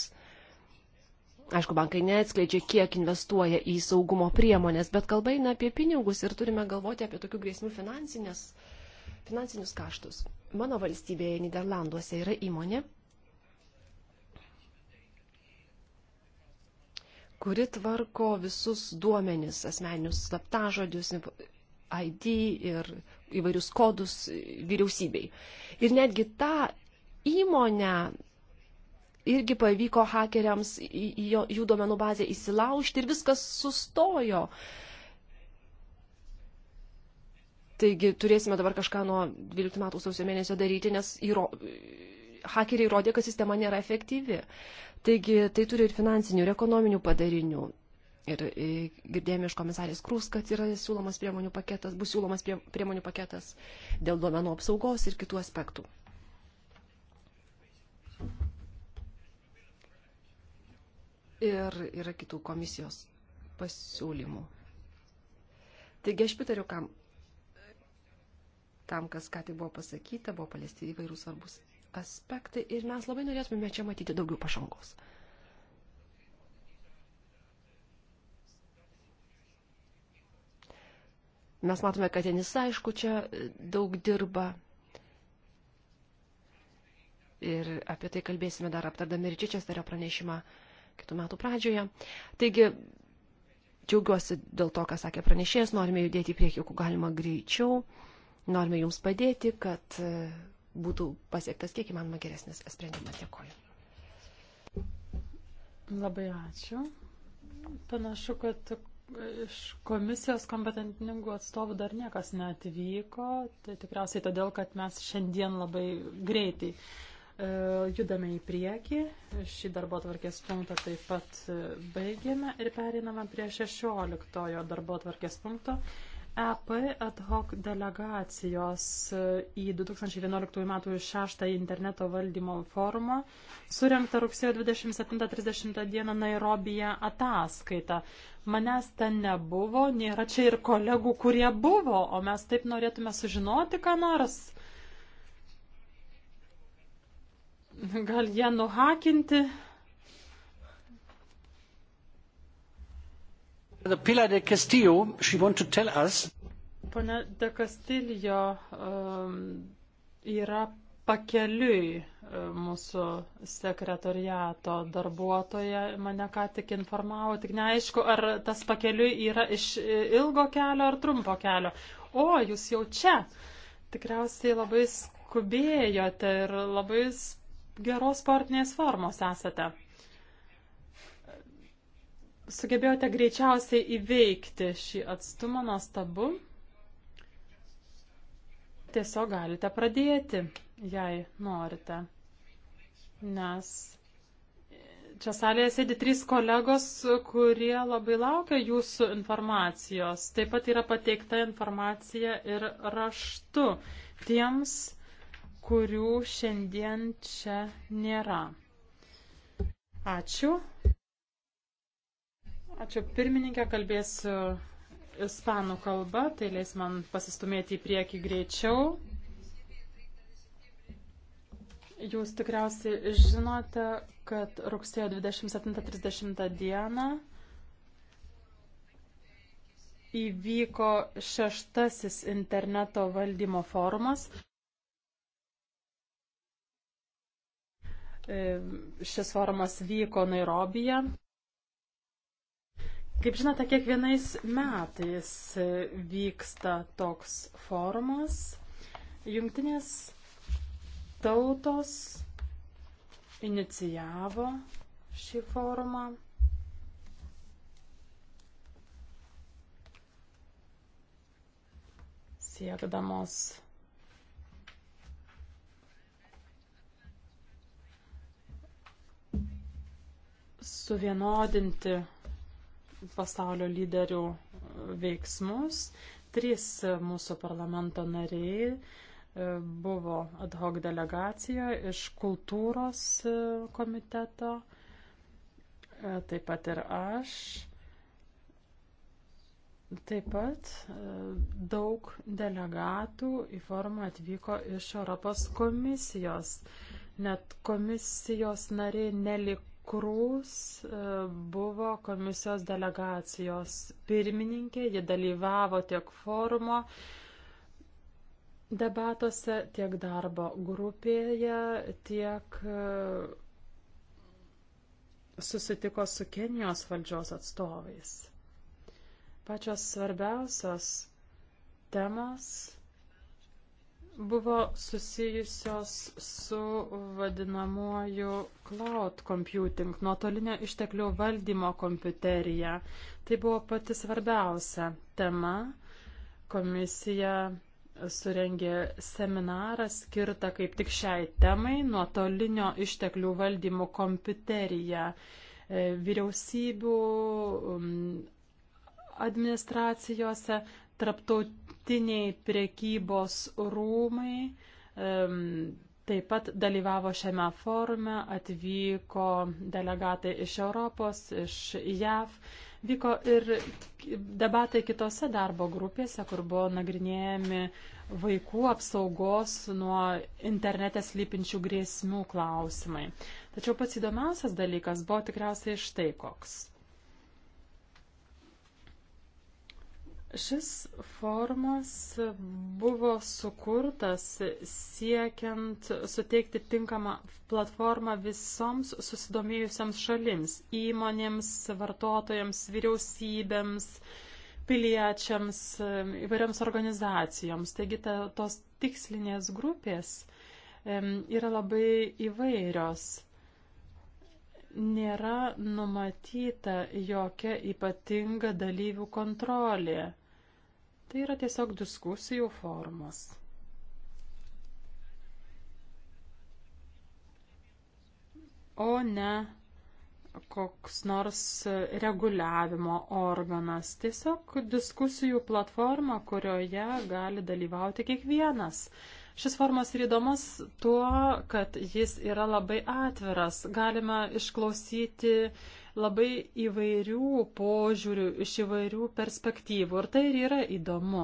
Aišku, bankai neatskleidžia, kiek investuoja į saugumo priemonės, bet kalba eina apie pinigus ir turime galvoti apie tokių grėsmių finansinius kaštus. Mano valstybėje Niderlanduose yra įmonė, kuri tvarko visus duomenis, asmeninius slaptažodžius, ID ir įvairius kodus vyriausybei. Ir netgi tą įmonę irgi pavyko hakeriams jų duomenų bazę įsilaužti ir viskas sustojo. Taigi turėsime dabar kažką nuo 12 metų sausio mėnesio daryti, nes įro... hakeriai įrodė, kad sistema nėra efektyvi. Taigi tai turi ir finansinių, ir ekonominių padarinių. Ir e, girdėjome iš komisarės Krūs, kad yra siūlomas priemonių paketas, bus siūlomas prie, priemonių paketas dėl duomenų apsaugos ir kitų aspektų. Ir yra kitų komisijos pasiūlymų. Taigi aš pritariu kam, tam, kas ką tai buvo pasakyta, buvo paliesti įvairių svarbus aspektai ir mes labai norėtume čia matyti daugiau pažangos. Mes matome, kad Janis, aišku, čia daug dirba. Ir apie tai kalbėsime dar aptardami ir Čičesterio pranešimą kitų metų pradžioje. Taigi, džiaugiuosi dėl to, ką sakė pranešėjas, norime judėti į priekį, kuo galima greičiau, norime jums padėti, kad būtų pasiektas kiek įmanoma geresnis sprendimas. Dėkoju. Labai ačiū. Panašu, kad iš komisijos kompetentingų atstovų dar niekas neatvyko. Tai tikriausiai todėl, kad mes šiandien labai greitai e, judame į priekį. Šį darbo tvarkės punktą taip pat e, baigėme ir periname prie 16 darbo tvarkės punkto. EP ad hoc delegacijos į 2011 m. 6 interneto valdymo forumą surenkta rugsėjo 27-30 d. Nairobija ataskaita. Manęs ten nebuvo, nėra čia ir kolegų, kurie buvo, o mes taip norėtume sužinoti, ką nors. Gal jie nuhakinti? Pilar de Castillo, she want to tell us. Pone de Castillo um, yra pakeliui uh, mūsų sekretariato darbuotoja mane ką tik informavo, tik neaišku, ar tas pakeliui yra iš uh, ilgo kelio ar trumpo kelio. O, jūs jau čia. Tikriausiai labai skubėjote ir labai geros sportinės formos esate. Sugebėjote greičiausiai įveikti šį atstumą nuostabu. Tiesiog galite pradėti, jei norite. Nes čia salėje sėdi trys kolegos, kurie labai laukia jūsų informacijos. Taip pat yra pateikta informacija ir raštu tiems, kurių šiandien čia nėra. Ačiū. Ačiū pirmininkė, kalbėsiu ispanų kalba, tai leis man pasistumėti į priekį greičiau. Jūs tikriausiai žinote, kad rugsėjo 27-30 dieną įvyko šeštasis interneto valdymo forumas. E, šis forumas vyko Nairobija. Kaip žinote, kiekvienais metais vyksta toks forumas. Jungtinės tautos inicijavo šį forumą. Siekdamos suvienodinti pasaulio lyderių e, veiksmus. Trys e, mūsų parlamento nariai e, buvo ad hoc delegacija iš kultūros komiteto, taip pat ir aš. Taip pat daug delegatų į forumą atvyko iš Europos komisijos. Net komisijos nariai Nelly Krūs e, buvo komisijos delegacijos pirmininkė, ji dalyvavo tiek forumo debatuose, tiek darbo grupėje, tiek e, susitiko su Kenijos valdžios atstovais. Pačios svarbiausios temos buvo susijusios su vadinamuoju cloud computing, nuotolinio išteklių valdymo kompiuterija. Tai buvo pati svarbiausia tema. Komisija surengė seminarą skirtą kaip tik šiai temai nuotolinio išteklių valdymo kompiuterija e, vyriausybių administracijose Traptautiniai priekybos rūmai um, taip pat dalyvavo šiame forume, atvyko delegatai iš Europos, iš JAV. Vyko ir debatai kitose darbo grupėse, kur buvo nagrinėjami vaikų apsaugos nuo internete slypinčių grėsmių klausimai. Tačiau pats įdomiausias dalykas buvo tikriausiai štai koks. Šis formas buvo sukurtas siekiant suteikti tinkamą platformą visoms susidomėjusiams šalims - įmonėms, vartotojams, vyriausybėms, piliečiams, įvairiams organizacijoms. Taigi ta, tos tikslinės grupės yra labai įvairios. Nėra numatyta jokia ypatinga dalyvių kontrolė. Tai yra tiesiog diskusijų formos. O ne koks nors reguliavimo organas. Tiesiog diskusijų platforma, kurioje gali dalyvauti kiekvienas. Šis formas ir įdomas tuo, kad jis yra labai atviras. Galima išklausyti uh, labai įvairių požiūrių, iš įvairių perspektyvų. Ir tai ir yra įdomu.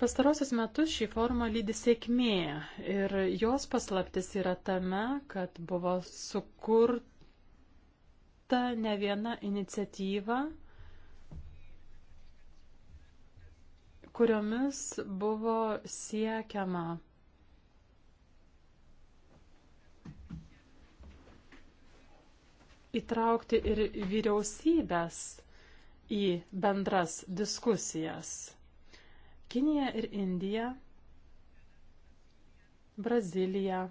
Pastarosius metus šį formą lydi sėkmė ir jos paslaptis yra tame, kad buvo sukurta ne viena iniciatyva, kuriomis buvo siekiama įtraukti ir vyriausybės į bendras diskusijas. Kinija ir Indija, Brazilija.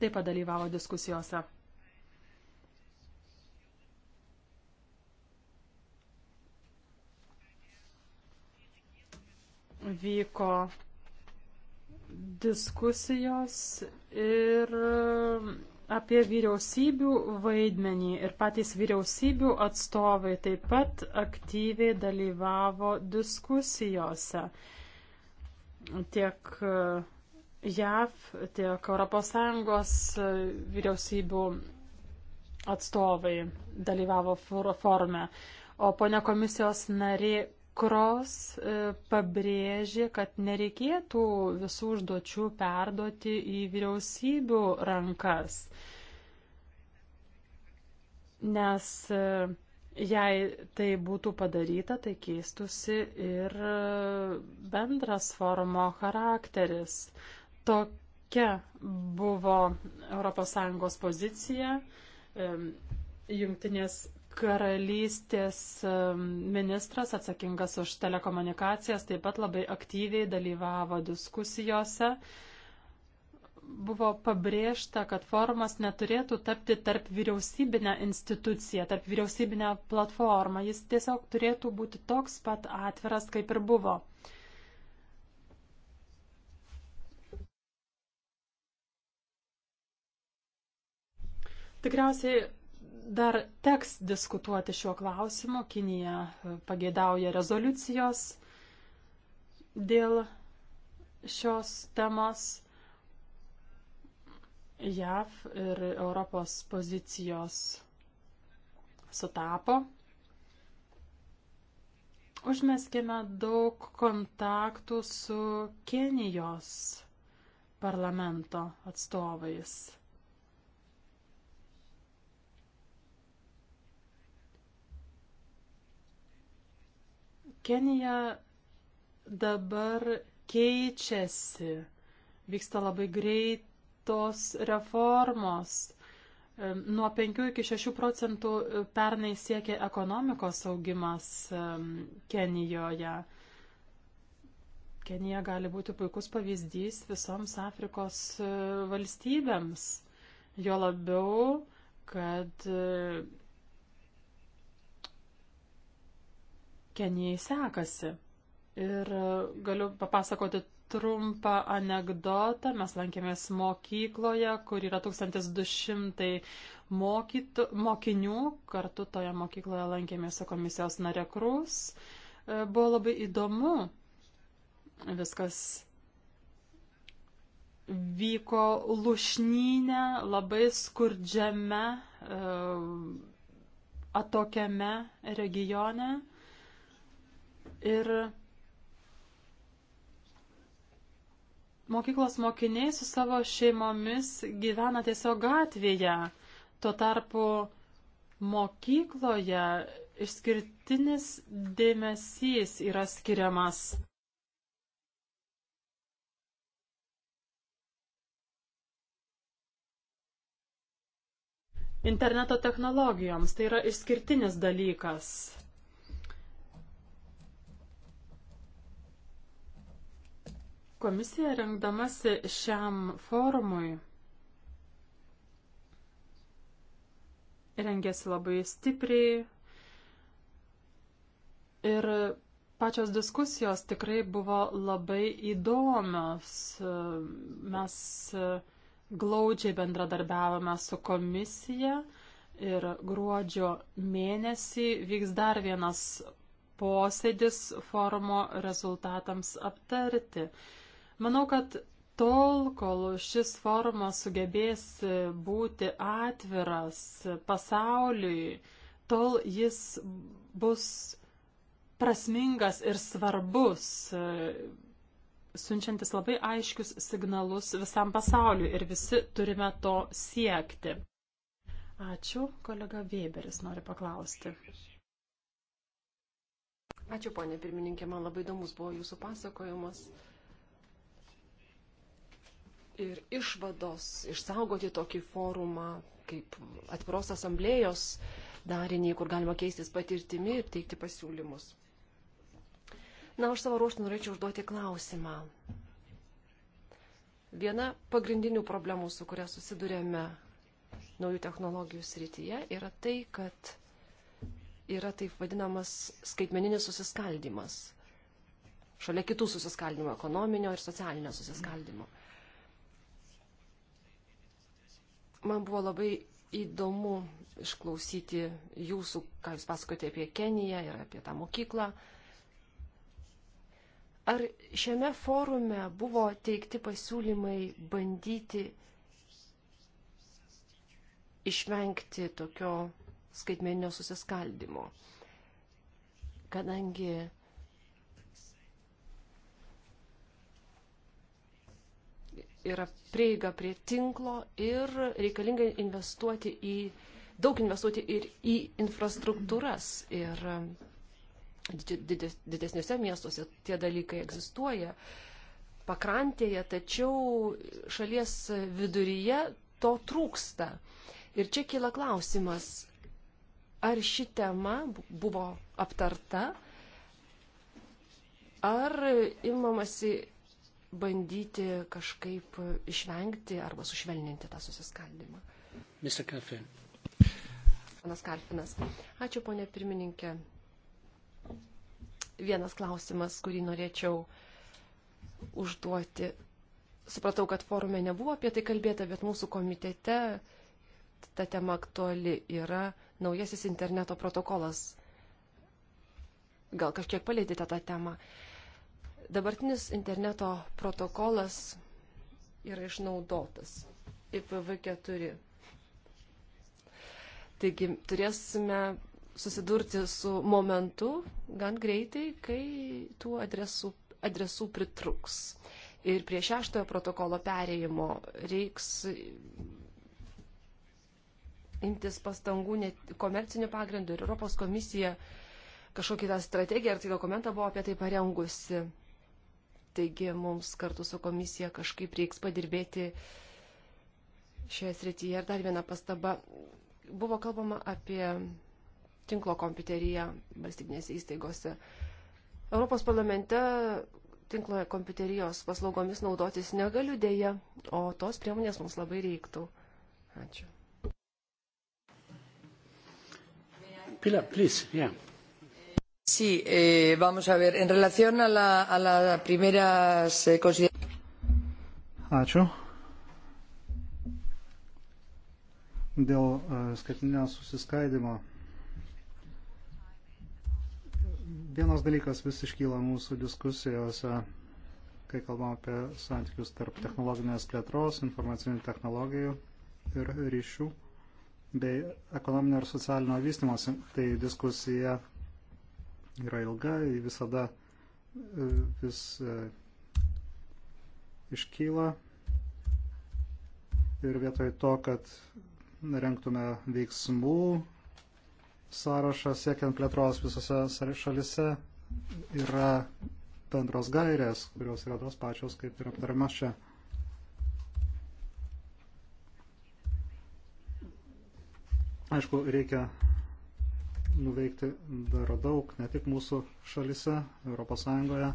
Taip pat dalyvavo diskusijose. Vyko diskusijos ir um, apie vyriausybių vaidmenį ir patys vyriausybių atstovai taip pat aktyviai dalyvavo diskusijose tiek uh, JAV, tiek ES uh, vyriausybių atstovai dalyvavo forume. O ponia komisijos narė Kros e, pabrėžė, kad nereikėtų visų užduočių perduoti į vyriausybių rankas, nes e, jei tai būtų padaryta, tai keistusi ir e, bendras forumo charakteris. Tokia buvo ES pozicija. Jungtinės karalystės um, ministras atsakingas už telekomunikacijas taip pat labai aktyviai dalyvavo diskusijose. Buvo pabrėžta, kad forumas neturėtų tapti tarp vyriausybinę instituciją, tarp vyriausybinę platformą. Jis tiesiog turėtų būti toks pat atviras, kaip ir buvo. Tikriausiai dar teks diskutuoti šiuo klausimu. Kinija e, pageidauja rezoliucijos dėl šios temos. JAV ir Europos pozicijos sutapo. Užmeskėme daug kontaktų su Kenijos parlamento atstovais. Kenija dabar keičiasi, vyksta labai greitos reformos. Nuo 5 iki 6 procentų e, pernai siekia ekonomikos augimas Kenijoje. Kenija gali būti puikus pavyzdys visoms Afrikos e, valstybėms. Jo labiau, kad e, Kenijai sekasi. Ir e, galiu papasakoti trumpą anegdotą. Mes lankėmės mokykloje, kur yra 1200 mokytų, mokinių. Kartu toje mokykloje lankėmės su komisijos nare Krus. E, buvo labai įdomu. Viskas vyko lušnynė, labai skurdžiame, e, atokiame regione. Ir mokyklos mokiniai su savo šeimomis gyvena tiesiog gatvėje. Tuo tarpu mokykloje išskirtinis dėmesys yra skiriamas. Interneto technologijoms tai yra išskirtinis dalykas. Komisija rengdamasi šiam forumui rengėsi labai stipriai ir pačios diskusijos tikrai buvo labai įdomios. Mes glaudžiai bendradarbiavome su komisija ir gruodžio mėnesį vyks dar vienas posėdis forumo rezultatams aptarti. Manau, kad tol, kol šis forumas sugebės būti atviras pasauliui, tol jis bus prasmingas ir svarbus, siunčiantis labai aiškius signalus visam pasauliu ir visi turime to siekti. Ačiū, kolega Weberis nori paklausti. Ačiū, ponė pirmininkė, man labai įdomus buvo jūsų pasakojimas ir išvados išsaugoti tokį forumą kaip atviros asamblėjos darinį, kur galima keistis patirtimi ir teikti pasiūlymus. Na, aš savo ruoštų norėčiau užduoti klausimą. Viena pagrindinių problemų, su kuria susidurėme naujų technologijų srityje, yra tai, kad yra taip vadinamas skaitmeninis susiskaldimas. Šalia kitų susiskaldimo, ekonominio ir socialinio susiskaldimo. Mm Man buvo labai įdomu išklausyti jūsų, ką jūs pasakote apie Keniją ir apie tą mokyklą. Ar šiame forume buvo teikti pasiūlymai bandyti išvengti tokio skaitmeninio susiskaldimo? Kadangi yra prieiga prie tinklo ir reikalinga investuoti į, daug investuoti ir į infrastruktūras. Ir um, didesniuose miestuose tie dalykai egzistuoja pakrantėje, tačiau šalies viduryje to trūksta. Ir čia kyla klausimas, ar ši tema buvo aptarta, ar imamasi bandyti kažkaip išvengti arba sušvelninti tą susiskaldimą. Mr. Kalfin. Panas Kalfinas. Ačiū, ponė pirmininkė. Vienas klausimas, kurį norėčiau užduoti. Supratau, kad forume nebuvo apie tai kalbėta, bet mūsų komitete ta tema aktuali yra naujasis interneto protokolas. Gal kažkiek palėtėte tą temą. Uh, Dabartinis interneto protokolas yra išnaudotas. IPv4. Taigi turėsime susidurti su momentu gan greitai, kai tų adresų, adresų pritruks. Ir prie šeštojo protokolo perėjimo reiks imtis pastangų net komercinių pagrindų ir Europos komisija kažkokį tą strategiją ar tai dokumentą buvo apie tai parengusi. Taigi mums kartu su komisija kažkaip reiks padirbėti šioje srityje. Ir dar viena pastaba. Buvo kalbama apie tinklo kompiuteriją valstybinėse įstaigose. Europos parlamente tinklo kompiuterijos paslaugomis naudotis negaliu dėja, o tos priemonės mums labai reiktų. Ačiū. Pilar, please, yeah. Sí, eh, vamos a ver. En relación a la, a la primeras eh, consideraciones. Ačiū. Dėl uh, eh, skaitinio susiskaidimo. Vienas dalykas vis iškyla mūsų diskusijose, kai kalbam apie santykius tarp technologinės plėtros, informacinių technologijų ir ryšių bei ekonominio ir socialinio vystimosi. Tai diskusija yra ilga, visada e, vis e, iškyla. Ir vietoj to, kad rengtume veiksmų sąrašą siekiant plėtros visose šalise, yra bendros gairės, kurios yra tos pačios, kaip ir aptariamas čia. Aišku, reikia nuveikti dar daug, ne tik mūsų šalise, Europos Sąjungoje.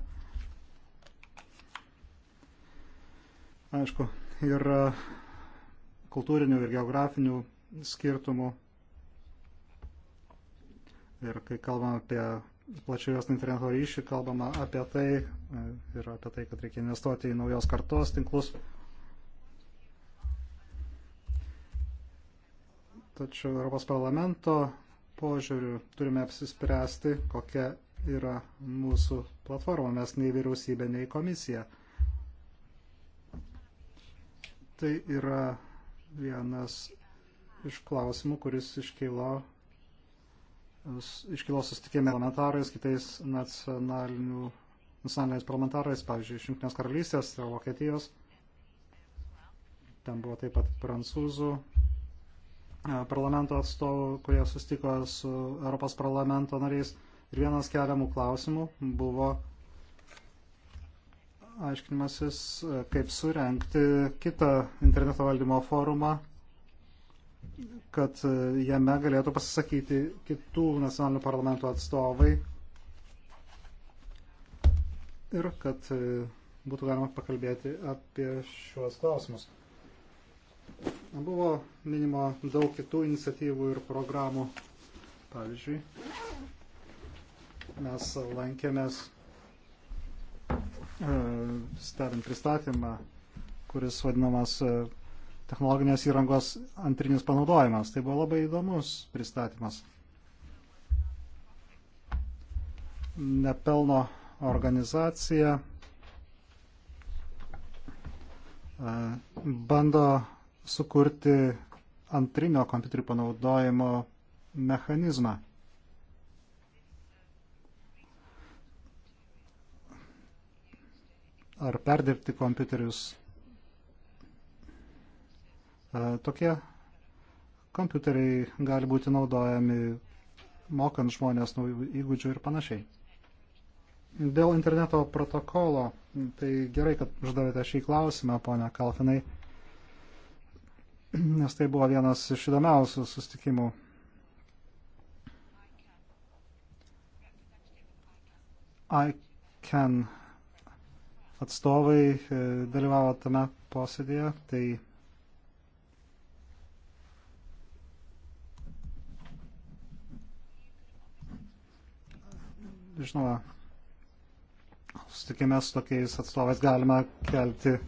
Aišku, yra kultūrinių ir geografinių skirtumų. Ir kai kalbam apie plačiai jos interneto ryšį, kalbama apie tai ir apie tai, kad reikia investuoti į naujos kartos tinklus. Tačiau Europos parlamento požiūriu turime apsispręsti, kokia yra mūsų platforma, mes nei vyriausybė, nei komisija. Tai yra vienas iš klausimų, kuris iškilo, iškilo susitikėme parlamentarais, kitais nacionaliniais parlamentarais, pavyzdžiui, iš Junktinės karalystės, Vokietijos. Ten buvo taip pat prancūzų, E, parlamento atstovų, kurie sustiko su Europos parlamento nariais. Ir vienas keliamų klausimų buvo aiškinimasis, e, kaip surenkti kitą interneto valdymo forumą, kad e, jame galėtų pasisakyti kitų nacionalinių parlamentų atstovai ir kad būtų galima pakalbėti apie šiuos klausimus. Buvo minimo daug kitų iniciatyvų ir programų. Pavyzdžiui, mes lankėmės e, stebint pristatymą, kuris vadinamas e, technologinės įrangos antrinis panaudojimas. Tai buvo labai įdomus pristatymas. Nepelno organizacija e, bando sukurti antrinio kompiuterių panaudojimo mechanizmą. Ar perdirbti kompiuterius. E, tokie kompiuteriai gali būti naudojami mokant žmonės naujų įgūdžių ir panašiai. Dėl interneto protokolo, tai gerai, kad uždavėte šį klausimą, ponia Kalfinai nes tai buvo vienas iš įdomiausių sustikimų. ICAN atstovai e, dalyvavo tame posėdėje, tai žinoma, susitikime su tokiais atstovais galima kelti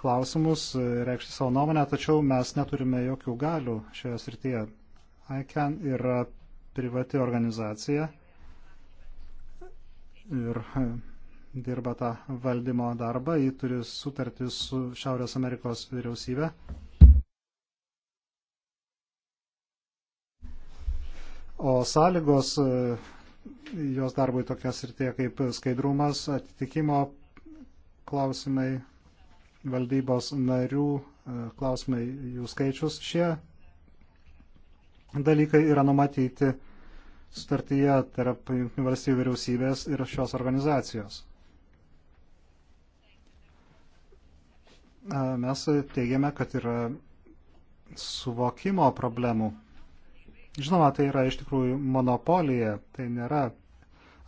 klausimus, e, reikšti savo nuomonę, tačiau mes neturime jokių galių šioje srityje. ICAN yra privati organizacija ir e, dirba tą valdymo darbą, jį turi sutartį su Šiaurės Amerikos vyriausybė. O sąlygos e, jos darbui tokias ir tie kaip skaidrumas, atitikimo klausimai, valdybos narių e, klausimai, jų skaičius. Šie dalykai yra numatyti sutartyje tarp Junktinių valstybių vyriausybės ir šios organizacijos. E, mes teigiame, kad yra suvokimo problemų. Žinoma, tai yra iš tikrųjų monopolija, tai nėra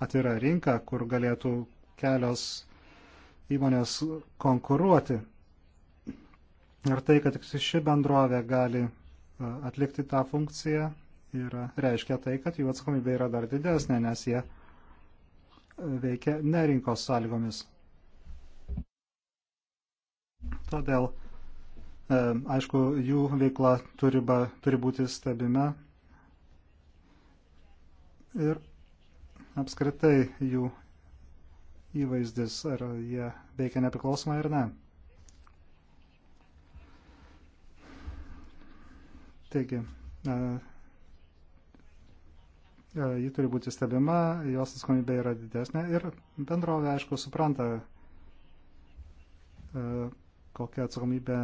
atvira rinka, kur galėtų kelios įmonės konkuruoti. Ir tai, kad tik ši bendrovė gali atlikti tą funkciją, yra, reiškia tai, kad jų atsakomybė yra dar didesnė, nes jie veikia nerinkos sąlygomis. Todėl, aišku, jų veikla turi, ba, turi būti stebime ir apskritai jų įvaizdis, ar jie veikia nepriklausomai ar ne. Taigi, e, e, ji turi būti stebima, jos atsakomybė yra didesnė ir bendrovė, aišku, supranta, e, kokia atsakomybė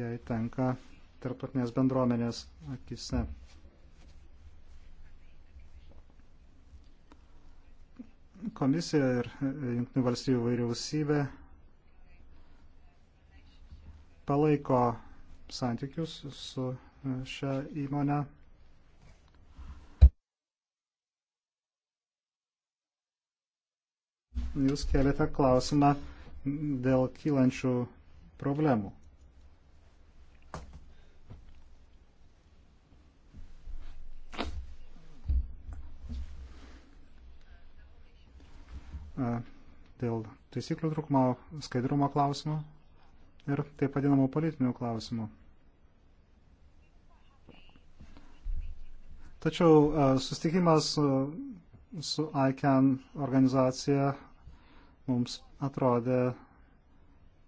jai tenka tarptautinės bendruomenės akise. Komisija ir Junktinių valstybių vyriausybė palaiko santykius su šią įmonę. Jūs keliate klausimą dėl kylančių problemų. E, dėl taisyklių trūkumo, skaidrumo klausimų ir taip vadinamų politinių klausimų. Tačiau e, sustikimas e, su ICAN organizacija mums atrodė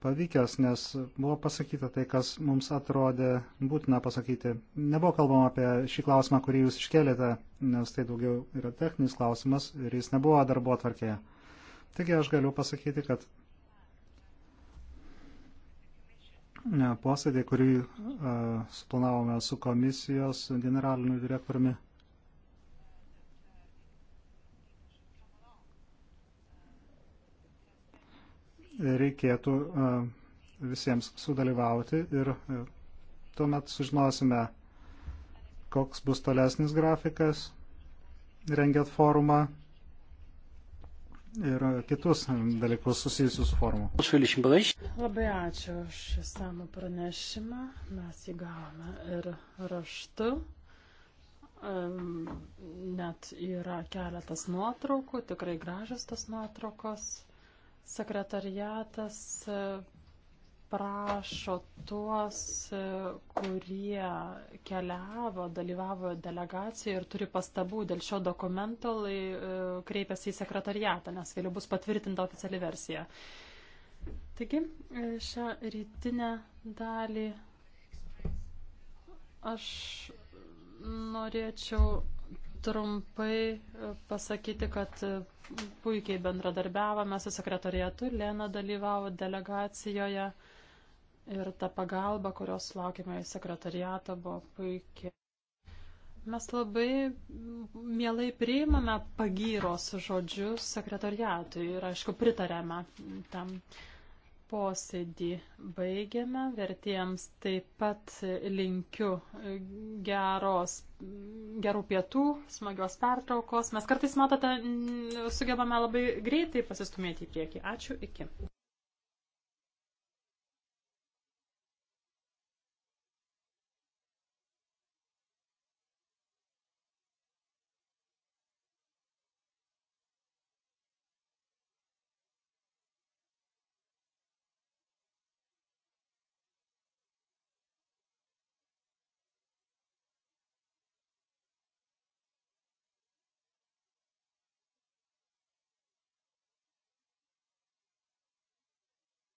pavykęs, nes buvo pasakyta tai, kas mums atrodė būtina pasakyti. Nebuvo kalbama apie šį klausimą, kurį jūs iškėlėte, nes tai daugiau yra techninis klausimas ir jis nebuvo darbo atvarkėje. Taigi aš galiu pasakyti, kad posėdį, kurį e, suplanavome su komisijos generaliniu direktoriumi, reikėtų e, visiems sudalyvauti ir e, tuomet sužinosime, koks bus tolesnis grafikas, rengiant forumą ir kitus dalykus susijusius su formu. Labai ačiū už išsamų pranešimą. Mes jį gavome ir raštu. Net yra keletas nuotraukų, tikrai gražios tos nuotraukos. Sekretariatas prašo tuos, e, kurie keliavo, dalyvavo delegacijoje ir turi pastabų dėl šio dokumento, lai e, kreipiasi į sekretariatą, nes vėliau bus patvirtinta oficiali versija. Taigi, e, šią rytinę dalį aš norėčiau trumpai pasakyti, kad puikiai bendradarbiavome su sekretariatu, Lena dalyvavo delegacijoje ir ta pagalba, kurios laukime į sekretariatą, buvo puikiai. Mes labai mielai priimame pagyros žodžius sekretariatui ir, aišku, pritarėme tam posėdį. Baigiame, vertėjams taip pat linkiu geros, gerų pietų, smagios pertraukos. Mes kartais, matote, sugebame labai greitai pasistumėti į priekį. Ačiū, iki.